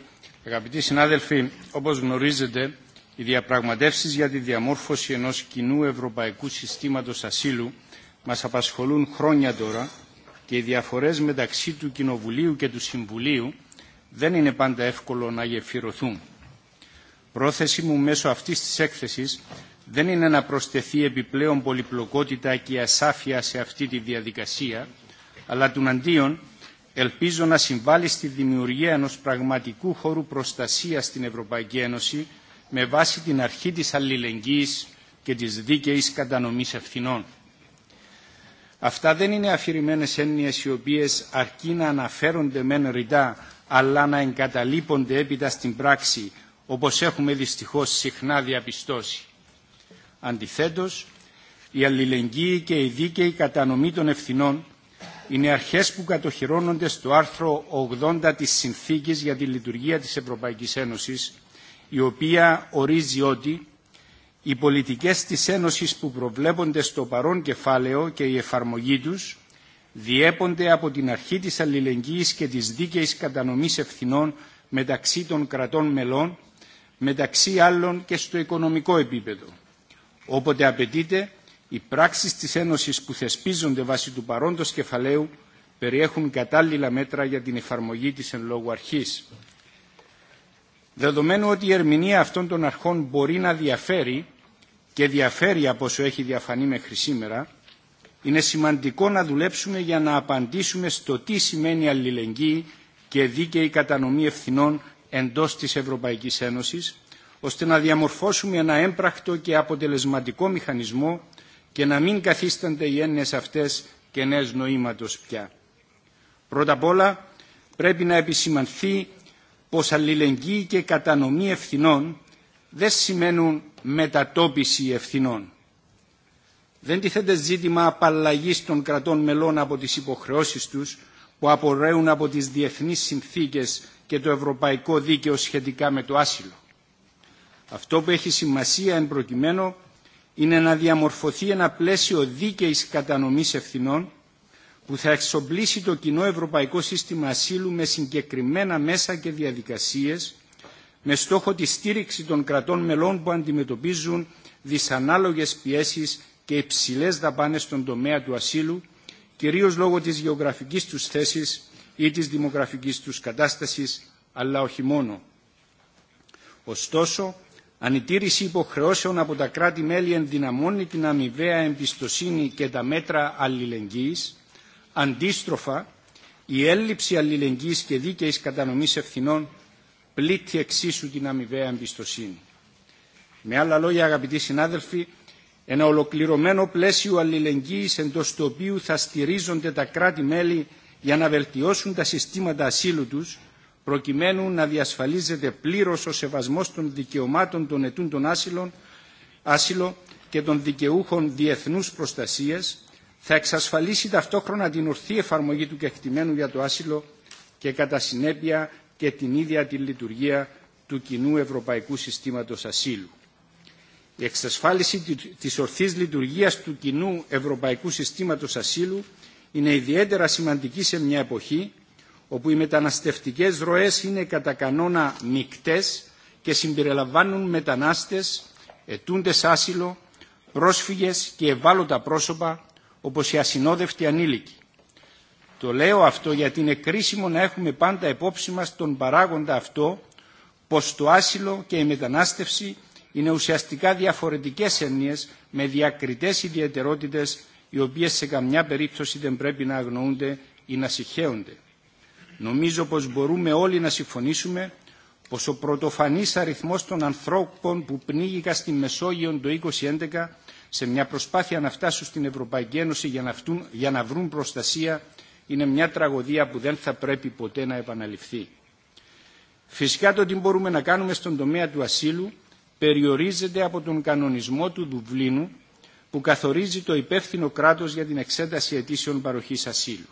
Αγαπητοί συνάδελφοι, όπως γνωρίζετε, οι διαπραγματεύσεις για τη διαμόρφωση ενός κοινού ευρωπαϊκού συστήματος ασύλου μας απασχολούν χρόνια τώρα και οι διαφορές μεταξύ του Κοινοβουλίου και του Συμβουλίου – δεν είναι πάντα εύκολο να γεφυρωθούν. Πρόθεση μου μέσω αυτής της έκθεσης δεν είναι να προσθεθεί επιπλέον πολυπλοκότητα και ασάφεια σε αυτή τη διαδικασία, αλλά του αντίον ελπίζω να συμβάλλει στη δημιουργία ενός πραγματικού χώρου προστασίας στην Ευρωπαϊκή Ένωση με βάση την αρχή της αλληλεγγύης και της δίκαιης κατανομής ευθυνών. Αυτά δεν είναι αφηρημένες έννοιες οι οποίες αρκεί να αναφέρονται μεν ρητά αλλά να εγκαταλείπονται έπειτα στην πράξη όπως έχουμε δυστυχώς συχνά διαπιστώσει. Αντιθέτως, η αλληλεγγύη και η δίκαιη κατανομή των ευθυνών είναι αρχές που κατοχυρώνονται στο άρθρο 80 της Συνθήκης για τη Λειτουργία της Ευρωπαϊκής Ένωσης, η οποία ορίζει ότι οι πολιτικές της Ένωσης που προβλέπονται στο παρόν κεφάλαιο και η εφαρμογή τους διέπονται από την αρχή της αλληλεγγύης και της δίκαιης κατανομής ευθυνών μεταξύ των κρατών μελών, μεταξύ άλλων και στο οικονομικό επίπεδο. Όποτε απαιτείται, οι πράξεις της Ένωσης που θεσπίζονται βάσει του παρόντος κεφαλαίου περιέχουν κατάλληλα μέτρα για την εφαρμογή της εν λόγω αρχής. Δεδομένου ότι η ερμηνεία αυτών των αρχών μπορεί να διαφέρει και διαφέρει από όσο έχει διαφανεί μέχρι σήμερα, είναι σημαντικό να δουλέψουμε για να απαντήσουμε στο τι σημαίνει αλληλεγγύη και δίκαιη κατανομή ευθυνών εντός της Ευρωπαϊκής Ένωσης, ώστε να διαμορφώσουμε ένα έμπρακτο και αποτελεσματικό μηχανισμό και να μην καθίστανται οι έννοιες αυτές κενές νοήματος πια. Πρώτα απ' όλα πρέπει να επισημανθεί πως αλληλεγγύη και κατανομή ευθυνών δεν σημαίνουν μετατόπιση ευθυνών. Δεν τίθεται ζήτημα απαλλαγής των κρατών μελών από τις υποχρεώσεις τους που απορρέουν από τις διεθνείς συνθήκες και το ευρωπαϊκό δίκαιο σχετικά με το άσυλο. Αυτό που έχει σημασία εν προκειμένου είναι να διαμορφωθεί ένα πλαίσιο δίκαιης κατανομής ευθυνών που θα εξοπλίσει το κοινό ευρωπαϊκό σύστημα ασύλου με συγκεκριμένα μέσα και διαδικασίες – με στόχο τη στήριξη των κρατών μελών που αντιμετωπίζουν δυσανάλογες πιέσεις και υψηλές δαπάνες στον τομέα του ασύλου, κυρίως λόγω της γεωγραφικής τους θέσης ή της δημογραφικής τους κατάστασης, αλλά όχι μόνο. Ωστόσο, ανιτήρηση υποχρεώσεων από τα κράτη-μέλη ενδυναμώνει την αμοιβαία εμπιστοσύνη και τα μέτρα αλληλεγγύης. Αντίστροφα, η έλλειψη αλληλεγγύης και δίκαιης κατανομής ευθυνών πλήττει εξίσου την αμοιβαία εμπιστοσύνη. Με άλλα λόγια, αγαπητοί συνάδελφοι, ένα ολοκληρωμένο πλαίσιο αλληλεγγύης εντός του οποίου θα στηρίζονται τα κράτη-μέλη για να βελτιώσουν τα συστήματα ασύλου τους, προκειμένου να διασφαλίζεται πλήρως ο σεβασμός των δικαιωμάτων των ετούντων άσυλων, άσυλο και των δικαιούχων διεθνούς προστασίας, θα εξασφαλίσει ταυτόχρονα την ορθή εφαρμογή του κεκτημένου για το άσυλο και κατά συνέπεια και την ίδια τη λειτουργία του κοινού ευρωπαϊκού συστήματος ασύλου. Η εξασφάλιση της ορθής λειτουργίας του κοινού ευρωπαϊκού συστήματος ασύλου είναι ιδιαίτερα σημαντική σε μια εποχή όπου οι μεταναστευτικές ροές είναι κατά κανόνα μικτές και συμπεριλαμβάνουν μετανάστες, ετούντες άσυλο, πρόσφυγες και ευάλωτα πρόσωπα όπως οι ασυνόδευτοι ανήλικοι. Το λέω αυτό γιατί είναι κρίσιμο να έχουμε πάντα υπόψη μας τον παράγοντα αυτό πως το άσυλο και η μετανάστευση είναι ουσιαστικά διαφορετικές έννοιες με διακριτές ιδιαιτερότητες οι οποίες σε καμιά περίπτωση δεν πρέπει να αγνοούνται ή να συχαίονται. Νομίζω πως μπορούμε όλοι να συμφωνήσουμε πως ο πρωτοφανής αριθμός των ανθρώπων που πνίγηκα στη Μεσόγειο το 2011 σε μια προσπάθεια να φτάσουν στην Ευρωπαϊκή Ένωση για να, φτούν, για να βρουν προστασία είναι μια τραγωδία που δεν θα πρέπει ποτέ να επαναληφθεί. Φυσικά το τι μπορούμε να κάνουμε στον τομέα του ασύλου περιορίζεται από τον κανονισμό του Δουβλίνου που καθορίζει το υπεύθυνο κράτος για την εξέταση αιτήσεων παροχής ασύλου.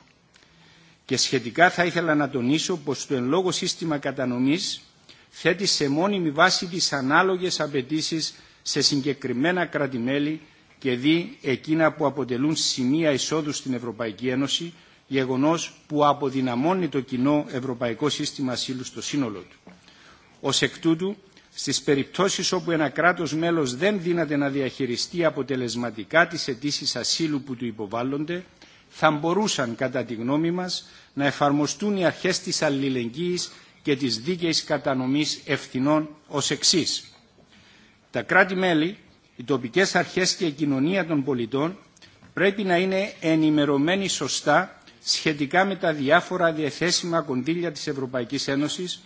Και σχετικά θα ήθελα να τονίσω πως το εν λόγω σύστημα κατανομής θέτει σε μόνιμη βάση τις ανάλογες απαιτήσει σε συγκεκριμένα κρατημέλη και δι εκείνα που αποτελούν σημεία εισόδου στην Ευρωπαϊκή Ένωση γεγονός που αποδυναμώνει το κοινό ευρωπαϊκό σύστημα ασύλου στο σύνολό του. Ως εκ τούτου, στις περιπτώσεις όπου ένα κράτος μέλος δεν δύναται να διαχειριστεί αποτελεσματικά τις αιτήσει ασύλου που του υποβάλλονται, θα μπορούσαν κατά τη γνώμη μας να εφαρμοστούν οι αρχές της αλληλεγγύης και της δίκαιης κατανομής ευθυνών ως εξής. Τα κράτη-μέλη, οι τοπικές αρχές και η κοινωνία των πολιτών πρέπει να είναι ενημερωμένοι σωστά σχετικά με τα διάφορα διαθέσιμα κονδύλια της Ευρωπαϊκής Ένωσης,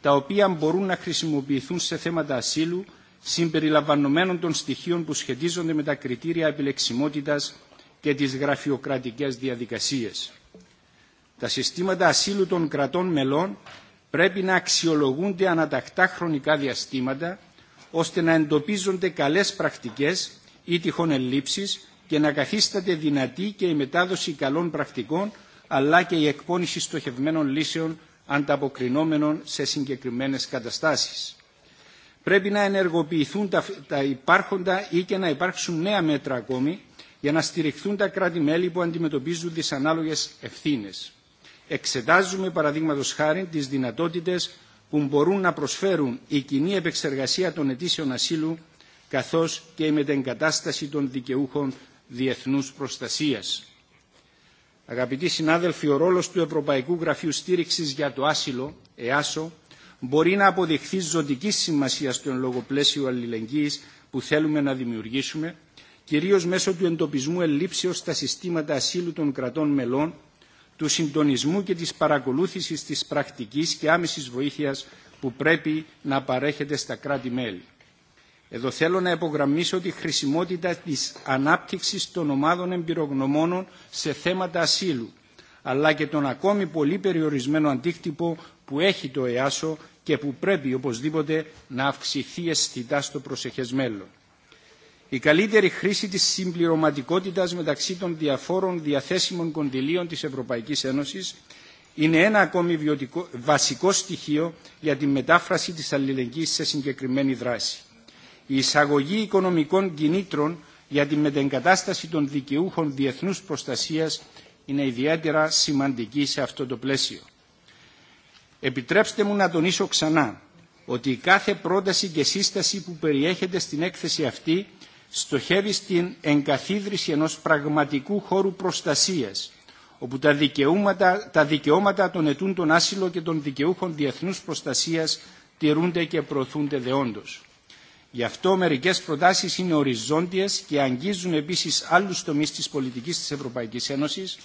τα οποία μπορούν να χρησιμοποιηθούν σε θέματα ασύλου, συμπεριλαμβανομένων των στοιχείων που σχετίζονται με τα κριτήρια επιλεξιμότητας και τις γραφειοκρατικές διαδικασίες. Τα συστήματα ασύλου των κρατών μελών πρέπει να αξιολογούνται ανατακτά χρονικά διαστήματα, ώστε να εντοπίζονται καλές πρακτικές ή τυχόν ελλείψεις και να καθίσταται δυνατή και η μετάδοση καλών πρακτικών αλλά και η εκπόνηση στοχευμένων λύσεων ανταποκρινόμενων σε συγκεκριμένες καταστάσεις. Πρέπει να ενεργοποιηθούν τα, τα υπάρχοντα ή και να υπάρξουν νέα μέτρα ακόμη για να στηριχθούν τα κράτη-μέλη που αντιμετωπίζουν δυσανάλογες ευθύνες. Εξετάζουμε παραδείγματο χάρη τις δυνατότητες που μπορούν να προσφέρουν η κοινή επεξεργασία των αιτήσεων ασύλου καθώς και η μετεγκατάσταση των δικαιούχων διεθνούς προστασίας. Αγαπητοί συνάδελφοι, ο ρόλος του Ευρωπαϊκού Γραφείου Στήριξης για το Άσυλο, ΕΑΣΟ, μπορεί να αποδειχθεί ζωτική σημασία στον λογοπλαίσιο αλληλεγγύης που θέλουμε να δημιουργήσουμε, κυρίως μέσω του εντοπισμού ελλείψεως στα συστήματα ασύλου των κρατών μελών, του συντονισμού και της παρακολούθησης της πρακτικής και άμεσης βοήθειας που πρέπει να παρέχεται στα κράτη-μέλη. Εδώ θέλω να υπογραμμίσω τη χρησιμότητα της ανάπτυξης των ομάδων εμπειρογνωμόνων σε θέματα ασύλου, αλλά και τον ακόμη πολύ περιορισμένο αντίκτυπο που έχει το ΕΑΣΟ και που πρέπει οπωσδήποτε να αυξηθεί αισθητά στο προσεχές μέλλον. Η καλύτερη χρήση της συμπληρωματικότητας μεταξύ των διαφόρων διαθέσιμων κονδυλίων της Ευρωπαϊκής Ένωσης είναι ένα ακόμη βιωτικό, βασικό στοιχείο για τη μετάφραση της αλληλεγγύης σε συγκεκριμένη δράση η εισαγωγή οικονομικών κινήτρων για τη μετεγκατάσταση των δικαιούχων διεθνούς προστασίας είναι ιδιαίτερα σημαντική σε αυτό το πλαίσιο. Επιτρέψτε μου να τονίσω ξανά ότι κάθε πρόταση και σύσταση που περιέχεται στην έκθεση αυτή στοχεύει στην εγκαθίδρυση ενός πραγματικού χώρου προστασίας, όπου τα δικαιώματα, τα δικαιώματα των ετούντων άσυλο και των δικαιούχων διεθνούς προστασίας τηρούνται και προωθούνται δεόντως. Γι' αυτό μερικές προτάσεις είναι οριζόντιες και αγγίζουν επίσης άλλους τομείς της πολιτικής της Ευρωπαϊκής Ένωσης,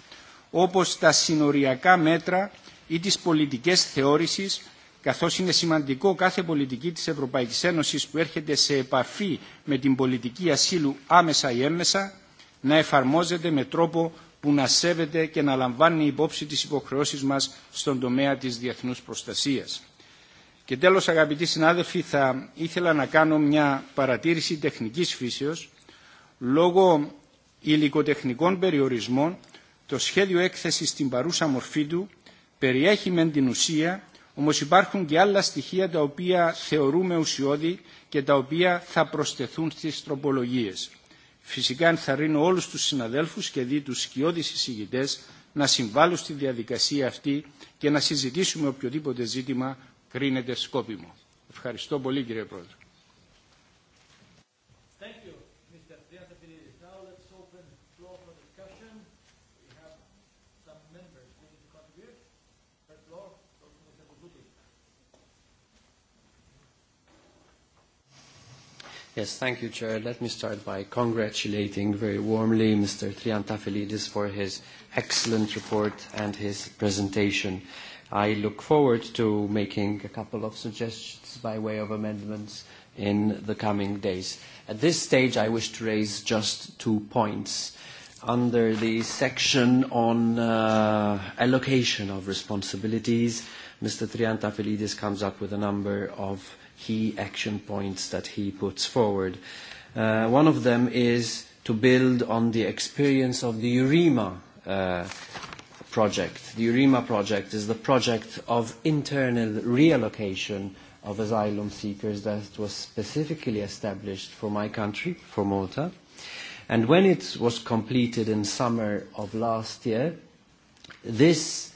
όπως τα συνοριακά μέτρα ή τις πολιτικές θεώρησης, καθώς είναι σημαντικό κάθε πολιτική της Ευρωπαϊκής Ένωσης που έρχεται σε επαφή με την πολιτική ασύλου άμεσα ή έμμεσα, να εφαρμόζεται με τρόπο που να σέβεται και να λαμβάνει υπόψη τις υποχρεώσεις μας στον τομέα της διεθνούς προστασίας. Και τέλος αγαπητοί συνάδελφοι θα ήθελα να κάνω μια παρατήρηση τεχνικής φύσεως λόγω υλικοτεχνικών περιορισμών το σχέδιο έκθεσης στην παρούσα μορφή του περιέχει μεν την ουσία όμως υπάρχουν και άλλα στοιχεία τα οποία θεωρούμε ουσιώδη και τα οποία θα προσθεθούν στις τροπολογίες. Φυσικά ενθαρρύνω όλους τους συναδέλφους και δι' τους σκιώδεις εισηγητές να συμβάλλουν στη διαδικασία αυτή και να συζητήσουμε οποιοδήποτε ζήτημα κρίνεται σκόπιμο. Ευχαριστώ πολύ κύριε Πρόεδρε. Yes, thank you, Chair. Let me start by congratulating very warmly Mr. Triantafilidis for his excellent report and his presentation. Uh, I look forward to making a couple of suggestions by way of amendments in the coming days. At this stage, I wish to raise just two points. Under the section on uh, allocation of responsibilities, Mr. Triantafilidis comes up with a number of key action points that he puts forward. Uh, one of them is to build on the experience of the EUREMA uh, project. The Urima project is the project of internal reallocation of asylum seekers that was specifically established for my country, for Malta. And when it was completed in summer of last year, this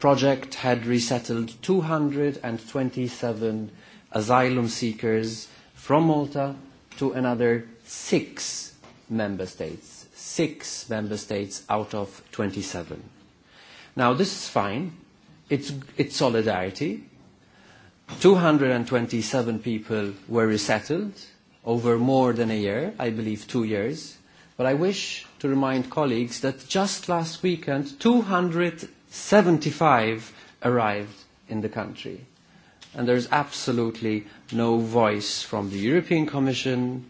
project had resettled 227 asylum seekers from Malta to another six member states, six member states out of 27. Now, this is fine. It's, it's solidarity. 227 people were resettled over more than a year, I believe two years. But I wish to remind colleagues that just last weekend, 275 arrived in the country. And there's absolutely no voice from the European Commission,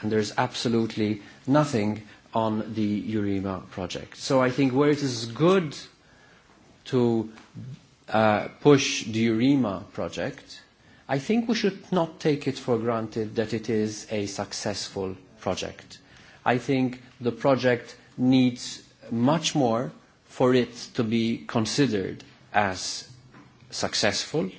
and there's absolutely nothing on the Eurema project. So I think where it is good to uh, push the Eurema project, I think we should not take it for granted that it is a successful project. I think the project needs much more for it to be considered as successful.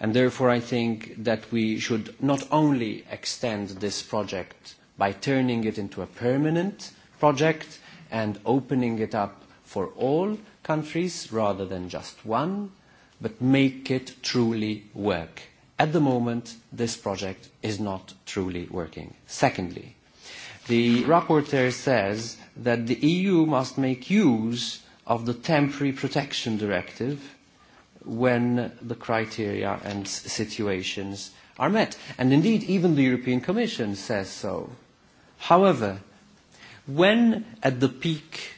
And therefore, I think that we should not only extend this project by turning it into a permanent project and opening it up for all, countries rather than just one, but make it truly work. At the moment, this project is not truly working. Secondly, the rapporteur says that the EU must make use of the temporary protection directive when the criteria and situations are met. And indeed, even the European Commission says so. However, when at the peak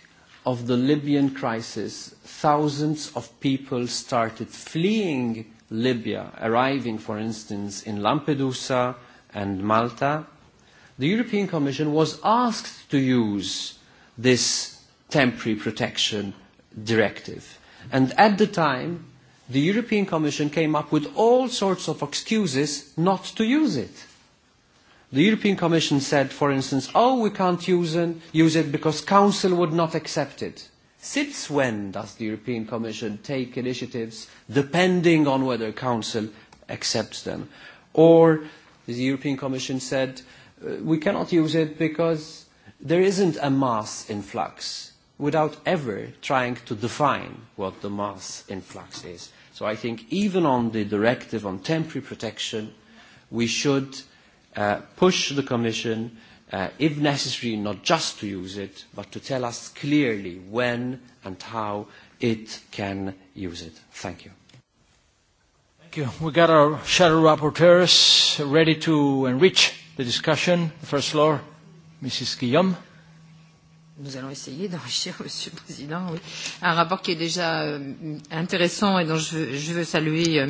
of the Libyan crisis, thousands of people started fleeing Libya, arriving, for instance, in Lampedusa and Malta, the European Commission was asked to use this temporary protection directive. And at the time, the European Commission came up with all sorts of excuses not to use it. The European Commission said, for instance, oh, we can't use, an, use it because Council would not accept it. Since when does the European Commission take initiatives depending on whether Council accepts them? Or the European Commission said, uh, we cannot use it because there isn't a mass influx without ever trying to define what the mass influx is. So I think even on the directive on temporary protection, we should uh, uh, push the Commission, uh, if necessary, not just to use it, but to tell us clearly when and how it can use it. Thank you. Thank you. We got our shadow rapporteurs ready to enrich the discussion. The first floor, Mrs. Guillaume. Nous allons essayer d'enrichir, [laughs] Monsieur le Président, oui. un rapport qui est déjà euh, intéressant et dont je, je veux saluer euh,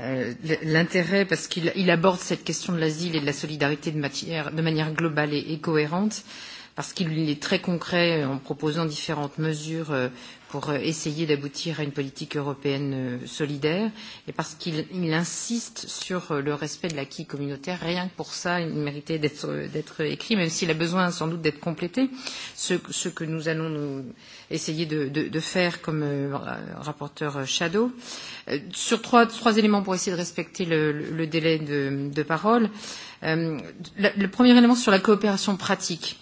euh, l'intérêt parce qu'il il aborde cette question de l'asile et de la solidarité de, matière, de manière globale et, et cohérente. Euh, parce qu'il est très concret euh, en proposant différentes mesures euh, pour euh, essayer d'aboutir à une politique européenne solidaire et parce qu'il il insiste sur le respect de l'acquis communautaire. Rien que pour ça, il méritait d'être écrit, même s'il a besoin sans doute d'être complété. Ce, ce que nous allons nous essayer de, de, de faire comme rapporteur Shadow. Sur trois, trois éléments pour essayer de respecter le, le délai de, de parole. Euh, le, le premier élément sur la coopération pratique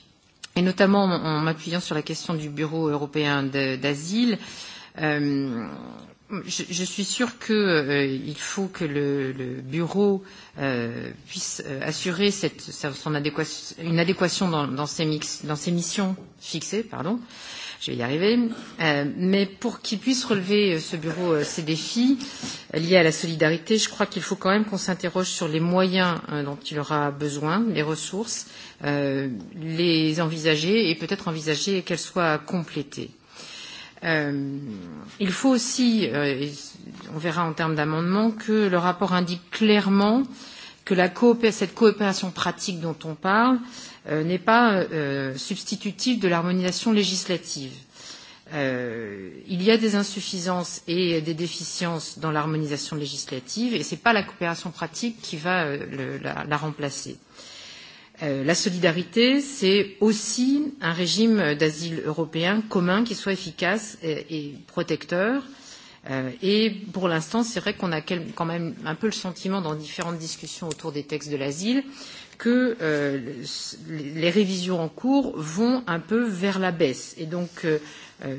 et notamment en m'appuyant sur la question du Bureau européen d'asile. Euh, je, je suis sûre qu'il euh, faut que le, le Bureau euh, puisse euh, assurer cette, son adéquation, une adéquation dans, dans, ses mix, dans ses missions fixées. Pardon. Euh, je vais y arriver. Euh, mais pour qu'il puisse relever euh, ce bureau euh, ces défis euh, liés à la solidarité, je crois qu'il faut quand même qu'on s'interroge sur les moyens euh, dont il aura besoin, les ressources, euh, les envisager et peut-être envisager qu'elles soient complétées. Euh, il faut aussi, euh, et on verra en termes d'amendement, que le rapport indique clairement que la coopé cette coopération pratique dont on parle euh, euh, n'est pas euh, substitutif de l'harmonisation législative. Euh, il y a des insuffisances et des déficiences dans l'harmonisation législative et ce n'est pas la coopération pratique qui va euh, le, la, la remplacer. Euh, la solidarité, c'est aussi un régime d'asile européen commun qui soit efficace et, et protecteur. Euh, et pour l'instant, c'est vrai qu'on a quel, quand même un peu le sentiment dans différentes discussions autour des textes de l'asile euh, que euh, les révisions en cours vont un peu vers la baisse. Et donc, euh, euh,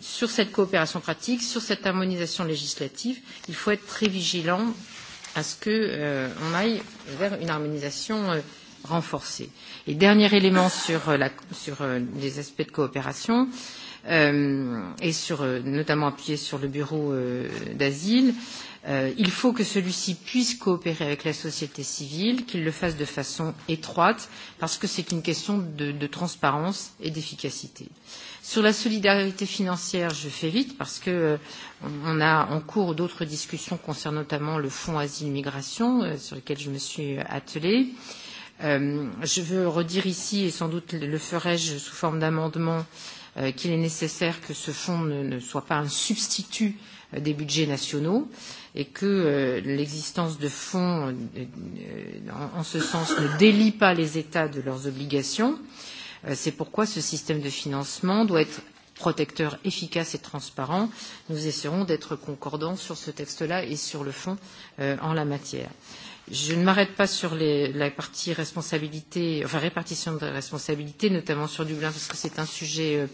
sur cette coopération pratique, sur cette harmonisation législative, il faut être très vigilant à ce qu'on euh, aille vers une harmonisation euh, renforcée. Et dernier élément sur, euh, la, sur euh, les aspects de coopération, euh, et sur, euh, notamment appuyé sur le bureau euh, d'asile, euh, Euh, il faut que celui-ci puisse coopérer avec la société civile, qu'il le fasse de façon étroite, parce que c'est une question de, de transparence et d'efficacité. Sur la solidarité financière, je fais vite parce que euh, on a en cours d'autres discussions concernant notamment le fonds asile-migration euh, sur lequel je me suis attelée. Euh, je veux redire ici, et sans doute le ferai-je sous forme d'amendement, euh, qu'il est nécessaire que ce fonds ne, ne soit pas un substitut euh, Euh, des budgets nationaux et que euh, l'existence de fonds euh, euh, en, en ce sens ne délie pas les États de leurs obligations. Euh, C'est pourquoi ce système de financement doit être protecteur efficace et transparent. Nous essaierons d'être concordants sur ce texte-là et sur le fond euh, en la matière. Je ne m'arrête pas sur les, la partie responsabilité, enfin répartition de responsabilités, notamment sur Dublin, parce que c'est un sujet euh,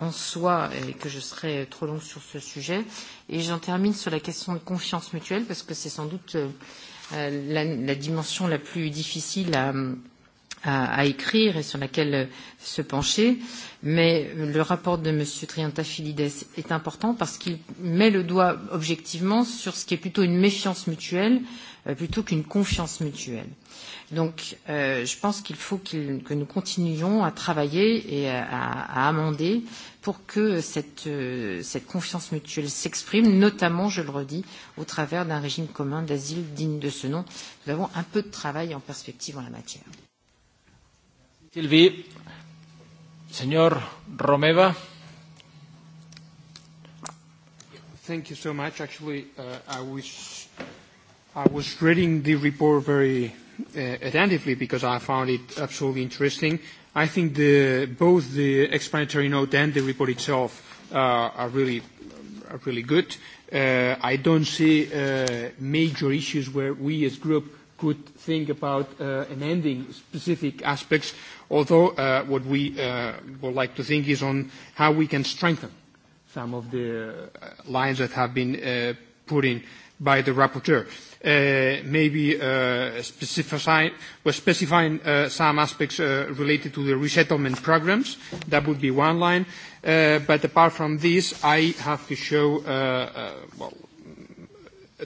en soi et que je serai trop longue sur ce sujet. Et j'en termine sur la question de confiance mutuelle parce que c'est sans doute euh, euh la, la dimension la plus difficile à, à, à écrire et sur laquelle euh, se pencher. Mais le rapport de M. Triantafilides est important parce qu'il met le doigt objectivement sur ce qui est plutôt une méfiance mutuelle euh, plutôt qu'une confiance mutuelle. Donc euh, je pense qu'il faut qu que nous continuions à travailler et à, à amender pour que cette, euh, cette confiance mutuelle s'exprime, notamment, je le redis, au travers d'un régime commun d'asile digne de ce nom. Nous avons un peu de travail en perspective en la matière. Sylvie, Senor Romeva. Thank you so much. Actually, uh, I was I was reading the report very uh, attentively because I found it absolutely interesting. I think the, both the explanatory note and the report itself uh, are really are really good. Uh, I don't see uh, major issues where we as group could think about uh, amending specific aspects, although uh, what we uh, would like to think is on how we can strengthen some of the uh, lines that have been uh, put in by the rapporteur. Uh, maybe uh, specify, well, specifying uh, some aspects uh, related to the resettlement programs. That would be one line. Uh, but apart from this, I have to show uh, uh, well,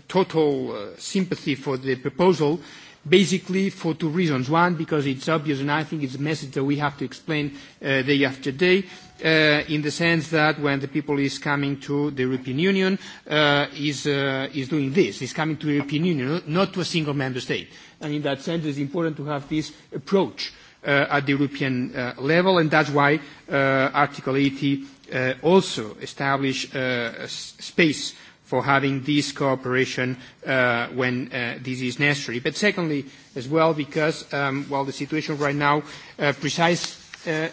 total uh, sympathy for the proposal, basically for two reasons. One, because it's obvious, and I think it's a message that we have to explain uh, day after day. Uh, uh, in the sense that when the people is coming to the European Union, uh, is, uh, is doing this, is coming to the European Union, not to a single member state. And in that sense, it's important to have this approach uh, at the European uh, level, and that's why uh, Article 80 uh, also establish uh, a space for having this cooperation uh, when uh, this is necessary. But secondly, as well, because, um, well, the situation right now, uh, precise uh,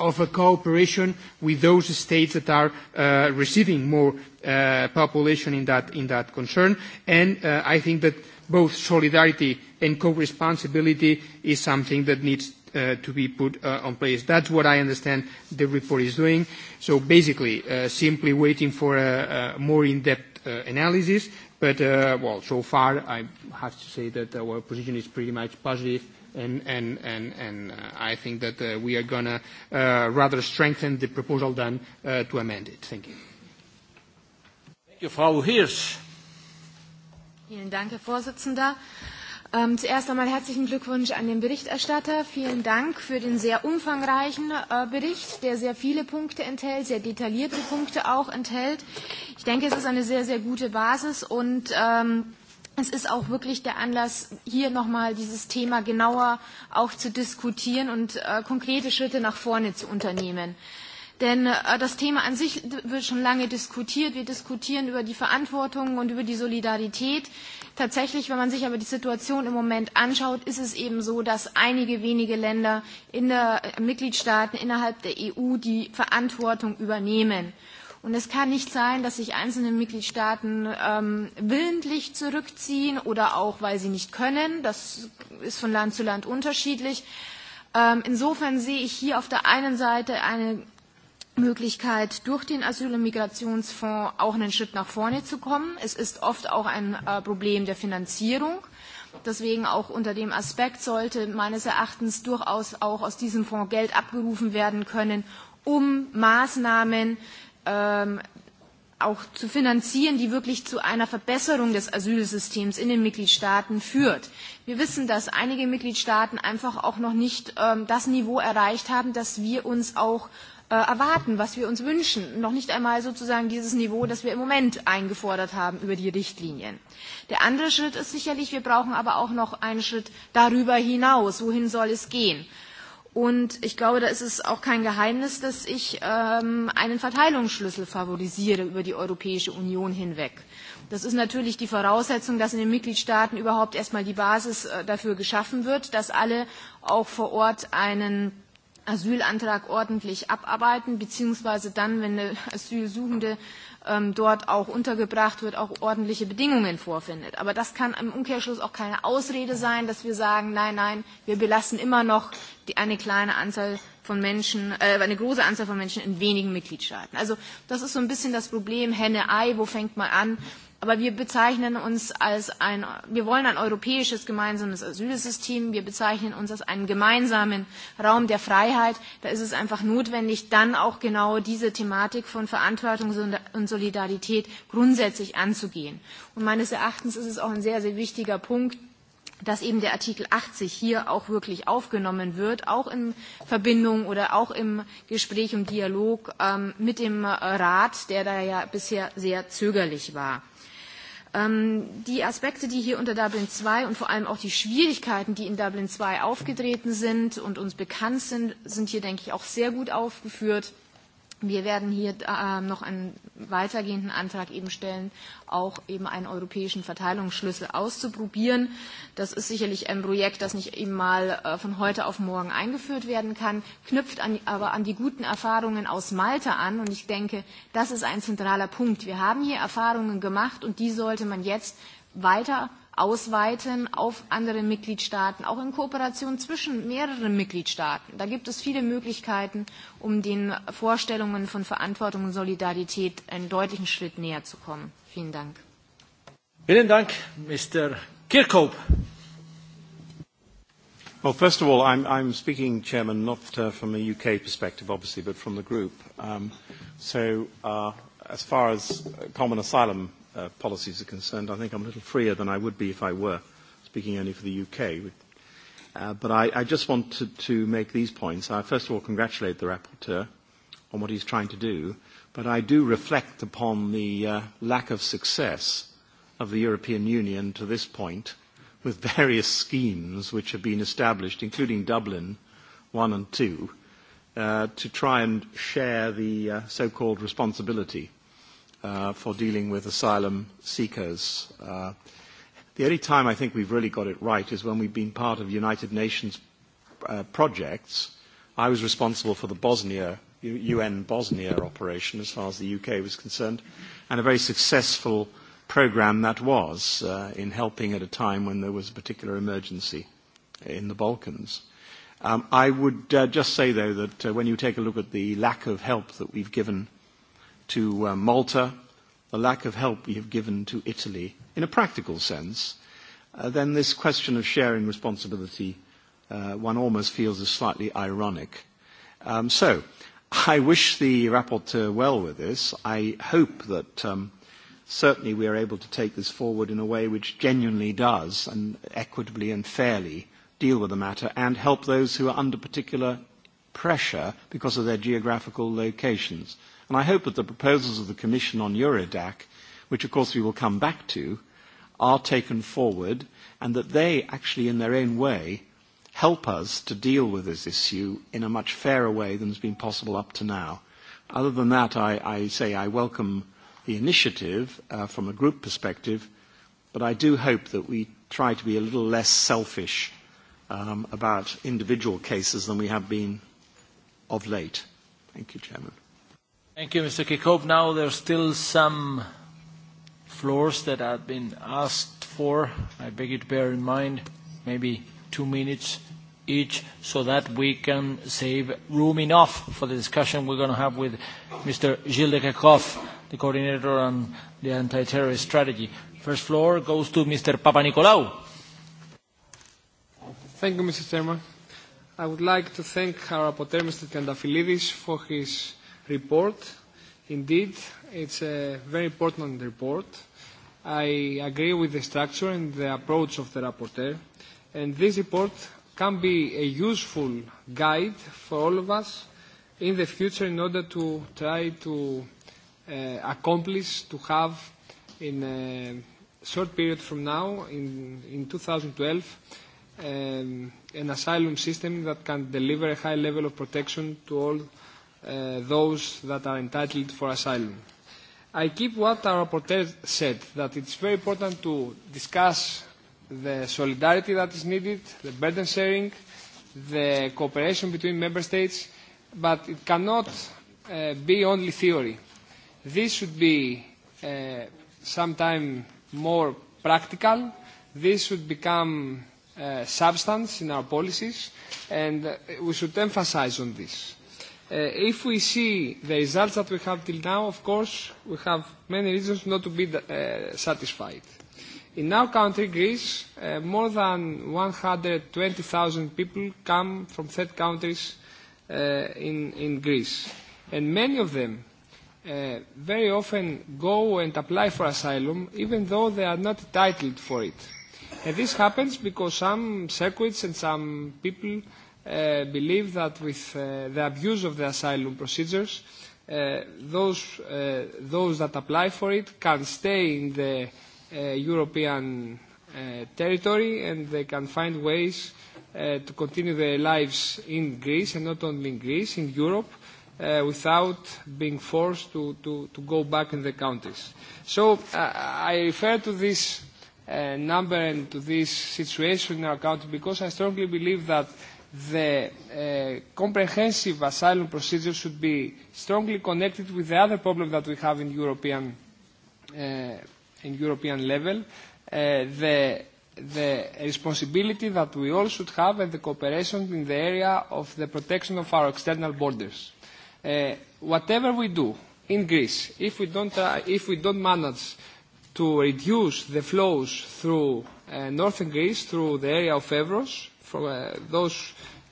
of a cooperation with those states that are uh, receiving more uh, population in that, in that concern. And uh, I think that both solidarity and co-responsibility is something that needs uh, to be put uh, on place. That's what I understand the report is doing. So basically, uh, simply waiting for a, a more in-depth uh, analysis. But, uh, well, so far, I have to say that our position is pretty much positive and, and, and, and uh, I think that uh, we are going to uh, rather strengthen the proposal than uh, to amend it. Thank you. Thank you, Frau Hirsch. Vielen Dank, Herr Vorsitzender. Ähm, zuerst einmal herzlichen Glückwunsch an den Berichterstatter. Vielen Dank für den sehr umfangreichen äh, Bericht, der sehr viele Punkte enthält, sehr detaillierte Punkte auch enthält. Ich denke, es ist eine sehr, sehr gute Basis und ähm, es ist auch wirklich der Anlass, hier nochmal dieses Thema genauer auch zu diskutieren und äh, konkrete Schritte nach vorne zu unternehmen. Denn äh, das Thema an sich wird schon lange diskutiert. Wir diskutieren über die Verantwortung und über die Solidarität. Tatsächlich, wenn man sich aber die Situation im Moment anschaut, ist es eben so, dass einige wenige Länder in der äh, Mitgliedstaaten innerhalb der EU die Verantwortung übernehmen. Äh, Und es kann nicht sein, dass sich einzelne Mitgliedstaaten ähm, willentlich zurückziehen oder auch, weil sie nicht können. Das ist von Land zu Land unterschiedlich. Ähm, insofern sehe ich hier auf der einen Seite eine Möglichkeit, durch den Asyl- und Migrationsfonds auch einen Schritt nach vorne zu kommen. Es ist oft auch ein äh, Problem der Finanzierung. Deswegen auch unter dem Aspekt sollte meines Erachtens durchaus auch aus diesem Fonds Geld abgerufen werden können, um Maßnahmen ähm, auch zu finanzieren, die wirklich zu einer Verbesserung des Asylsystems in den Mitgliedstaaten führt. Wir wissen, dass einige Mitgliedstaaten einfach auch noch nicht ähm, das Niveau erreicht haben, das wir uns auch äh, erwarten, was wir uns wünschen. Noch nicht einmal sozusagen dieses Niveau, das wir im Moment eingefordert haben über die Richtlinien. Der andere Schritt ist sicherlich, wir brauchen aber auch noch einen Schritt darüber hinaus. Wohin soll es gehen? Und ich glaube, da ist es auch kein Geheimnis, dass ich ähm, einen Verteilungsschlüssel favorisiere über die Europäische Union hinweg. Das ist natürlich die Voraussetzung, dass in den Mitgliedstaaten überhaupt erstmal die Basis äh, dafür geschaffen wird, dass alle auch vor Ort einen Asylantrag ordentlich abarbeiten, beziehungsweise dann, wenn der Asylsuchende ähm, dort auch untergebracht wird, auch ordentliche Bedingungen vorfindet. Aber das kann im Umkehrschluss auch keine Ausrede sein, dass wir sagen, nein, nein, wir belassen immer noch die, eine kleine Anzahl von Menschen, äh, eine große Anzahl von Menschen in wenigen Mitgliedstaaten. Also das ist so ein bisschen das Problem Henne-Ei, wo fängt man an? Aber wir bezeichnen uns als ein, wir wollen ein europäisches gemeinsames Asylsystem. Wir bezeichnen uns als einen gemeinsamen Raum der Freiheit. Da ist es einfach notwendig, dann auch genau diese Thematik von Verantwortung und Solidarität grundsätzlich anzugehen. Und meines Erachtens ist es auch ein sehr, sehr wichtiger Punkt, dass eben der Artikel 80 hier auch wirklich aufgenommen wird, auch in Verbindung oder auch im Gespräch, im Dialog ähm, mit dem Rat, der da ja bisher sehr zögerlich war. Ähm, die Aspekte, die hier unter Dublin II und vor allem auch die Schwierigkeiten, die in Dublin II aufgetreten sind und uns bekannt sind, sind hier, denke ich, auch sehr gut aufgeführt. Wir werden hier äh, noch einen weitergehenden Antrag eben stellen, auch eben einen europäischen Verteilungsschlüssel auszuprobieren. Das ist sicherlich ein Projekt, das nicht eben mal äh, von heute auf morgen eingeführt werden kann, knüpft an, aber an die guten Erfahrungen aus Malta an. Und ich denke, das ist ein zentraler Punkt. Wir haben hier Erfahrungen gemacht und die sollte man jetzt weiter ausweiten auf andere Mitgliedstaaten, auch in Kooperation zwischen mehreren Mitgliedstaaten. Da gibt es viele Möglichkeiten, um den Vorstellungen von Verantwortung und Solidarität einen deutlichen Schritt näher zu kommen. Vielen Dank. Vielen Dank, Mr. Kirkhope. Well, first of all, I'm, I'm speaking, Chairman, not uh, from a UK perspective, obviously, but from the group. Um, so uh, as far as common asylum uh, policies are concerned, I think I'm a little freer than I would be if I were speaking only for the UK. Uh, but I, I just want to, to make these points. I first of all congratulate the rapporteur on what he's trying to do, but I do reflect upon the uh, lack of success of the European Union to this point with [laughs] various schemes which have been established, including Dublin 1 and 2, uh, to try and share the uh, so-called responsibility uh, for dealing with asylum seekers. Uh, the only time I think we've really got it right is when we've been part of United Nations uh, projects. I was responsible for the Bosnia, UN Bosnia operation as far as the UK was concerned, and a very successful program that was uh, in helping at a time when there was a particular emergency in the Balkans. Um, I would uh, just say, though, that uh, when you take a look at the lack of help that we've given uh, to uh, Malta, the lack of help we have given to Italy in a practical sense, uh, then this question of sharing responsibility, uh, one almost feels is slightly ironic. Um, so, I wish the rapporteur well with this. I hope that um, certainly we are able to take this forward in a way which genuinely does and equitably and fairly deal with the matter and help those who are under particular pressure because of their geographical locations. And I hope that the proposals of the Commission on Eurodac, which of course we will come back to, are taken forward and that they actually in their own way help us to deal with this issue in a much fairer way than has been possible up to now. Other than that, I, I say I welcome the initiative uh, from a group perspective, but I do hope that we try to be a little less selfish um, about individual cases than we have been of late. Thank you, Chairman. Thank you, Mr. Kikov. Now there's still some floors that have been asked for. I beg you to bear in mind, maybe two minutes each, so that we can save room enough for the discussion we're going to have with Mr. Gilles de Kekov, the coordinator on the anti-terrorist strategy. First floor goes to Mr. Papanikolaou. Thank you, Mr. Chairman. I would like to thank our rapporteur, Mr. Kandafilidis, for his report. Indeed, it's a uh, very important report. I agree with the structure and the approach of the rapporteur, and this report can be a useful guide for all of us in the future in order to try to uh, accomplish, to have in a short period from now, in, in 2012, um, an asylum system that can deliver a high level of protection to all uh, those that are entitled for asylum. I keep what our rapporteur said, that it's very important to discuss the solidarity that is needed, the burden sharing, the cooperation between member states, but it cannot uh, be only theory. This should be uh, sometime more practical. This should become uh, substance in our policies, and uh, we should emphasize on this. Uh, if we see the results that we have till now, of course, we have many reasons not to be uh, satisfied. In our country, Greece, uh, more than 120,000 people come from third countries uh, in, in Greece. And many of them uh, very often go and apply for asylum, even though they are not entitled for it. And this happens because some circuits and some people uh, uh, believe that with uh, the abuse of the asylum procedures, uh, those, uh, those that apply for it can stay in the uh, European uh, territory and they can find ways uh, to continue their lives in Greece and not only in Greece, in Europe, uh, without being forced to, to, to go back in the countries. So uh, I refer to this uh, number and to this situation in our country because I strongly believe that uh, the uh, comprehensive asylum procedure should be strongly connected with the other problem that we have in European, uh, in European level, uh, the, the responsibility that we all should have and the cooperation in the area of the protection of our external borders. Uh, whatever we do in Greece, if we don't, uh, if we don't manage to reduce the flows through uh, northern Greece, through the area of Evros, from uh, those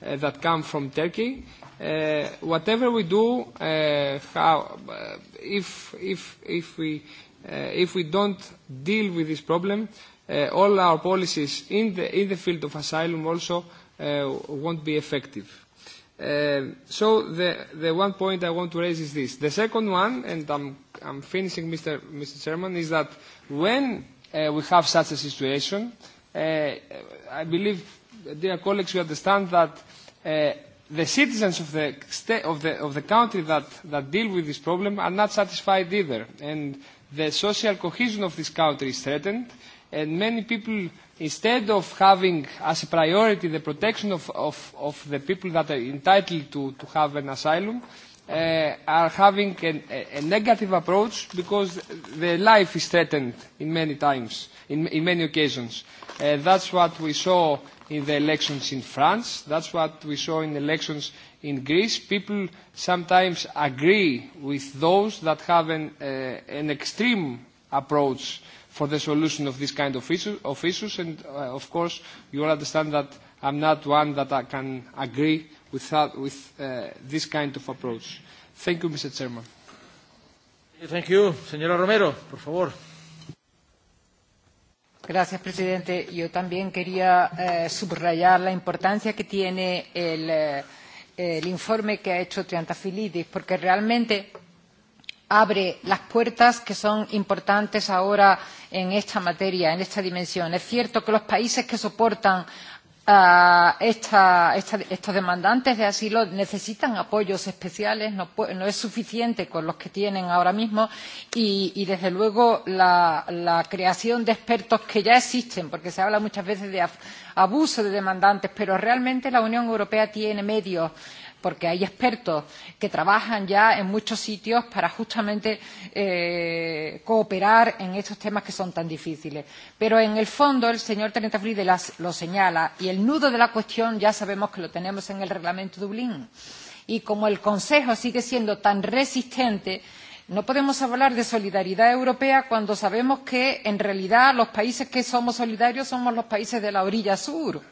uh, that come from Turkey. Uh, whatever we do, uh, how, uh, if, if, if, we, uh, if we don't deal with this problem, uh, all our policies in the, in the field of asylum also uh, won't be effective. Uh, so the, the one point I want to raise is this. The second one, and I'm, I'm finishing, Mr. Mr. Chairman, is that when uh, we have such a situation, uh, I believe dear colleagues, you understand that uh, the citizens of the, sta- of the, of the country that, that deal with this problem are not satisfied either. And the social cohesion of this country is threatened. And many people, instead of having as a priority the protection of, of, of the people that are entitled to, to have an asylum, uh, are having an, a, a negative approach because their life is threatened in many times, in, in many occasions. Uh, that's what we saw in the elections in France. That's what we saw in elections in Greece. People sometimes agree with those that have an, uh, an extreme approach for the solution of this kind of, issue, of issues. And uh, of course, you all understand that I'm not one that I can agree with, that, with uh, this kind of approach. Thank you, Mr. Chairman. Thank you. Señora Romero, por favor. Gracias, presidente. Yo también quería eh, subrayar la importancia que tiene el, eh, el informe que ha hecho Triantafilidis, porque realmente abre las puertas que son importantes ahora en esta materia, en esta dimensión. Es cierto que los países que soportan Uh, esta, esta, estos demandantes de asilo necesitan apoyos especiales, no, no es suficiente con los que tienen ahora mismo y, y desde luego, la, la creación de expertos que ya existen, porque se habla muchas veces de abuso de demandantes, pero realmente la Unión Europea tiene medios uh, porque hay expertos que trabajan ya en muchos sitios para justamente eh, cooperar en estos temas que son tan difíciles. Pero en el fondo el señor Trentafride lo señala y el nudo de la cuestión ya sabemos que lo tenemos en el reglamento Dublín. Y como el Consejo sigue siendo tan resistente, No podemos hablar de solidaridad europea cuando sabemos que, en realidad, los países que somos solidarios somos los países de la orilla sur. Eh,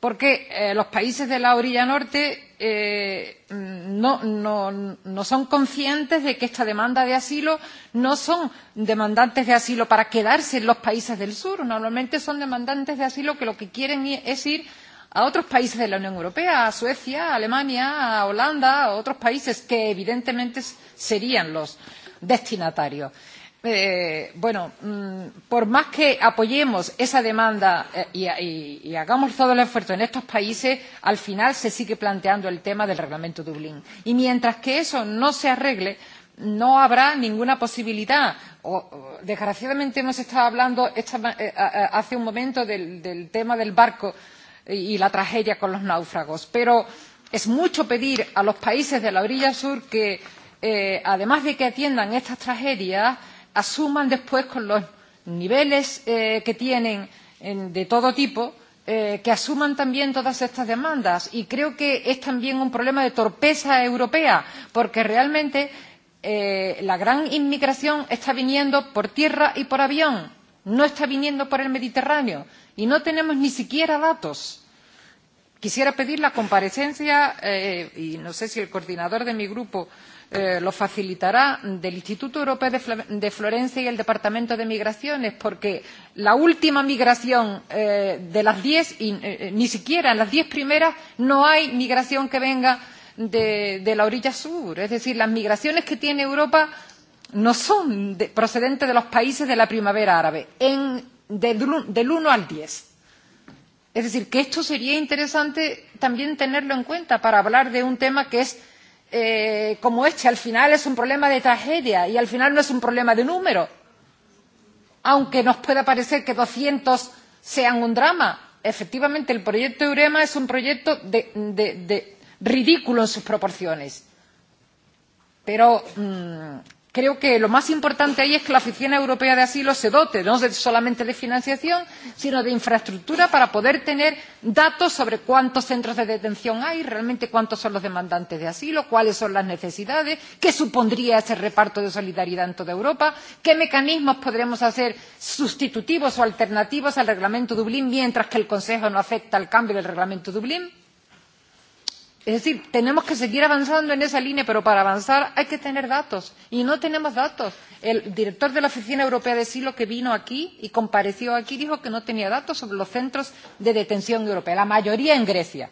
porque eh, los países de la orilla norte eh, no, no, no son conscientes de que esta demanda de asilo no son demandantes de asilo para quedarse en los países del sur. Normalmente son demandantes de asilo que lo que quieren es ir a otros países de la Unión Europea, a Suecia, a Alemania, a Holanda, a otros países que evidentemente serían los destinatarios. Eh, eh, bueno, mmm, por más que apoyemos esa demanda eh, y, y, y hagamos todo el esfuerzo en estos países, al final se sigue planteando el tema del reglamento Dublín. Y mientras que eso no se arregle, no habrá ninguna posibilidad. O, o, desgraciadamente hemos estado hablando esta, eh, hace un momento del, del tema del barco y, y la tragedia con los náufragos, pero es mucho pedir a los países de la orilla sur que, eh, además de que atiendan estas tragedias, eh, asuman después con los niveles eh, que tienen en, de todo tipo, eh, que asuman también todas estas demandas. Y creo que es también un problema de torpeza europea, porque realmente eh, la gran inmigración está viniendo por tierra y por avión, no está viniendo por el Mediterráneo. Y no tenemos ni siquiera datos. Quisiera pedir la comparecencia, eh, y no sé si el coordinador de mi grupo eh, eh, lo facilitará del Instituto Europeo de, Fl de Florencia y el Departamento de Migraciones, porque la última migración eh, de las diez, y, eh, eh ni siquiera en las diez primeras, no hay migración que venga de, de la orilla sur. Es decir, las migraciones que tiene Europa no son de, procedentes de los países de la primavera árabe, en, de, del 1 al 10. Es decir, que esto sería interesante también tenerlo en cuenta para hablar de un tema que es eh, como este al final es un problema de tragedia y al final no es un problema de número. Aunque nos pueda parecer que 200 sean un drama, efectivamente el proyecto Eurema es un proyecto de, de, de ridículo en sus proporciones. Pero mmm, creo que lo más importante ahí es que la Oficina Europea de Asilo se dote no solamente de financiación, sino de infraestructura para poder tener datos sobre cuántos centros de detención hay, realmente cuántos son los demandantes de asilo, cuáles son las necesidades, qué supondría ese reparto de solidaridad en toda Europa, qué mecanismos podremos hacer sustitutivos o alternativos al reglamento Dublín mientras que el Consejo no acepta el cambio del reglamento Dublín Es decir, tenemos que seguir avanzando en esa línea, pero para avanzar hay que tener datos. Y no tenemos datos. El director de la Oficina Europea de Asilo que vino aquí y compareció aquí dijo que no tenía datos sobre los centros de detención europea, la mayoría en Grecia.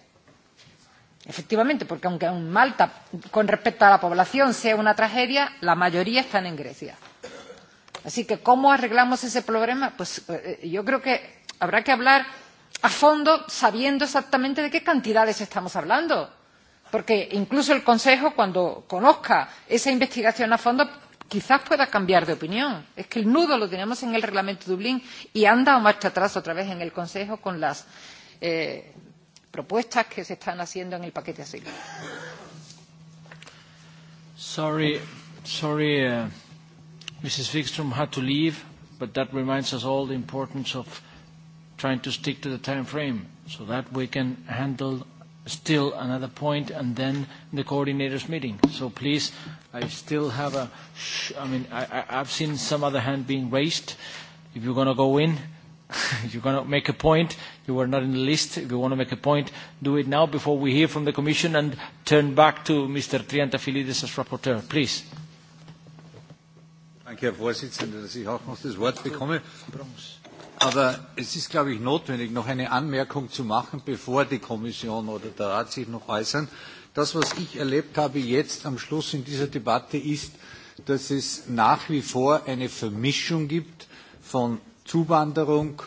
Efectivamente, porque aunque en Malta, con respecto a la población, sea una tragedia, la mayoría están en Grecia. Así que, ¿cómo arreglamos ese problema? Pues eh, yo creo que habrá que hablar a fondo sabiendo exactamente de qué cantidades estamos hablando porque incluso el Consejo, cuando conozca esa investigación a fondo, quizás pueda cambiar de opinión. Es que el nudo lo tenemos en el Reglamento de Dublín y han dado marcha atrás otra vez en el Consejo con las eh, propuestas que se están haciendo en el paquete asilo. Sorry, sorry, uh, Mrs. Wikström had to leave, but that reminds us all the importance of trying to stick to the time frame so that we can handle still another point and then the coordinators meeting. So please, I still have a, sh I mean, I, I, I've seen some other hand being raised. If you're going to go in, [laughs] you're going to make a point, you were not in the list, if you want to make a point, do it now before we hear from the Commission and turn back to Mr. Triantafilidis as rapporteur. Please. Danke, Herr Vorsitzender, dass ich auch noch das Wort bekomme. Bronze. Aber es ist, glaube ich, notwendig, noch eine Anmerkung zu machen, bevor die Kommission oder der Rat sich noch äußern. Das, was ich erlebt habe jetzt am Schluss in dieser Debatte, ist, dass es nach wie vor eine Vermischung gibt von Zuwanderung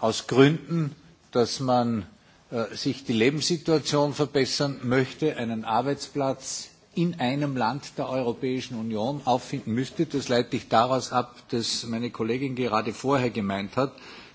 aus Gründen, dass man äh, sich die Lebenssituation verbessern möchte, einen Arbeitsplatz in einem Land der Europäischen Union auffinden müsste. Das leite ich daraus ab, dass meine Kollegin gerade vorher gemeint hat,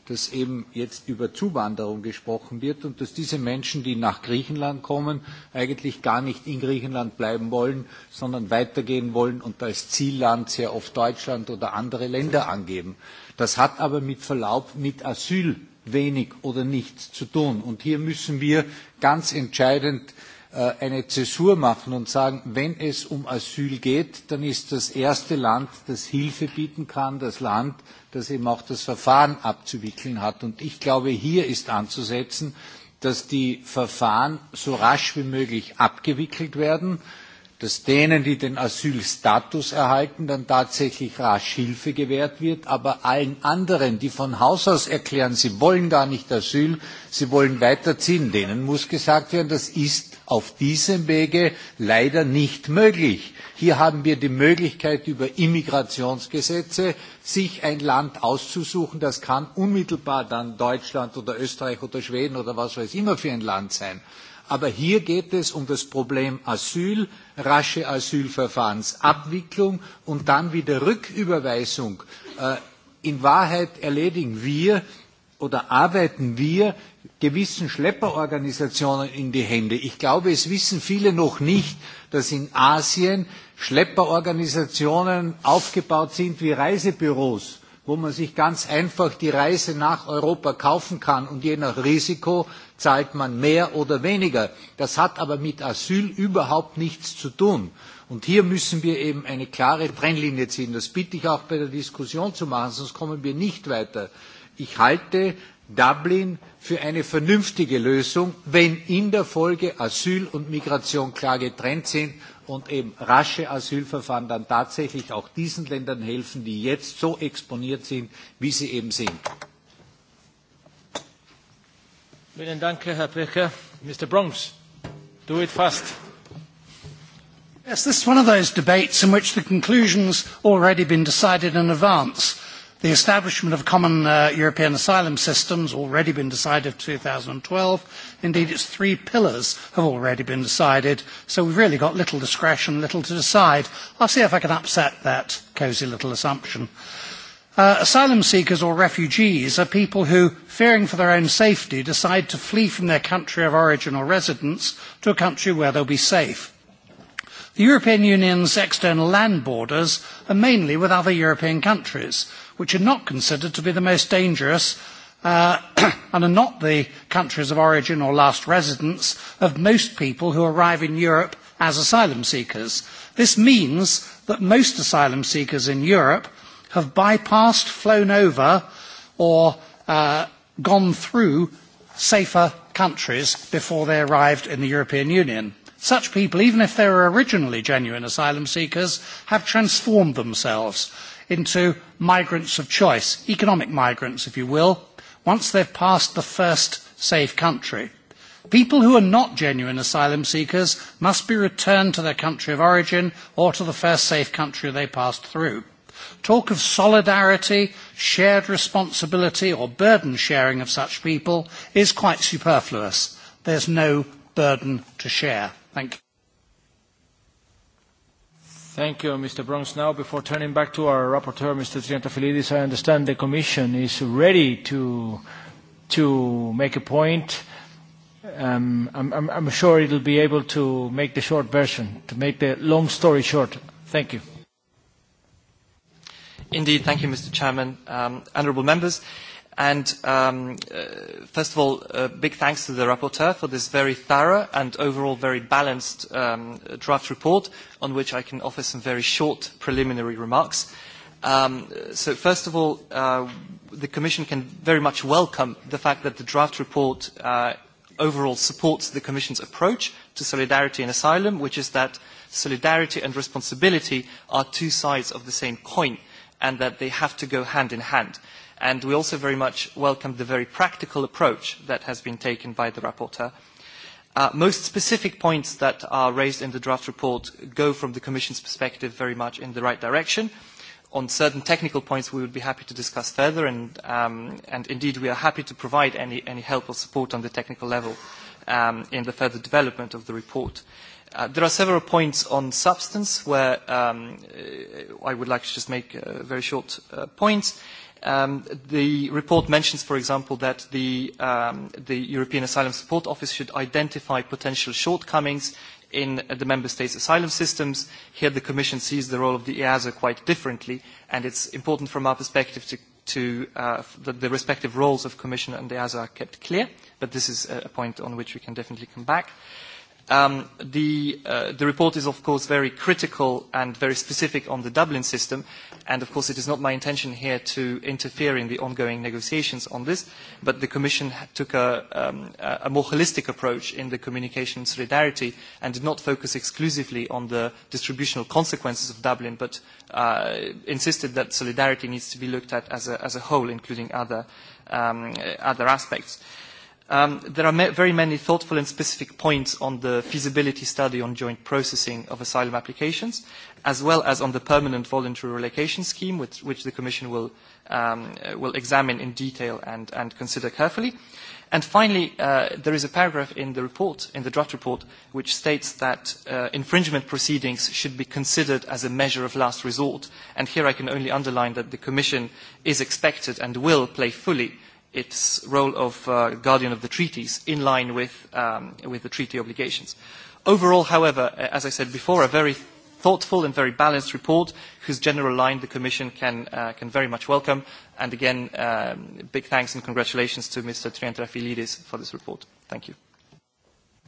dass eben jetzt über Zuwanderung gesprochen wird und dass diese Menschen, die nach Griechenland kommen, eigentlich gar nicht in Griechenland bleiben wollen, sondern weitergehen wollen und als Zielland sehr oft Deutschland oder andere Länder angeben. Das hat aber mit Verlaub mit Asyl wenig oder nichts zu tun. Und hier müssen wir ganz entscheidend äh, Äh, eine Zäsur machen und sagen, wenn es um Asyl geht, dann ist das erste Land, das Hilfe bieten kann, das Land, das eben auch das Verfahren abzuwickeln hat. Und ich glaube, hier ist anzusetzen, dass die Verfahren so rasch wie möglich abgewickelt werden, dass denen, die den Asylstatus erhalten, dann tatsächlich rasch Hilfe gewährt wird, aber allen anderen, die von Haus aus erklären, sie wollen gar nicht Asyl, sie wollen weiterziehen, denen muss gesagt werden, das ist auf diesem Wege leider nicht möglich. Hier haben wir die Möglichkeit, über Immigrationsgesetze sich ein Land auszusuchen. Das kann unmittelbar dann Deutschland oder Österreich oder Schweden oder was weiß immer für ein Land sein. Aber hier geht es um das Problem Asyl, rasche Asylverfahrensabwicklung und dann wieder Rücküberweisung. Äh, in Wahrheit erledigen wir oder arbeiten wir gewissen Schlepperorganisationen in die Hände. Ich glaube, es wissen viele noch nicht, dass in Asien Schlepperorganisationen aufgebaut sind wie Reisebüros, wo man sich ganz einfach die Reise nach Europa kaufen kann und je nach Risiko zahlt man mehr oder weniger. Das hat aber mit Asyl überhaupt nichts zu tun. Und hier müssen wir eben eine klare Trennlinie ziehen. Das bitte ich auch bei der Diskussion zu machen, sonst kommen wir nicht weiter. Ich halte Dublin für eine vernünftige Lösung, wenn in der Folge Asyl und Migration klar getrennt sind und eben rasche Asylverfahren dann tatsächlich auch diesen Ländern helfen, die jetzt so exponiert sind, wie sie eben sind. Vielen Dank, Herr Pirker. Mr. Bronx, do it fast. Yes, this is one of those debates in which the conclusion's already been decided in advance The establishment of common uh, European asylum systems already been decided in 2012. Indeed, its three pillars have already been decided, so we've really got little discretion, little to decide. I'll see if I can upset that cosy little assumption. Uh, asylum seekers or refugees are people who, fearing for their own safety, decide to flee from their country of origin or residence to a country where they'll be safe. The European Union's external land borders are mainly with other European countries, which are not considered to be the most dangerous uh, [clears throat] and are not the countries of origin or last residence of most people who arrive in Europe as asylum seekers. This means that most asylum seekers in Europe have bypassed, flown over, or uh, gone through safer countries before they arrived in the European Union. Such people, even if they were originally genuine asylum seekers, have transformed themselves into migrants of choice, economic migrants, if you will, once they've passed the first safe country. People who are not genuine asylum seekers must be returned to their country of origin or to the first safe country they passed through. Talk of solidarity, shared responsibility or burden sharing of such people is quite superfluous. There's no burden to share. Thank you. Thank you, Mr. Bronx. Now, before turning back to our rapporteur, Mr. Triantafilidis, I understand the Commission is ready to, to make a point. Um, I'm, I'm, I'm sure it will be able to make the short version, to make the long story short. Thank you. Indeed. Thank you, Mr. Chairman. Um, honorable members, uh, And um, uh, first of all, uh, big thanks to the rapporteur for this very thorough and overall very balanced um, draft report, on which I can offer some very short preliminary remarks. Um, so first of all, uh, the Commission can very much welcome the fact that the draft report uh, overall supports the Commission's approach to solidarity and asylum, which is that solidarity and responsibility are two sides of the same coin and that they have to go hand in hand. Uh, And we also very much welcome the very practical approach that has been taken by the rapporteur. Uh, most specific points that are raised in the draft report go from the Commission's perspective very much in the right direction. On certain technical points, we would be happy to discuss further, and, um, and indeed we are happy to provide any, any help or support on the technical level um, in the further development of the report. Uh, there are several points on substance where um, I would like to just make uh, very short uh, points. Uh, Um, the report mentions, for example, that the, um, the European Asylum Support Office should identify potential shortcomings in the member states' asylum systems. Here the Commission sees the role of the EASO quite differently, and it's important from our perspective to, to uh, that the respective roles of Commission and EASO are kept clear, but this is a point on which we can definitely come back. Uh, Um, the, uh, the report is, of course, very critical and very specific on the Dublin system, and, of course, it is not my intention here to interfere in the ongoing negotiations on this, but the Commission took a, um, a more holistic approach in the communication solidarity and did not focus exclusively on the distributional consequences of Dublin, but uh, insisted that solidarity needs to be looked at as a, as a whole, including other, um, other aspects. Uh, Um, there are ma very many thoughtful and specific points on the feasibility study on joint processing of asylum applications, as well as on the permanent voluntary relocation scheme, which, which the Commission will, um, uh, will examine in detail and, and consider carefully. And finally, uh, there is a paragraph in the report, in the draft report, which states that uh, infringement proceedings should be considered as a measure of last resort. And here I can only underline that the Commission is expected and will play fully its role of uh, guardian of the treaties in line with, um, with the treaty obligations. Overall, however, as I said before, a very thoughtful and very balanced report whose general line the Commission can, uh, can very much welcome. And again, um, big thanks and congratulations to Mr. Triantrafilidis for this report. Thank you.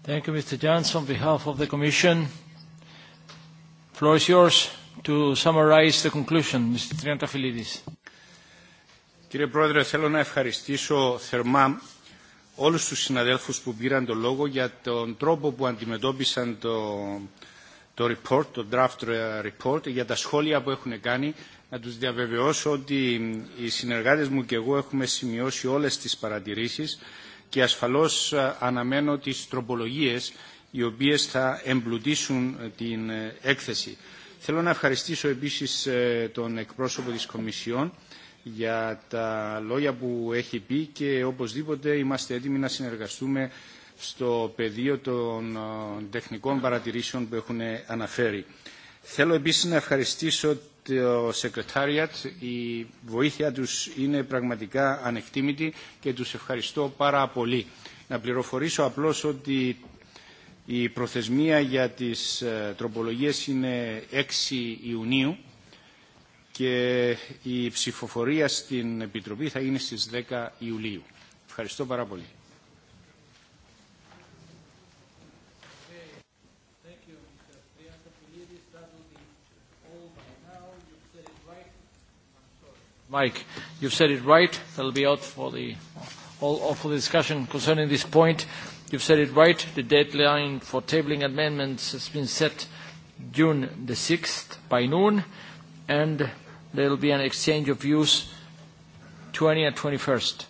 Thank you, Mr. Jans. On behalf of the Commission, floor is yours to summarize the conclusion, Mr. Triantafilidis. Κύριε Πρόεδρε, θέλω να ευχαριστήσω θερμά όλους τους συναδέλφους που πήραν το λόγο για τον τρόπο που αντιμετώπισαν το, το report, το draft report, για τα σχόλια που έχουν κάνει. Να τους διαβεβαιώσω ότι οι συνεργάτες μου και εγώ έχουμε σημειώσει όλες τις παρατηρήσεις και ασφαλώς αναμένω τις τροπολογίες οι οποίες θα εμπλουτίσουν την έκθεση. Θέλω να ευχαριστήσω επίσης τον εκπρόσωπο της Κομισιόν για τα λόγια που έχει πει και οπωσδήποτε είμαστε έτοιμοι να συνεργαστούμε στο πεδίο των τεχνικών παρατηρήσεων που έχουν αναφέρει. Θέλω επίσης να ευχαριστήσω το Secretariat. Η βοήθεια τους είναι πραγματικά ανεκτήμητη και τους ευχαριστώ πάρα πολύ. Να πληροφορήσω απλώς ότι η προθεσμία για τις τροπολογίες είναι 6 Ιουνίου και η ψηφοφορία στην Επιτροπή θα γίνει στις 10 Ιουλίου. Ευχαριστώ πάρα πολύ. Mike, you've said it right. That'll be out for the, all, all for the discussion concerning this point. You've said it right. The deadline for tabling amendments has been set June the 6th by noon, and there will be an exchange of views 20 and 21st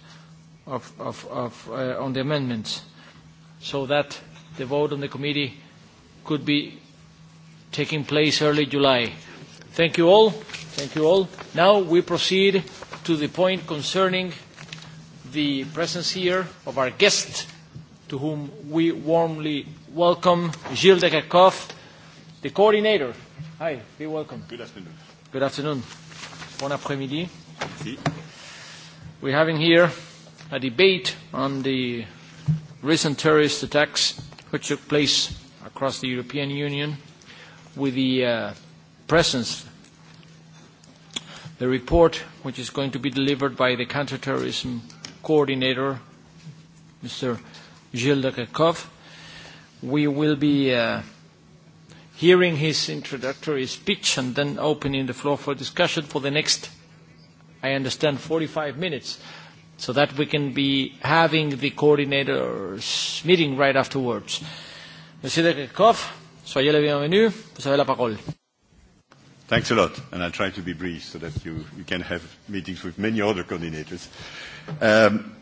of, of, of, uh, on the amendments so that the vote on the committee could be taking place early July. Thank you all. Thank you all. Now we proceed to the point concerning the presence here of our guest, to whom we warmly welcome, Gilles de Kerkhoff, the coordinator. Hi, be welcome. Good afternoon. Good afternoon. Bon après-midi. We're having here a debate on the recent terrorist attacks which took place across the European Union with the uh, presence, the report which is going to be delivered by the counterterrorism coordinator, Mr. Gilles Lekekov. We will be uh, hearing his introductory speech and then opening the floor for discussion for the next, I understand, 45 minutes, so that we can be having the coordinators meeting right afterwards. Monsieur de Kirchhoff, soyez le bienvenu. Vous avez la parole. Thanks a lot, and I'll try to be brief so that you, you can have meetings with many other coordinators. Um,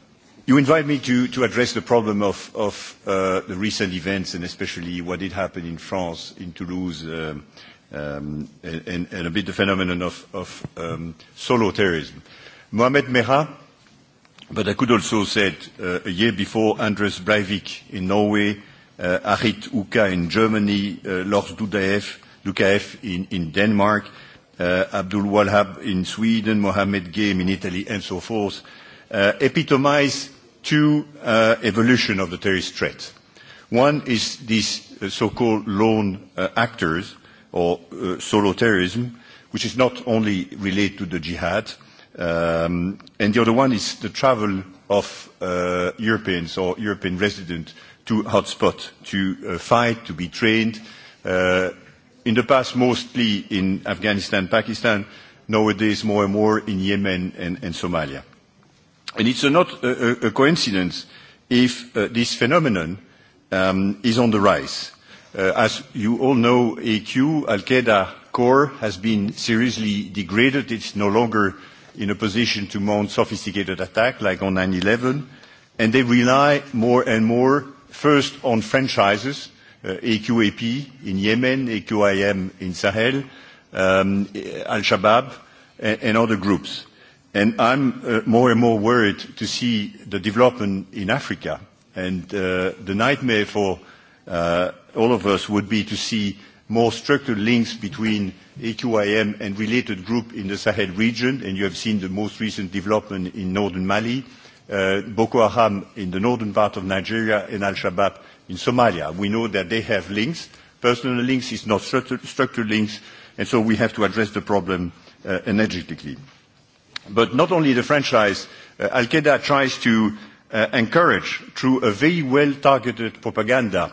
You invite me to, to address the problem of, of uh, the recent events and especially what did happen in France, in Toulouse, um, um, and, and a bit the phenomenon of, of um, solo terrorism. Mohamed Merah, but I could also said uh, a year before Andres Breivik in Norway, uh, Arit Uka in Germany, uh, Lars Dudaev, Dukaev in, in Denmark, uh, Abdul Wahab in Sweden, Mohamed Game in Italy, and so forth, uh, epitomize two uh, evolution of the terrorist threat. One is these uh, so-called lone uh, actors or uh, solo terrorism, which is not only related to the jihad, um, and the other one is the travel of uh, Europeans or European residents to hotspot to uh, fight, to be trained. Uh, in the past, mostly in Afghanistan, Pakistan, nowadays more and more in Yemen and, and Somalia. Uh, And it's not a, a coincidence if uh, this phenomenon um, is on the rise. Uh, as you all know, AQ, Al-Qaeda core, has been seriously degraded. It's no longer in a position to mount sophisticated attack like on 9/11, and they rely more and more first on franchises, uh, AQAP in Yemen, AQIM in Sahel, um, Al-Shabaab, and, and other groups. And I'm uh, more and more worried to see the development in Africa. And uh, the nightmare for uh, all of us would be to see more structured links between AQIM and related group in the Sahel region. And you have seen the most recent development in northern Mali, uh, Boko Haram in the northern part of Nigeria, and Al-Shabaab in Somalia. We know that they have links. Personal links is not structured, structured links. And so we have to address the problem uh, energetically. Uh, But not only the franchise, uh, Al-Qaeda tries to uh, encourage, through a very well-targeted propaganda,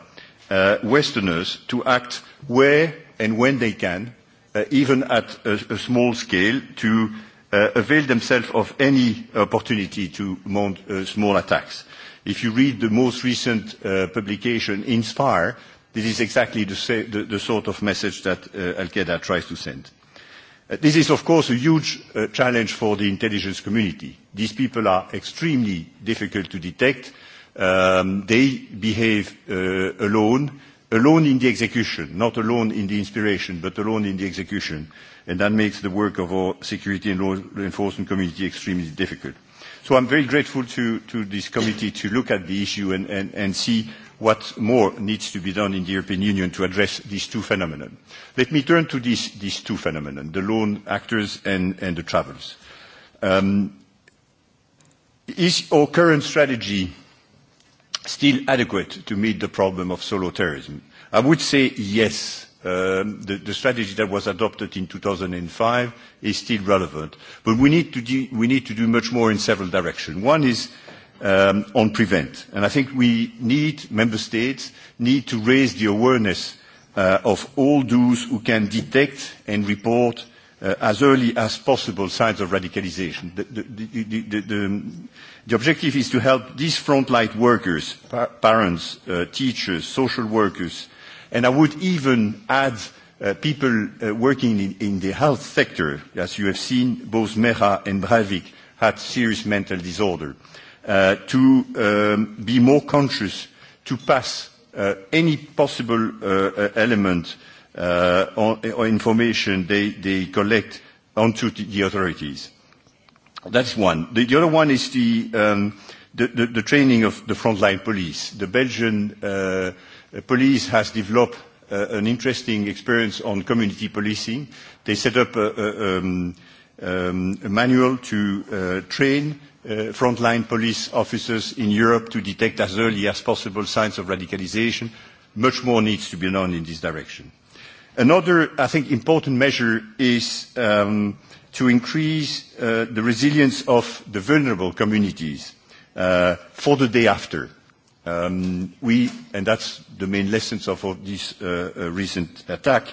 uh, Westerners to act where and when they can, uh, even at a, a small scale, to uh, avail themselves of any opportunity to mount uh, small attacks. If you read the most recent uh, publication, Inspire, this is exactly the, sa- the, the sort of message that uh, Al-Qaeda tries to send. Uh, Uh, this is, of course, a huge uh, challenge for the intelligence community. These people are extremely difficult to detect. Um, they behave uh, alone, alone in the execution, not alone in the inspiration, but alone in the execution. And that makes the work of our security and law enforcement community extremely difficult. So I'm very grateful to, to this committee to look at the issue and, and, and see uh, what more needs to be done in the European Union to address these two phenomena. Let me turn to these, these two phenomena, the loan actors and, and the travels. Um, is our current strategy still adequate to meet the problem of solo terrorism? I would say yes. Um, the, the strategy that was adopted in 2005 is still relevant, but we need to do, we need to do much more in several directions. One is um, on PREVENT. And I think we need, member states need to raise the awareness uh, of all those who can detect and report uh, as early as possible signs of radicalization. The, the, the, the, the, the objective is to help these frontline workers, pa parents, uh, teachers, social workers, and I would even add uh, people uh, working in, in the health sector. As you have seen, both Mera and Breivik had serious mental disorder. Uh, uh, to um, be more conscious, to pass uh, any possible uh, element uh, or, or information they, they collect onto the authorities. That's one. The, the other one is the, um, the, the, the training of the frontline police. The Belgian uh, police has developed uh, an interesting experience on community policing. They set up a, a, um, um, a manual to uh, train uh, frontline police officers in Europe to detect as early as possible signs of radicalization. Much more needs to be done in this direction. Another, I think, important measure is um, to increase uh, the resilience of the vulnerable communities uh, for the day after. Um, we, and that's the main lessons of, of this uh, uh, recent attack,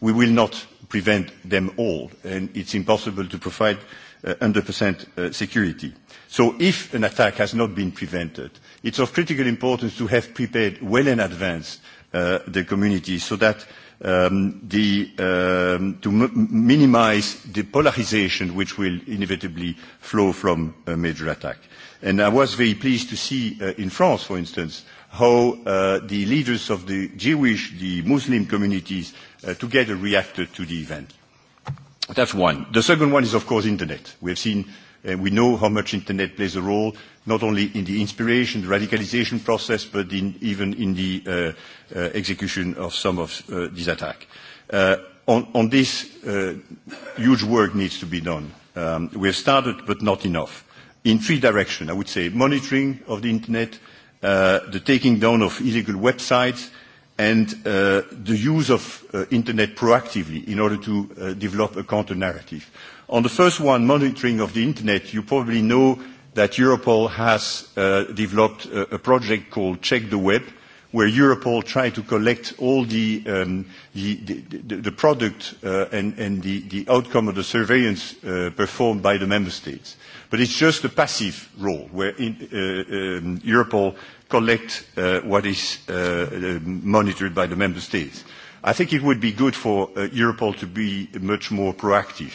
we will not prevent them all, and it's impossible to provide uh, uh, 100% uh, security. So if an attack has not been prevented, it's of critical importance to have prepared well in advance uh, the community so that um, the, um, to m minimize the polarization which will inevitably flow from a major attack. And I was very pleased to see uh, in France, for instance, how uh, the leaders of the Jewish, the Muslim communities uh, together reacted to the event That's one. The second one is, of course, internet. We have seen, uh, we know how much internet plays a role, not only in the inspiration, the radicalization process, but in, even in the uh, uh, execution of some of uh, these attacks. Uh, on, on this, uh, huge work needs to be done. Um, we have started, but not enough. In three directions, I would say monitoring of the internet, uh, the taking down of illegal websites, and uh, the use of uh, Internet proactively in order to uh, develop a counter-narrative. On the first one, monitoring of the Internet, you probably know that Europol has uh, developed a, uh, a project called Check the Web, where Europol tried to collect all the, um, the, the, the product uh, and, and the, the outcome of the surveillance uh, performed by the member states. But it's just a passive role where in, uh, um, Europol collect uh, what is uh, uh, monitored by the member states. I think it would be good for uh, Europol to be much more proactive,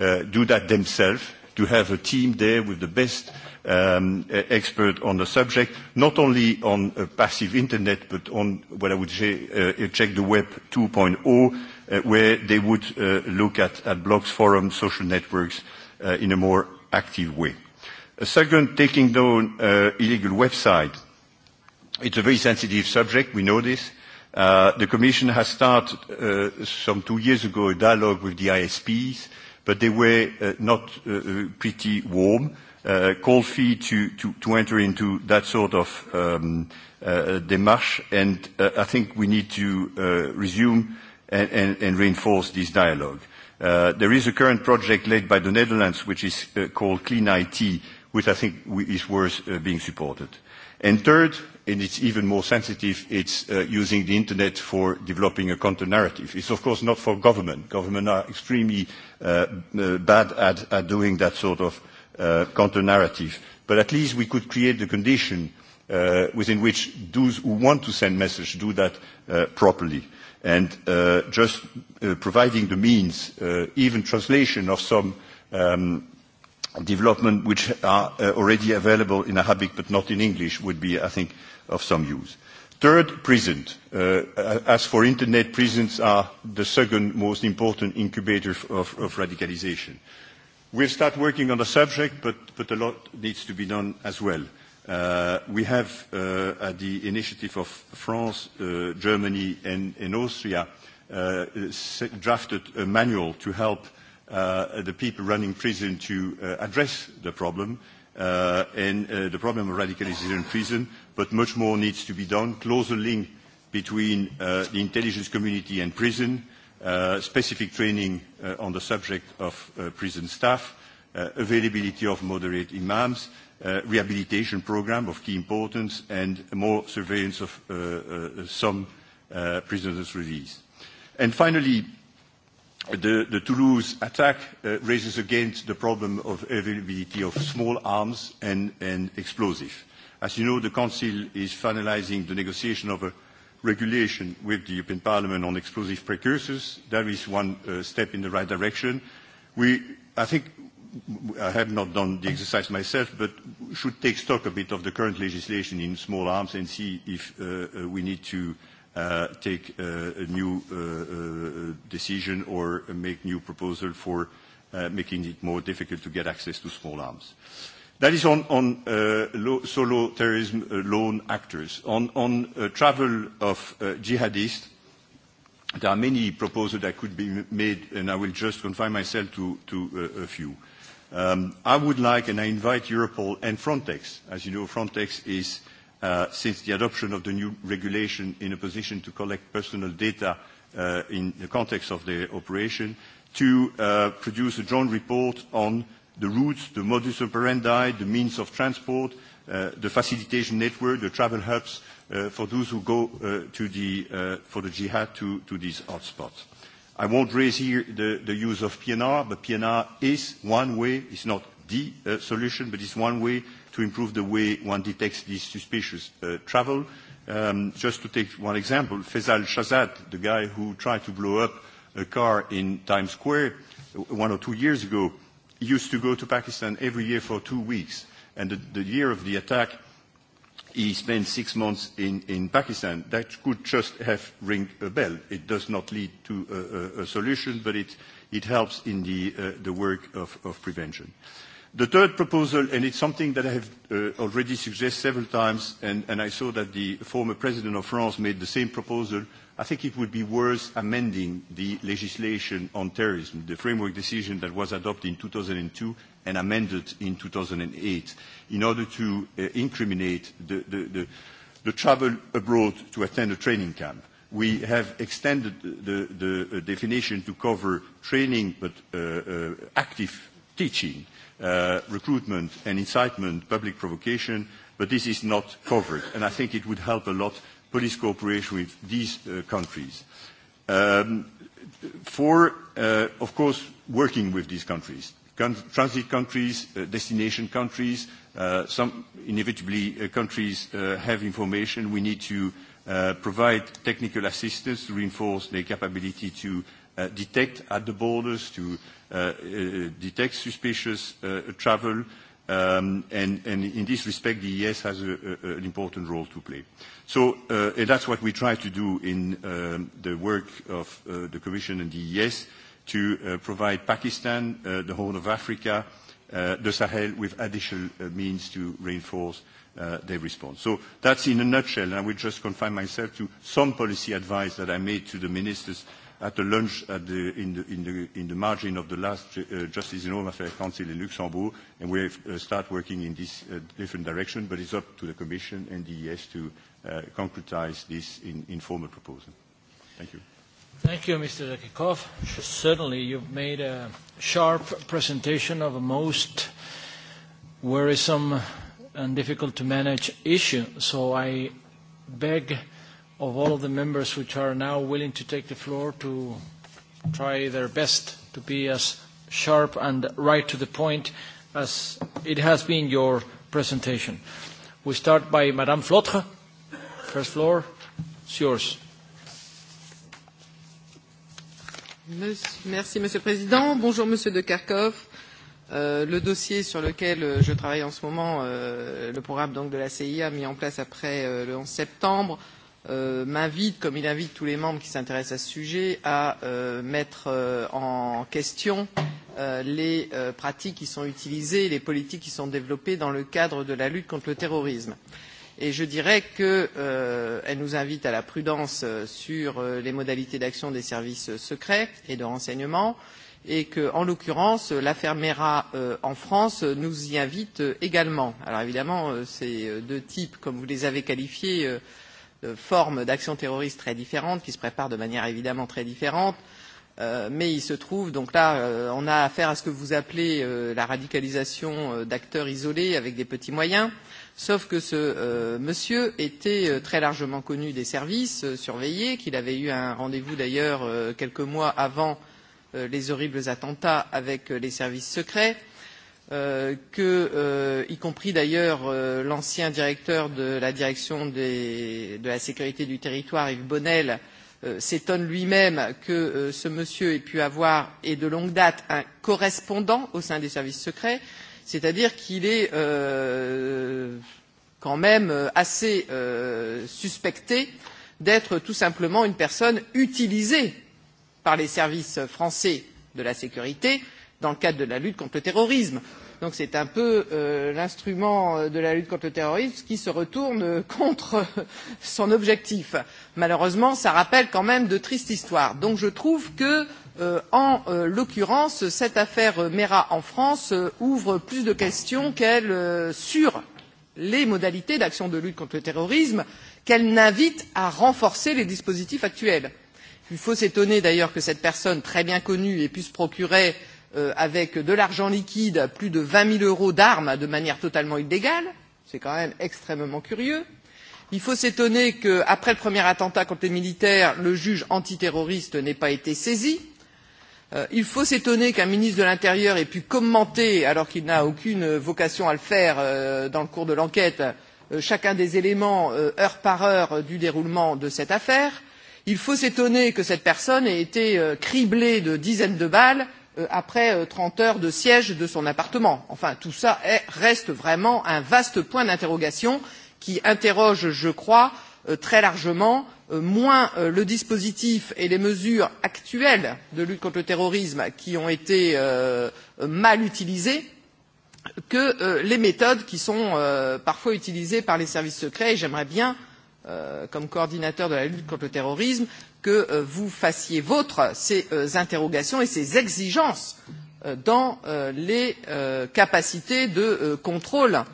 uh, do that themselves, to have a team there with the best um, e-, expert on the subject, not only on uh, passive internet, but on what I would say, uh, check the web 2.0, uh, where they would uh, look at, at blogs, forums, social networks uh, in a more active way. A second, taking down uh, illegal websites It's a very sensitive subject, we know this. Uh, the Commission has started uh, some two years ago a dialogue with the ISPs, but they were uh, not uh, uh pretty warm. Uh, call fee to, to, to enter into that sort of um, uh, démarche, and uh, I think we need to uh, resume and, and, and reinforce this dialogue. Uh, there is a current project led by the Netherlands, which is uh, called Clean IT, which I think is worth uh, being supported. And third, and it's even more sensitive, it's uh, using the internet for developing a counter-narrative. It's of course not for government. Government are extremely uh, uh, bad at, at doing that sort of uh, counter-narrative. But at least we could create the condition uh, within which those who want to send message do that uh, properly. And uh, just uh, providing the means, uh, even translation of some um, development which are uh, already available in Arabic but not in English would be, I think, of some use. Third, prisons. Uh, as for internet, prisons are the second most important incubator of, of radicalization. We'll start working on the subject, but, but a lot needs to be done as well. Uh, we have, uh, at the initiative of France, uh, Germany, and, and Austria, uh, drafted a manual to help uh, the people running prison to uh, address the problem uh, and uh, the problem of radicalization in prison but much more needs to be done. Closer link between uh, the intelligence community and prison, uh, specific training uh, on the subject of uh, prison staff, uh, availability of moderate imams, uh, rehabilitation program of key importance, and more surveillance of uh, uh, some uh, prisoners released. And finally, The, the Toulouse attack uh, raises again the problem of availability of small arms and, and explosives. As you know, the Council is finalizing the negotiation of a regulation with the European Parliament on explosive precursors. That is one uh, step in the right direction. We, I think I have not done the exercise myself, but should take stock a bit of the current legislation in small arms and see if uh, uh we need to uh, take uh, a new uh, uh, decision or make new proposal for uh, making it more difficult to get access to small arms. Uh, That is on, on uh, low, solo terrorism uh, lone actors. On, on uh, travel of uh, jihadists, there are many proposals that could be made, and I will just confine myself to, to uh, a few. Um, I would like, and I invite Europol and Frontex. As you know, Frontex is, uh, since the adoption of the new regulation, in a position to collect personal data uh, in the context of their operation, to uh, produce a joint report on uh, the routes, the modus operandi, the means of transport, uh, the facilitation network, the travel hubs uh, for those who go uh, to the, uh, for the jihad to, to these hotspots. I won't raise here the, the use of PNR, but PNR is one way, it's not the uh, solution, but it's one way to improve the way one detects these suspicious uh, travel. Um, just to take one example, Faisal Shazad, the guy who tried to blow up a car in Times Square uh, one or two years ago, uh, used to go to Pakistan every year for two weeks, and the, the year of the attack, he spent six months in, in Pakistan. That could just have ring a bell. It does not lead to a, a, a solution, but it, it helps in the, uh, the work of, of prevention. The third proposal, and it's something that I have uh, already suggested several times, and, and I saw that the former president of France made the same proposal I think it would be worth amending the legislation on terrorism, the framework decision that was adopted in 2002 and amended in 2008, in order to uh, incriminate the, the, the, the travel abroad to attend a training camp. We have extended the, the uh, definition to cover training but uh, uh, active teaching, uh, recruitment and incitement, public provocation, but this is not covered. And I think it would help a lot police cooperation with these uh, countries. Um, for, uh, of course, working with these countries, Con transit countries, uh, destination countries, uh, some inevitably uh, countries uh, have information. We need to uh, provide technical assistance to reinforce their capability to uh, detect at the borders, to uh, uh, detect suspicious uh, travel, uh, Um, and, and in this respect, the ES has a, a, an important role to play. So, uh, and that's what we try to do in um, the work of uh, the Commission and the ES to uh, provide Pakistan, uh, the Horn of Africa, uh, the Sahel with additional uh, means to reinforce uh, their response. So that's in a nutshell, and I will just confine myself to some policy advice that I made to the ministers uh, at a lunch at the, in, the, in, the, in the margin of the last uh, Justice and Home Affairs Council in Luxembourg, and we have, uh, start working in this uh, different direction, but it's up to the Commission and the ES to uh, concretize this in, in formal proposal. Thank you. Thank you, Mr. Zakikov. Certainly, you've made a sharp presentation of a most worrisome and difficult to manage issue. So I beg of all of the members which are now willing to take the floor to try their best to be as sharp and right to the point as it has been your presentation. We start by Madame Flotre. First floor, it's yours. Merci, Monsieur le Président. Bonjour, Monsieur de Kerkhoff. Euh, le dossier sur lequel euh, je travaille en ce moment, euh, le programme donc, de la CIA mis en place après euh, le 11 septembre, euh, euh, m'invite, comme il invite tous les membres qui s'intéressent à ce sujet, à euh, mettre euh, en question euh, les euh, pratiques qui sont utilisées, les politiques qui sont développées dans le cadre de la lutte contre le terrorisme. Et je dirais qu'elle euh, nous invite à la prudence euh, sur euh, les modalités d'action des services secrets et de renseignement, et que, en l'occurrence, l'affaire Mera euh, en France nous y invite euh, également. Alors évidemment, euh, ces euh, deux types, comme vous les avez qualifiés, euh, Euh, formes d'actions terroristes très différentes, qui se préparent de manière évidemment très différente. Euh, mais il se trouve, donc là, euh, on a affaire à ce que vous appelez euh, la radicalisation euh, d'acteurs isolés avec des petits moyens, sauf que ce euh, monsieur était euh, très largement connu des services euh, surveillés, qu'il avait eu un rendez-vous d'ailleurs euh, quelques mois avant euh, les horribles attentats avec euh, les services secrets, euh, euh, que, euh, y compris d'ailleurs euh, l'ancien directeur de la direction des, de la sécurité du territoire, Yves Bonnel, euh, s'étonne lui-même que euh, ce monsieur ait pu avoir, et de longue date, un correspondant au sein des services secrets, c'est-à-dire qu'il est euh, quand même euh, assez euh, suspecté d'être tout simplement une personne utilisée par les services français de la sécurité euh, dans le cadre de la lutte contre le terrorisme. Donc c'est un peu euh, l'instrument euh, de la lutte contre le terrorisme qui se retourne euh, [laughs] contre son objectif. Malheureusement, ça rappelle quand même de tristes histoires. Donc je trouve que, euh, en euh, l'occurrence, cette affaire euh, Mera en France euh, ouvre plus de questions qu'elle euh, sur les modalités d'action de lutte contre le terrorisme qu'elle n'invite à renforcer les dispositifs actuels. Il faut s'étonner d'ailleurs que cette personne très bien connue ait pu se procurer euh, euh, avec de l'argent liquide plus de 20 000 euros d'armes de manière totalement illégale. C'est quand même extrêmement curieux. Il faut s'étonner qu'après le premier attentat contre les militaires, le juge antiterroriste n'ait pas été saisi. Euh, il faut s'étonner qu'un ministre de l'Intérieur ait pu commenter, alors qu'il n'a aucune vocation à le faire euh, dans le cours de l'enquête, euh, chacun des éléments euh, heure par heure euh, du déroulement de cette affaire. Il faut s'étonner que cette personne ait été euh, criblée de dizaines de balles Euh, après euh, trente heures de siège de son appartement. enfin tout cela reste vraiment un vaste point d'interrogation qui interroge je crois euh, très largement moins le dispositif et les mesures actuelles de lutte contre le terrorisme qui ont été euh, mal utilisées que euh, les méthodes qui sont euh, parfois utilisées par les services secrets et j'aimerais bien comme coordinateur de la lutte contre le terrorisme que euh, vous fassiez vôtre ces euh, interrogations et ces exigences euh, dans euh, les euh, capacités de euh, contrôle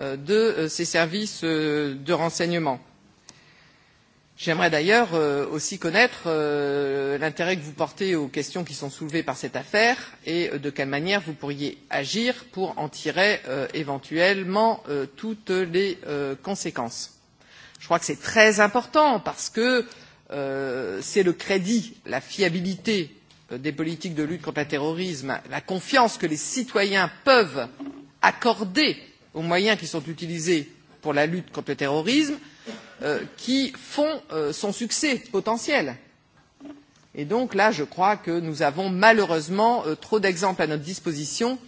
euh, de euh, ces services euh, de renseignement. J'aimerais d'ailleurs euh, aussi connaître euh, l'intérêt que vous portez aux questions qui sont soulevées par cette affaire et euh, de quelle manière vous pourriez agir pour en tirer euh, éventuellement euh, toutes les euh, conséquences. Je crois que c'est très important parce que euh, c'est le crédit, la fiabilité euh, des politiques de lutte contre le terrorisme, la confiance que les citoyens peuvent accorder aux moyens qui sont utilisés pour la lutte contre le terrorisme euh, qui font euh, son succès potentiel. Et donc là, je crois que nous avons malheureusement euh, trop d'exemples à notre disposition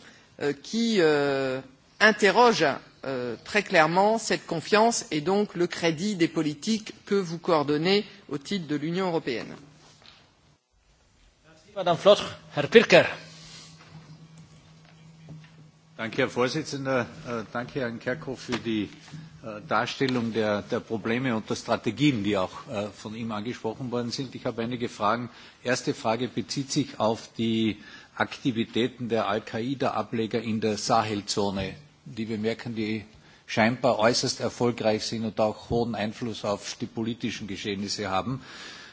euh, qui euh, interrogent euh, très clairement cette confiance et donc le crédit des politiques que vous coordonnez au titre de l'Union européenne. Merci, Madame Flotre. Herr Pirker. Danke, Herr Vorsitzender. Äh, danke, Herrn Kerkhoff, für die äh, Darstellung der, der Probleme und der Strategien, die auch äh, von ihm angesprochen worden sind. Ich habe einige Fragen. Erste Frage bezieht sich auf die Aktivitäten der Al-Qaida-Ableger in der Sahelzone die wir merken, die scheinbar äußerst erfolgreich sind und auch hohen Einfluss auf die politischen Geschehnisse haben.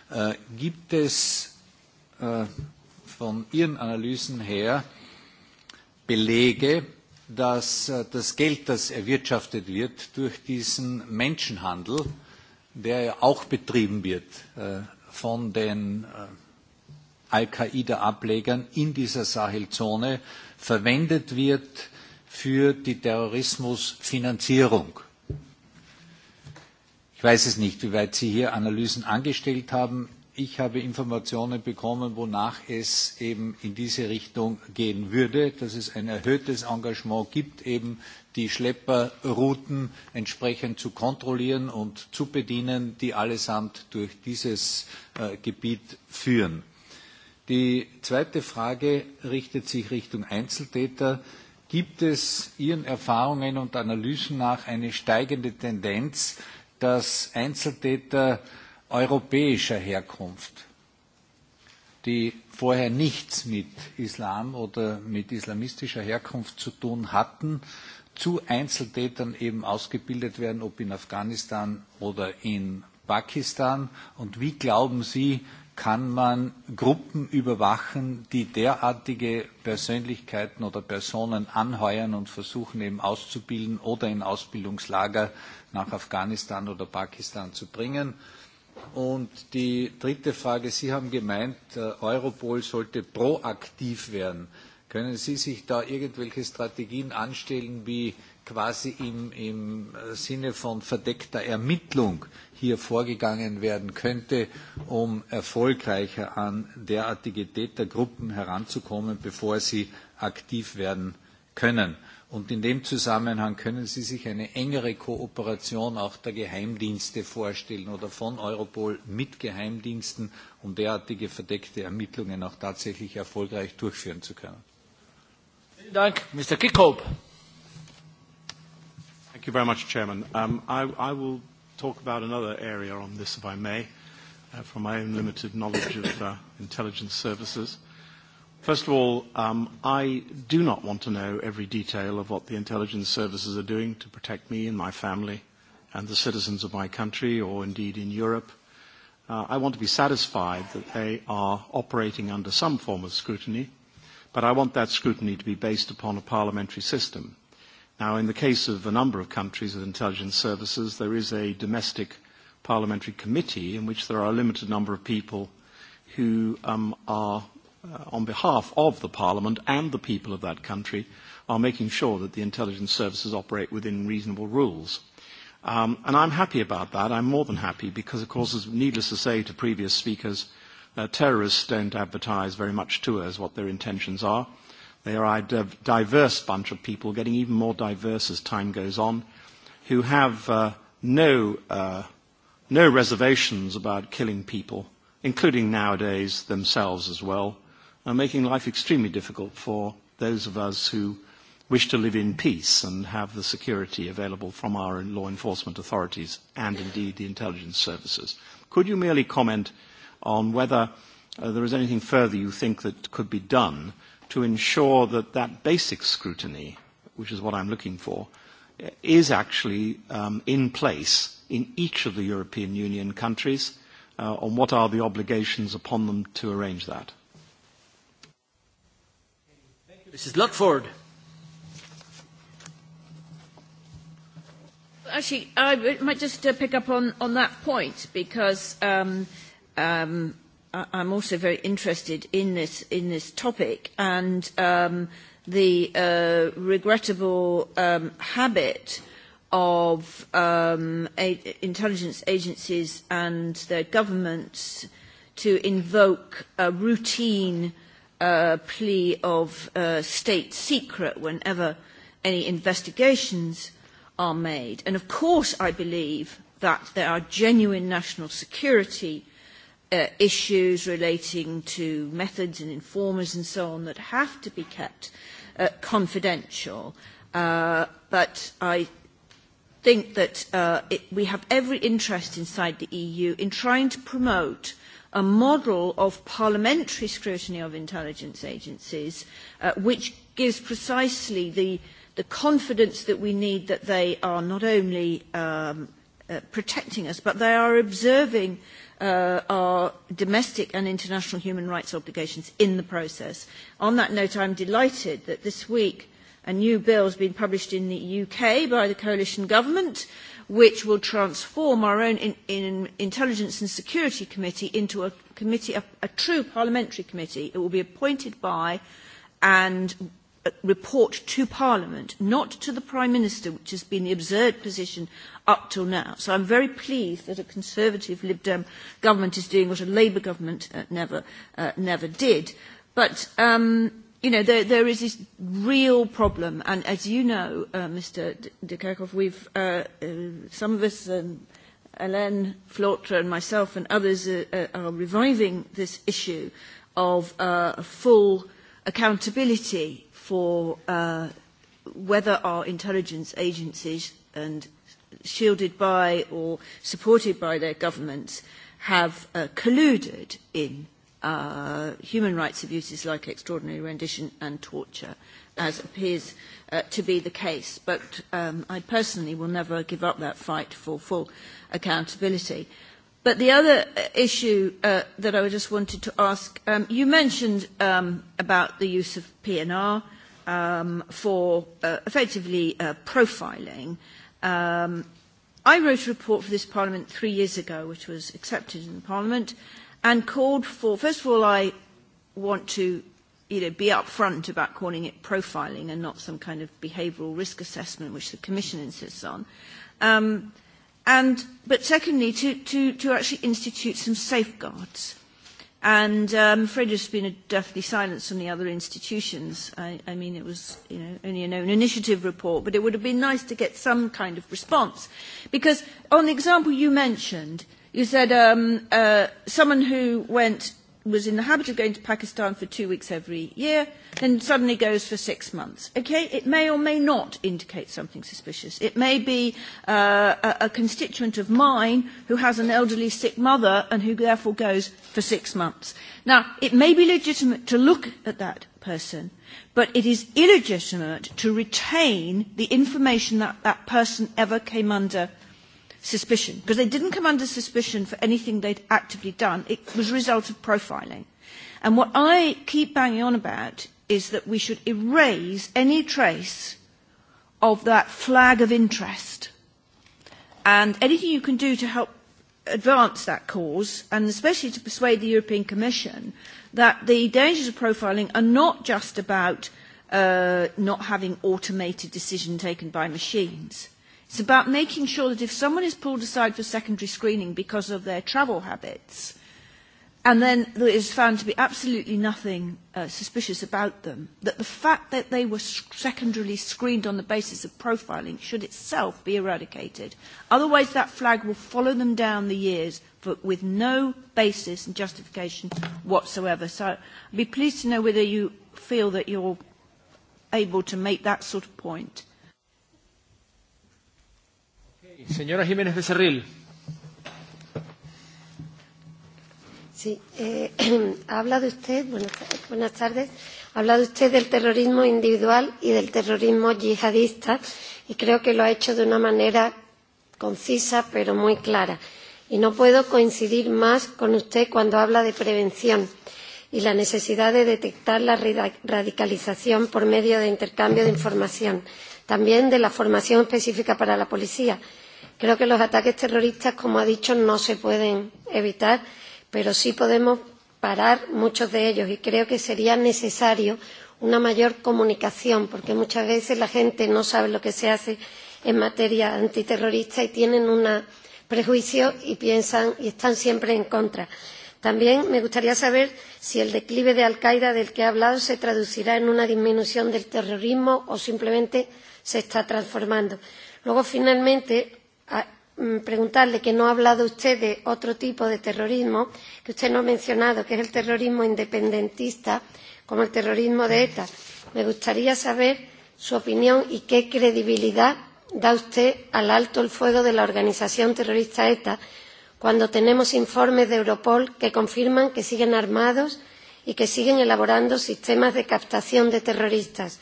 Äh, gibt es äh, von Ihren Analysen her Belege, dass äh, das Geld, das erwirtschaftet wird durch diesen Menschenhandel, der ja auch betrieben wird äh, von den äh, Al-Qaida-Ablegern in dieser Sahelzone, verwendet wird, äh, für die Terrorismusfinanzierung. Ich weiß es nicht, wie weit Sie hier Analysen angestellt haben. Ich habe Informationen bekommen, wonach es eben in diese Richtung gehen würde, dass es ein erhöhtes Engagement gibt, eben die Schlepperrouten entsprechend zu kontrollieren und zu bedienen, die allesamt durch dieses äh, Gebiet führen. Die zweite Frage richtet sich Richtung Einzeltäter. Äh, gibt es Ihren Erfahrungen und Analysen nach eine steigende Tendenz, dass Einzeltäter europäischer Herkunft, die vorher nichts mit Islam oder mit islamistischer Herkunft zu tun hatten, zu Einzeltätern eben ausgebildet werden, ob in Afghanistan oder in Pakistan? Und wie glauben Sie, kann man Gruppen überwachen, die derartige Persönlichkeiten oder Personen anheuern und versuchen eben auszubilden oder in Ausbildungslager nach Afghanistan oder Pakistan zu bringen. Und die dritte Frage, Sie haben gemeint, äh, Europol sollte proaktiv werden. Können Sie sich da irgendwelche Strategien anstellen, wie äh, quasi im, im Sinne von verdeckter Ermittlung hier vorgegangen werden könnte, um erfolgreicher an derartige Tätergruppen heranzukommen, bevor sie aktiv werden können. Und in dem Zusammenhang können Sie sich eine engere Kooperation auch der Geheimdienste vorstellen oder von Europol mit Geheimdiensten, um derartige verdeckte Ermittlungen auch tatsächlich erfolgreich durchführen zu können. Vielen Dank, Mr. Kickhope. Thank you very much, Chairman. Um, I, I will talk about another area on this, if I may, uh, from my own limited knowledge of uh, intelligence services. First of all, um, I do not want to know every detail of what the intelligence services are doing to protect me and my family and the citizens of my country or indeed in Europe. Uh, I want to be satisfied that they are operating under some form of scrutiny, but I want that scrutiny to be based upon a parliamentary system Now, in the case of a number of countries with intelligence services, there is a domestic parliamentary committee in which there are a limited number of people who um, are, uh, on behalf of the parliament and the people of that country, are making sure that the intelligence services operate within reasonable rules. Um, and I'm happy about that. I'm more than happy because, of course, as needless to say to previous speakers, uh, terrorists don't advertise very much to us what their intentions are. They are a diverse bunch of people, getting even more diverse as time goes on, who have uh, no, uh, no reservations about killing people, including nowadays themselves as well, and making life extremely difficult for those of us who wish to live in peace and have the security available from our law enforcement authorities and indeed the intelligence services. Could you merely comment on whether uh, there is anything further you think that could be done to ensure that that basic scrutiny, which is what I'm looking for, is actually um, in place in each of the European Union countries uh, on what are the obligations upon them to arrange that. Mrs. Lutford. Actually, I might just uh, pick up on, on that point because um, um, I'm also very interested in this in this topic and um, the uh, regrettable um, habit of um, a- intelligence agencies and their governments to invoke a routine uh, plea of uh, state secret whenever any investigations are made. And of course, I believe that there are genuine national security uh, issues relating to methods and informers and so on that have to be kept uh, confidential. Uh, but I think that uh, it, we have every interest inside the EU in trying to promote a model of parliamentary scrutiny of intelligence agencies uh, which gives precisely the, the confidence that we need that they are not only um, uh, protecting us but they are observing uh, uh, our domestic and international human rights obligations in the process. On that note, I'm delighted that this week a new bill has been published in the UK by the coalition government, which will transform our own in, in Intelligence and Security Committee into a committee, a, a true parliamentary committee. It will be appointed by and Uh, report to Parliament, not to the Prime Minister, which has been the absurd position up till now. So I'm very pleased that a Conservative Lib Dem government is doing what a Labour government uh, never, uh, never did. But, um, you know, there, there is this real problem. And as you know, uh, Mr. de Kerkhoff, we've, uh, uh, some of us, um, Hélène Flautre and myself and others, uh, uh, are reviving this issue of uh, full accountability for uh, whether our intelligence agencies, and shielded by or supported by their governments, have uh, colluded in uh, human rights abuses like extraordinary rendition and torture, as appears uh, to be the case. But um, I personally will never give up that fight for full accountability. Uh, But the other uh, issue uh, that I just wanted to ask, um, you mentioned um, about the use of PNR um, for uh, effectively uh, profiling. Um, I wrote a report for this Parliament three years ago, which was accepted in the Parliament, and called for, first of all, I want to you know, be upfront about calling it profiling and not some kind of behavioural risk assessment, which the Commission insists on. Um, And, but secondly, to, to, to actually institute some safeguards. And um, I'm afraid there's been a deathly silence from the other institutions. I, I mean, it was you know, only an own initiative report, but it would have been nice to get some kind of response. Because on the example you mentioned, you said um, uh, someone who went was in the habit of going to Pakistan for two weeks every year, then suddenly goes for six months. Okay, it may or may not indicate something suspicious. It may be uh, a, a constituent of mine who has an elderly sick mother and who therefore goes for six months. Now, it may be legitimate to look at that person, but it is illegitimate to retain the information that that person ever came under suspicion, because they didn't come under suspicion for anything they'd actively done. It was a result of profiling. And what I keep banging on about is that we should erase any trace of that flag of interest. And anything you can do to help advance that cause, and especially to persuade the European Commission that the dangers of profiling are not just about uh, not having automated decision taken by machines, It's about making sure that if someone is pulled aside for secondary screening because of their travel habits, and then there is found to be absolutely nothing uh, suspicious about them, that the fact that they were secondarily screened on the basis of profiling should itself be eradicated. Otherwise, that flag will follow them down the years for, with no basis and justification whatsoever. So I'd be pleased to know whether you feel that you're able to make that sort of point. Señora Jiménez Becerril. Sí, eh, [clears throat] ha hablado usted, buenas, buenas tardes, ha hablado usted del terrorismo individual y del terrorismo yihadista y creo que lo ha hecho de una manera concisa pero muy clara. Y no puedo coincidir más con usted cuando habla de prevención y la necesidad de detectar la radicalización por medio de intercambio de información, también de la formación específica para la policía Creo que los ataques terroristas, como ha dicho, no se pueden evitar, pero sí podemos parar muchos de ellos y creo que sería necesario una mayor comunicación, porque muchas veces la gente no sabe lo que se hace en materia antiterrorista y tienen un prejuicio y piensan y están siempre en contra. También me gustaría saber si el declive de Al Qaeda del que ha hablado se traducirá en una disminución del terrorismo o simplemente se está transformando. Luego, finalmente, a mm, preguntarle que no ha hablado usted de otro tipo de terrorismo que usted no ha mencionado, que es el terrorismo independentista, como el terrorismo de ETA. Me gustaría saber su opinión y qué credibilidad da usted al alto el fuego de la organización terrorista ETA cuando tenemos informes de Europol que confirman que siguen armados y que siguen elaborando sistemas de captación de terroristas.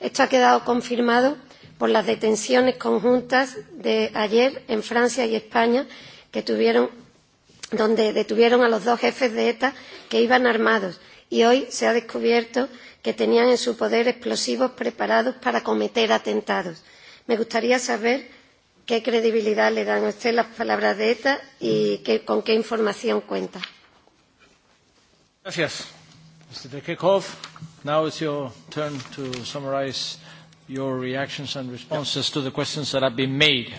Esto ha quedado confirmado por las detenciones conjuntas de ayer en Francia y España, que tuvieron, donde detuvieron a los dos jefes de ETA que iban armados y hoy se ha descubierto que tenían en su poder explosivos preparados para cometer atentados. Me gustaría saber qué credibilidad le dan a usted las palabras de ETA y qué, con qué información cuenta. Gracias. Mr. Dekekov, now it's your turn to summarize your reactions and responses to the questions that have been made.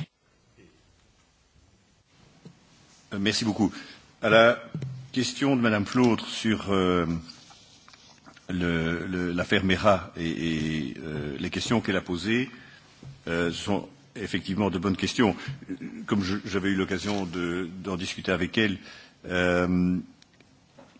Euh, merci beaucoup. À la question de Madame Flautre sur euh, l'affaire Mera et, et euh, les questions qu'elle a posées, euh, sont effectivement de bonnes questions. Comme j'avais eu l'occasion d'en discuter avec elle, euh,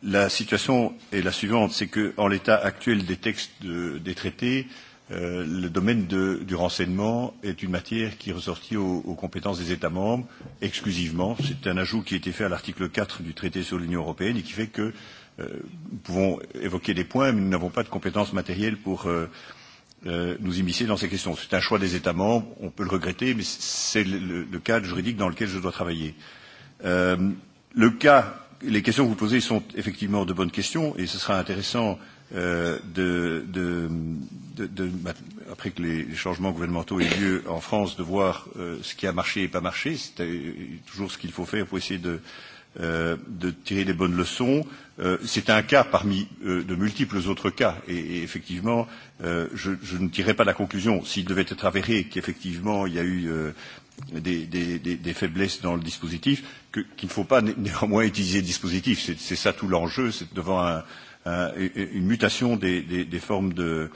la situation est la suivante, c'est qu'en l'état actuel des textes de, des traités, euh, euh, le domaine de, du renseignement est une matière qui est ressortie aux, aux compétences des États membres exclusivement. C'est un ajout qui a été fait à l'article 4 du traité sur l'Union européenne et qui fait que euh, nous pouvons évoquer des points, mais nous n'avons pas de compétences matérielles pour euh, euh, nous immiscer dans ces questions. C'est un choix des États membres, on peut le regretter, mais c'est le, le, le cadre juridique dans lequel je dois travailler. Euh, le cas, les questions que vous posez sont effectivement de bonnes questions et ce sera intéressant euh, euh, de, de, de, de, après que les changements gouvernementaux aient lieu en France, de voir euh, ce qui a marché et pas marché. C'est euh, toujours ce qu'il faut faire pour essayer de, euh, de tirer les bonnes leçons. Euh, C'est un cas parmi euh, de multiples autres cas. Et, et effectivement, euh, je, je ne tirerai pas la conclusion. S'il devait être avéré qu'effectivement, il y a eu. Euh, des, des, des, des faiblesses dans le dispositif, qu'il qu ne faut pas né, néanmoins utiliser le dispositif. C'est ça tout l'enjeu, c'est devant un, hein, euh, une mutation des, des, des formes de,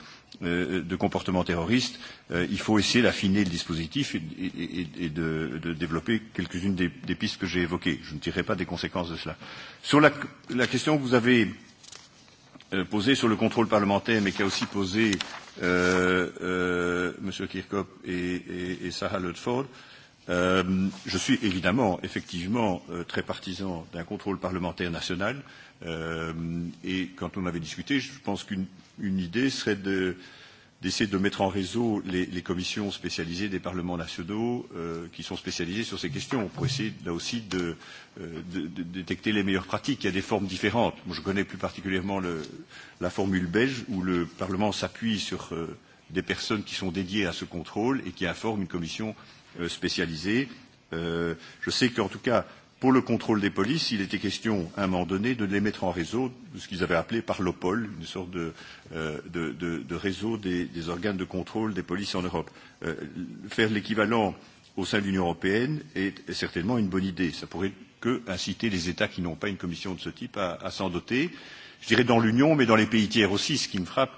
euh, de comportement terroriste, euh, il faut essayer d'affiner le dispositif et, et, et de, de développer quelques-unes des, des pistes que j'ai évoquées. Je ne tirerai pas des conséquences de cela. Sur la, la question que vous avez euh, posée sur le contrôle parlementaire, mais qu'a aussi posé euh, euh, M. Kirchhoff et, et, et Sarah Ludford, euh, je suis évidemment, effectivement, euh, très partisan d'un contrôle parlementaire national. Euh, Euh, et quand on avait discuté, je pense qu'une une idée serait de, d'essayer de mettre en réseau les, les commissions spécialisées des parlements nationaux euh, qui sont spécialisées sur ces questions pour essayer là aussi de, euh, de, de détecter les meilleures pratiques. Il y a des formes différentes. Moi, je connais plus particulièrement le, la formule belge où le Parlement s'appuie sur euh, des personnes qui sont dédiées à ce contrôle et qui informent une commission euh, spécialisée. Euh, je sais qu'en tout cas, Pour le contrôle des polices, il était question, à un moment donné, de les mettre en réseau, de ce qu'ils avaient appelé par l'OPOL, une sorte de, euh, de, de, de réseau des, des organes de contrôle des polices en Europe. Euh, faire l'équivalent au sein de l'Union européenne est, est certainement une bonne idée. Ça pourrait que inciter les États qui n'ont pas une commission de ce type à, à s'en doter. Je dirais dans l'Union, mais dans les pays tiers aussi, ce qui me frappe,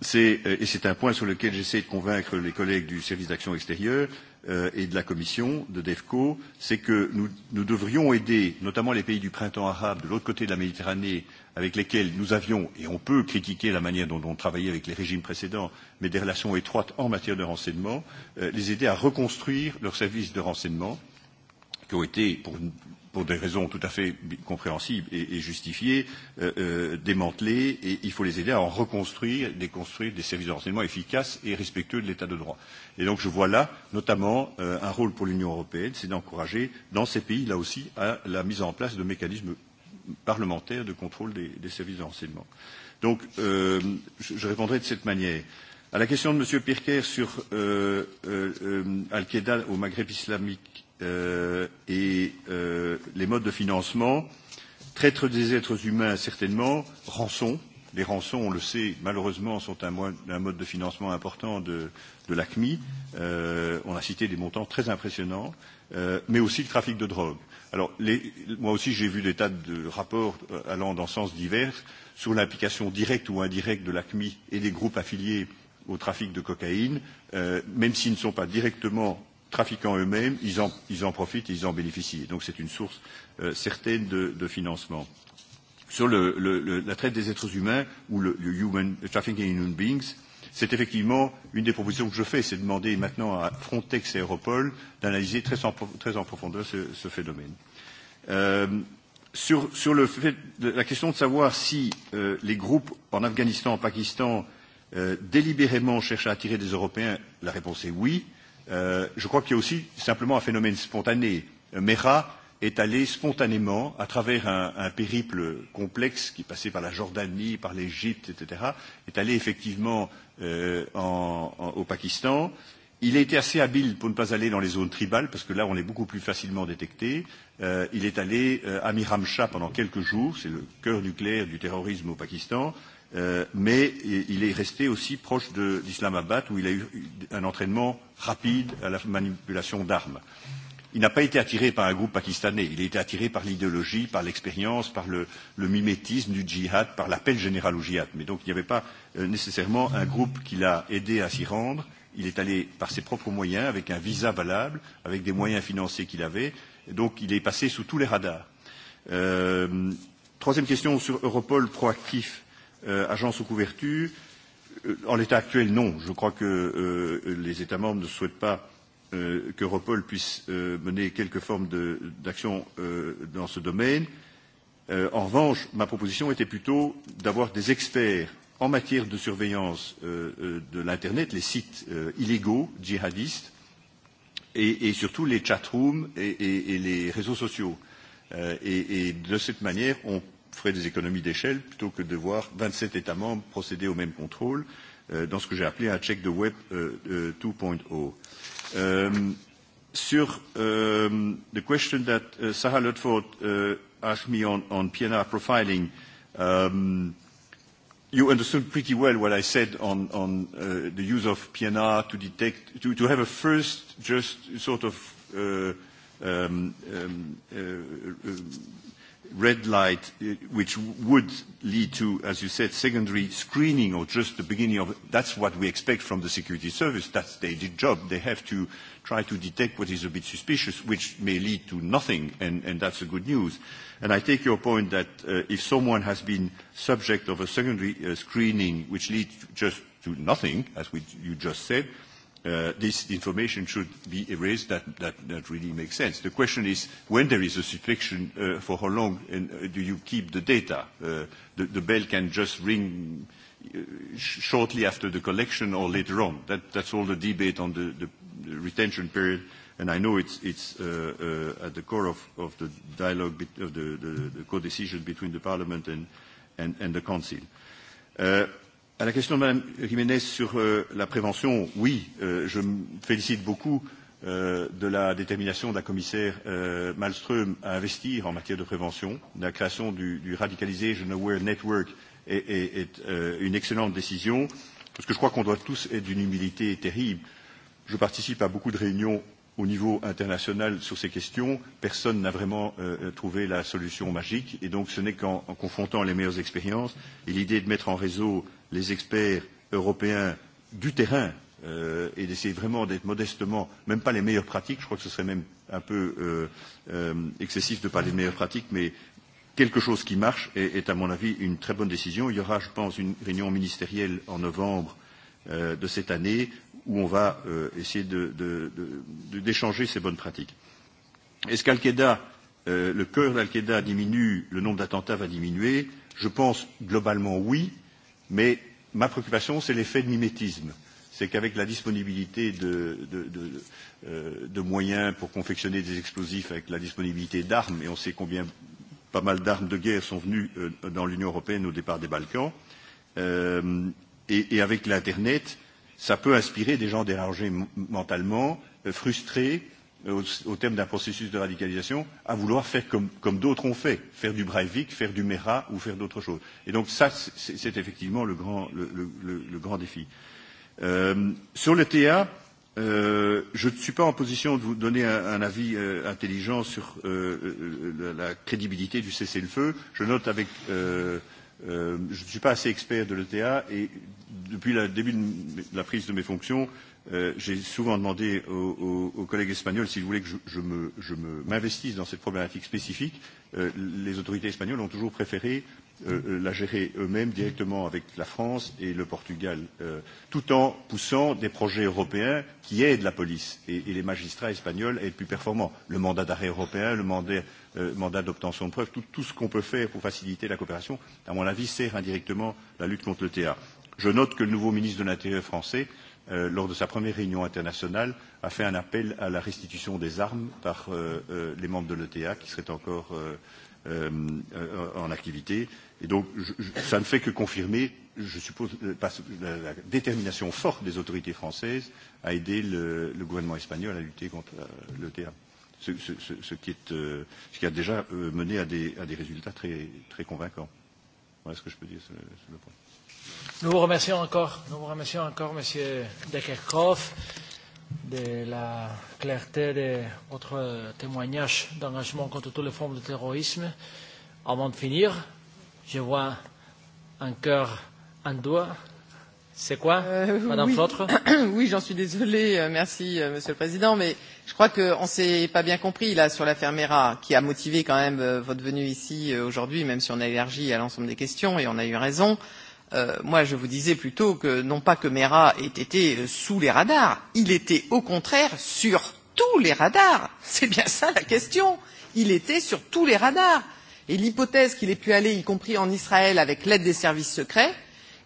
c'est, euh, et c'est un point sur lequel j'essaie de convaincre les collègues du service d'action extérieure, euh, et de la Commission, de DEFCO, c'est que nous, nous devrions aider notamment les pays du printemps arabe de l'autre côté de la Méditerranée avec lesquels nous avions, et on peut critiquer la manière dont on travaillait avec les régimes précédents, mais des relations étroites en matière de renseignement, euh, les aider à reconstruire leurs services de renseignement qui ont été, pour une pour des raisons tout à fait compréhensibles et, et justifiées, euh, euh, démantelées et il faut les aider à en reconstruire, déconstruire des services de renseignement efficaces et respectueux de l'état de droit. Et donc je vois là notamment euh, un rôle pour l'Union européenne, c'est d'encourager dans ces pays là aussi à la mise en place de mécanismes parlementaires de contrôle des, des services de renseignement. Donc euh, je, je répondrai de cette manière. À la question de M. Pirker sur euh, euh, euh, Al-Qaïda au Maghreb islamique, euh, et euh, les modes de financement. Traître des êtres humains, certainement. Rançon. Les rançons, on le sait, malheureusement, sont un, mo un mode de financement important de, de l'ACMI. Euh, on a cité des montants très impressionnants, euh, mais aussi le trafic de drogue. Alors, les, moi aussi, j'ai vu des tas de rapports euh, allant dans sens divers sur l'implication directe ou indirecte de l'ACMI et des groupes affiliés au trafic de cocaïne, euh, même s'ils ne sont pas directement trafiquants eux-mêmes, ils en, ils en profitent et ils en bénéficient. Donc c'est une source euh, certaine de, de financement. Sur le, le, le, la traite des êtres humains ou le, le human, le trafficking in human beings, c'est effectivement une des propositions que je fais, c'est de demander maintenant à Frontex et Europol d'analyser très, en, très en profondeur ce, ce phénomène. Euh, sur sur le fait, de, la question de savoir si euh, les groupes en Afghanistan, en Pakistan, euh, délibérément cherchent à attirer des Européens, la réponse est oui. Euh, Euh, je crois qu'il y a aussi simplement un phénomène spontané. Euh, Mera est allé spontanément, à travers un, un périple complexe qui passait par la Jordanie, par l'Égypte, etc., est allé effectivement euh, en, en, au Pakistan. Il a été assez habile pour ne pas aller dans les zones tribales, parce que là, on l'est beaucoup plus facilement détecté. Euh, il est allé euh, à Miramsha pendant quelques jours, c'est le cœur nucléaire du terrorisme au Pakistan. Euh, mais il est resté aussi proche d'Islamabad, où il a eu un entraînement rapide à la manipulation d'armes. Il n'a pas été attiré par un groupe pakistanais, il a été attiré par l'idéologie, par l'expérience, par le, le mimétisme du djihad, par l'appel général au djihad. Mais donc il n'y avait pas euh, nécessairement un groupe qui l'a aidé à s'y rendre. Il est allé par ses propres moyens, avec un visa valable, avec des moyens financiers qu'il avait. Donc il est passé sous tous les radars. Euh, troisième question sur Europol proactif euh, agences aux couvertures. Euh, en l'état actuel, non. Je crois que euh, les États membres ne souhaitent pas euh, qu'Europol puisse euh, mener quelque forme d'action euh, dans ce domaine. Euh, en revanche, ma proposition était plutôt d'avoir des experts en matière de surveillance euh, euh, de l'Internet, les sites euh, illégaux, djihadistes, et, et surtout les chatrooms et, et, et les réseaux sociaux. Euh, et, et de cette manière, on ferait des économies d'échelle plutôt que de voir 27 États membres procéder au même contrôle euh, dans ce que j'ai appelé un check de web euh, euh, 2.0. Um, euh, sur um, the question that uh, Sarah Ludford uh, asked me on, on PNR profiling, um, you understood pretty well what I said on, on uh, the use of PNR to detect, to, to have a first just sort of uh, um, um, uh, red light, uh, which would lead to, as you said, secondary screening or just the beginning of... That's what we expect from the security service. That's their job. They have to try to detect what is a bit suspicious, which may lead to nothing, and, and that's the good news. And I take your point that uh, if someone has been subject of a secondary uh, screening which leads to just to nothing, as we, you just said, uh, uh, this information should be erased, that, that, that really makes sense. The question is, when there is a suspicion, uh, for how long and, uh, do you keep the data? Uh, the, the bell can just ring uh, sh shortly after the collection or later on. That, that's all the debate on the, the, the retention period, and I know it's, it's uh, uh, at the core of, of the dialogue, bet- of the, the, the co-decision between the Parliament and, and, and the Council. Uh, À la question de Mme Jiménez sur euh, la prévention, oui, euh, je me félicite beaucoup euh, de la détermination de la commissaire euh, Malmström à investir en matière de prévention. La création du, du Radicalization Aware Network est, est, est euh, une excellente décision, parce que je crois qu'on doit tous être d'une humilité terrible. Je participe à beaucoup de réunions au niveau international sur ces questions. Personne n'a vraiment euh, euh trouvé la solution magique, et donc ce n'est qu'en confrontant les meilleures expériences et l'idée de mettre en réseau euh, les experts européens du terrain euh, et d'essayer vraiment d'être modestement, même pas les meilleures pratiques, je crois que ce serait même un peu euh, euh, excessif de parler de meilleures pratiques, mais quelque chose qui marche est, est à mon avis une très bonne décision. Il y aura, je pense, une réunion ministérielle en novembre euh, de cette année où on va euh, essayer d'échanger de, de, de, ces bonnes pratiques. Est-ce qu'Al-Qaïda, euh, le cœur d'Al-Qaïda diminue, le nombre d'attentats va diminuer Je pense globalement oui. Euh, Mais ma préoccupation, c'est l'effet de mimétisme. C'est qu'avec la disponibilité de, de, de, euh, de moyens pour confectionner des explosifs, avec la disponibilité d'armes, et on sait combien pas mal d'armes de guerre sont venues euh, dans l'Union européenne au départ des Balkans, euh, et, et avec l'Internet, ça peut inspirer des gens dérangés mentalement, euh, frustrés, Euh, au, au terme d'un processus de radicalisation, à vouloir faire comme, comme d'autres ont fait, faire du Breivik, faire du Mera ou faire d'autres choses. Et donc ça, c'est effectivement le grand, le, le, le, le grand défi. Euh, sur le TA, euh, je ne suis pas en position de vous donner un, un avis euh, intelligent sur euh, euh, la, la crédibilité du cessez-le-feu. Je note avec euh, Euh, je ne suis pas assez expert de l'ETA et depuis le début de la prise de mes fonctions, euh, j'ai souvent demandé aux, aux, aux collègues espagnols s'ils voulaient que je, je me, je me, m'investisse dans cette problématique spécifique. Euh, les autorités espagnoles ont toujours préféré euh, euh, la gérer eux-mêmes directement avec la France et le Portugal, euh, tout en poussant des projets européens qui aident la police et, et les magistrats espagnols à être plus performants. Le mandat d'arrêt européen, le mandat, euh, mandat d'obtention de preuves, tout, tout ce qu'on peut faire pour faciliter la coopération, à mon avis, sert indirectement la lutte contre le TA. Je note que le nouveau ministre de l'Intérieur français euh, euh, lors de sa première réunion internationale, a fait un appel à la restitution des armes par euh, euh, les membres de l'ETA qui seraient encore euh, euh, euh, en activité. Et donc, je, je, ça ne fait que confirmer, je suppose, la, euh, la, la détermination forte des autorités françaises à aider le, le gouvernement espagnol à lutter contre euh, l'ETA. Ce, ce, ce, ce, qui est, euh, ce qui a déjà euh, mené à des, à des résultats très, très convaincants. Voilà ce que je peux dire sur le, sur le point. Nous vous remercions encore, nous vous remercions encore, Monsieur Deckerkhoff, de la clarté de votre témoignage d'engagement contre toutes les formes de terrorisme. Avant de finir, je vois un cœur, un doigt. C'est quoi, euh, Madame oui. Flotre [coughs] Oui, j'en suis désolée, euh, merci euh, Monsieur le Président, mais je crois qu'on ne s'est pas bien compris là sur l'affaire Mera, qui a motivé quand même euh, votre venue ici aujourd'hui, même si on a élargi à l'ensemble des questions et on a eu raison. Euh, Euh, moi, je vous disais plutôt que non pas que Mera ait été euh, sous les radars, il était au contraire sur tous les radars. [laughs] C'est bien ça la question. Il était sur tous les radars. Et l'hypothèse qu'il ait pu aller, y compris en Israël, avec l'aide des services secrets,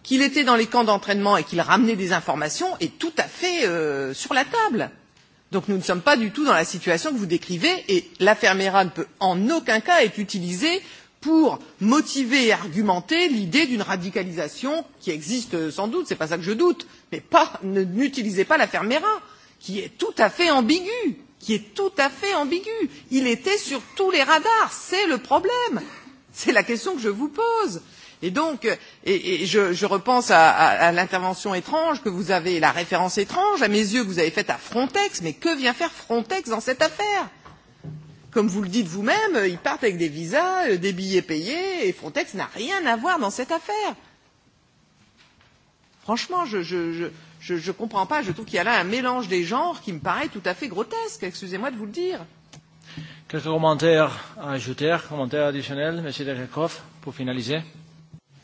qu'il était dans les camps d'entraînement et qu'il ramenait des informations est tout à fait euh, sur la table. Donc nous ne sommes pas du tout dans la situation que vous décrivez et l'affaire Mera ne peut en aucun cas être utilisée pour motiver et argumenter l'idée d'une radicalisation qui existe sans doute, c'est pas ça que je doute, mais pas, ne, n'utilisez pas l'affaire Mera, qui est tout à fait ambiguë, qui est tout à fait ambiguë. Il était sur tous les radars, c'est le problème. C'est la question que je vous pose. Et donc, et, et je, je repense à, à, à l'intervention étrange que vous avez, la référence étrange, à mes yeux, que vous avez faite à Frontex, mais que vient faire Frontex dans cette affaire comme vous le dites vous même ils partent avec des visas euh, des billets payés et Frontex n'a rien à voir dans cette affaire. Franchement, je ne je, je, je, je comprends pas. Je trouve qu'il y a là un mélange des genres qui me paraît tout à fait grotesque. Excusez-moi de vous le dire. Quelques commentaires à ajouter, commentaires additionnels, Monsieur Derekov, pour finaliser.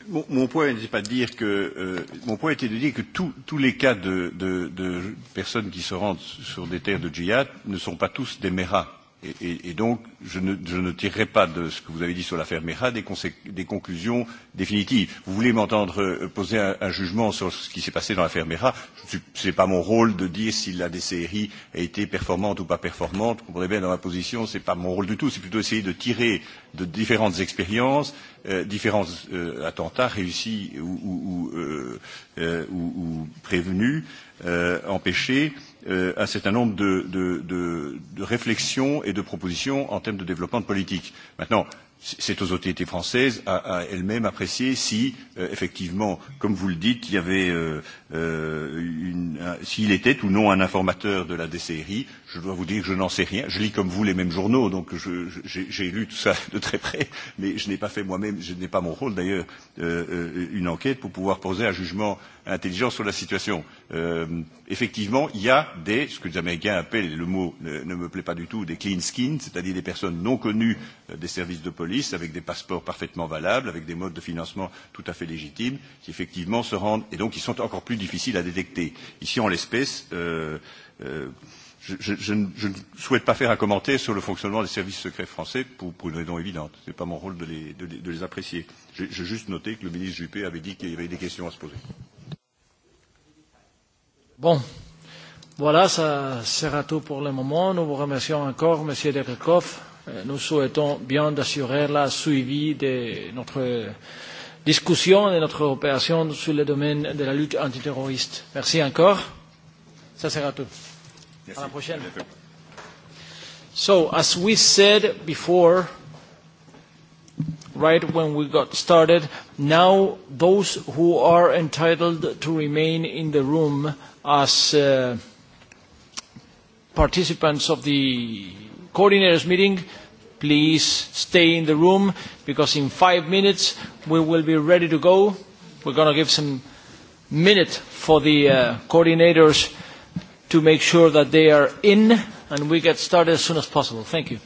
Mon, mon point n'était pas de dire que euh, mon point était de dire que tout, tous les cas de, de, de personnes qui se rendent sur des terres de djihad ne sont pas tous des méras. Et, et, et donc, je ne, je ne tirerai pas de ce que vous avez dit sur l'affaire Mera des, des conclusions définitives. Vous voulez m'entendre euh, poser un, un jugement sur ce qui s'est passé dans l'affaire Mera. Ce n'est pas mon rôle de dire si la DCRI a été performante ou pas performante. Vous comprenez bien, dans ma position, ce n'est pas mon rôle du tout. C'est plutôt essayer de tirer de différentes expériences, euh, différents euh, attentats réussis ou, ou, ou, euh, euh, ou, ou prévenus, euh, empêchés, euh, euh, un certain nombre de, de, de, de réflexions et de propositions en termes de développement de politique. Maintenant, c'est aux autorités françaises à, à elles-mêmes apprécier si, euh, effectivement, comme vous le dites, il y avait euh, euh, une, un, s'il était ou non un informateur de la DCRI. Je dois vous dire que je n'en sais rien. Je lis comme vous les mêmes journaux, donc j'ai lu tout ça [laughs] de très près, mais je n'ai pas fait moi-même, je n'ai pas mon rôle d'ailleurs, euh, euh, une enquête pour pouvoir poser un jugement intelligent sur la situation. Euh, effectivement, il y a des, ce que les Américains appellent, le mot ne, ne me plaît pas du tout, des clean skins, c'est-à-dire des personnes non connues euh, des services de police, avec des passeports parfaitement valables, avec des modes de financement tout à fait légitimes, qui effectivement se rendent, et donc ils sont encore plus difficile à détecter. Ici, en l'espèce, euh, euh, je, je, je, ne, je ne souhaite pas faire un commentaire sur le fonctionnement des services secrets français pour, pour une raison évidente. Ce n'est pas mon rôle de les, de, les, de les apprécier. J'ai juste noté que le ministre Juppé avait dit qu'il y avait des questions à se poser. Bon. Voilà, ça sera tout pour le moment. Nous vous remercions encore, Monsieur Derikoff. Nous souhaitons bien d'assurer la suivi de notre discussion de notre coopération sur le domaine de la lutte antiterroriste. Merci encore. Ça sera tout. Merci. À la prochaine. So, as we said before, right when we got started, now those who are entitled to remain in the room as uh, participants of the coordinators meeting please stay in the room because in five minutes we will be ready to go. We're going to give some minute for the uh, coordinators to make sure that they are in and we get started as soon as possible. Thank you.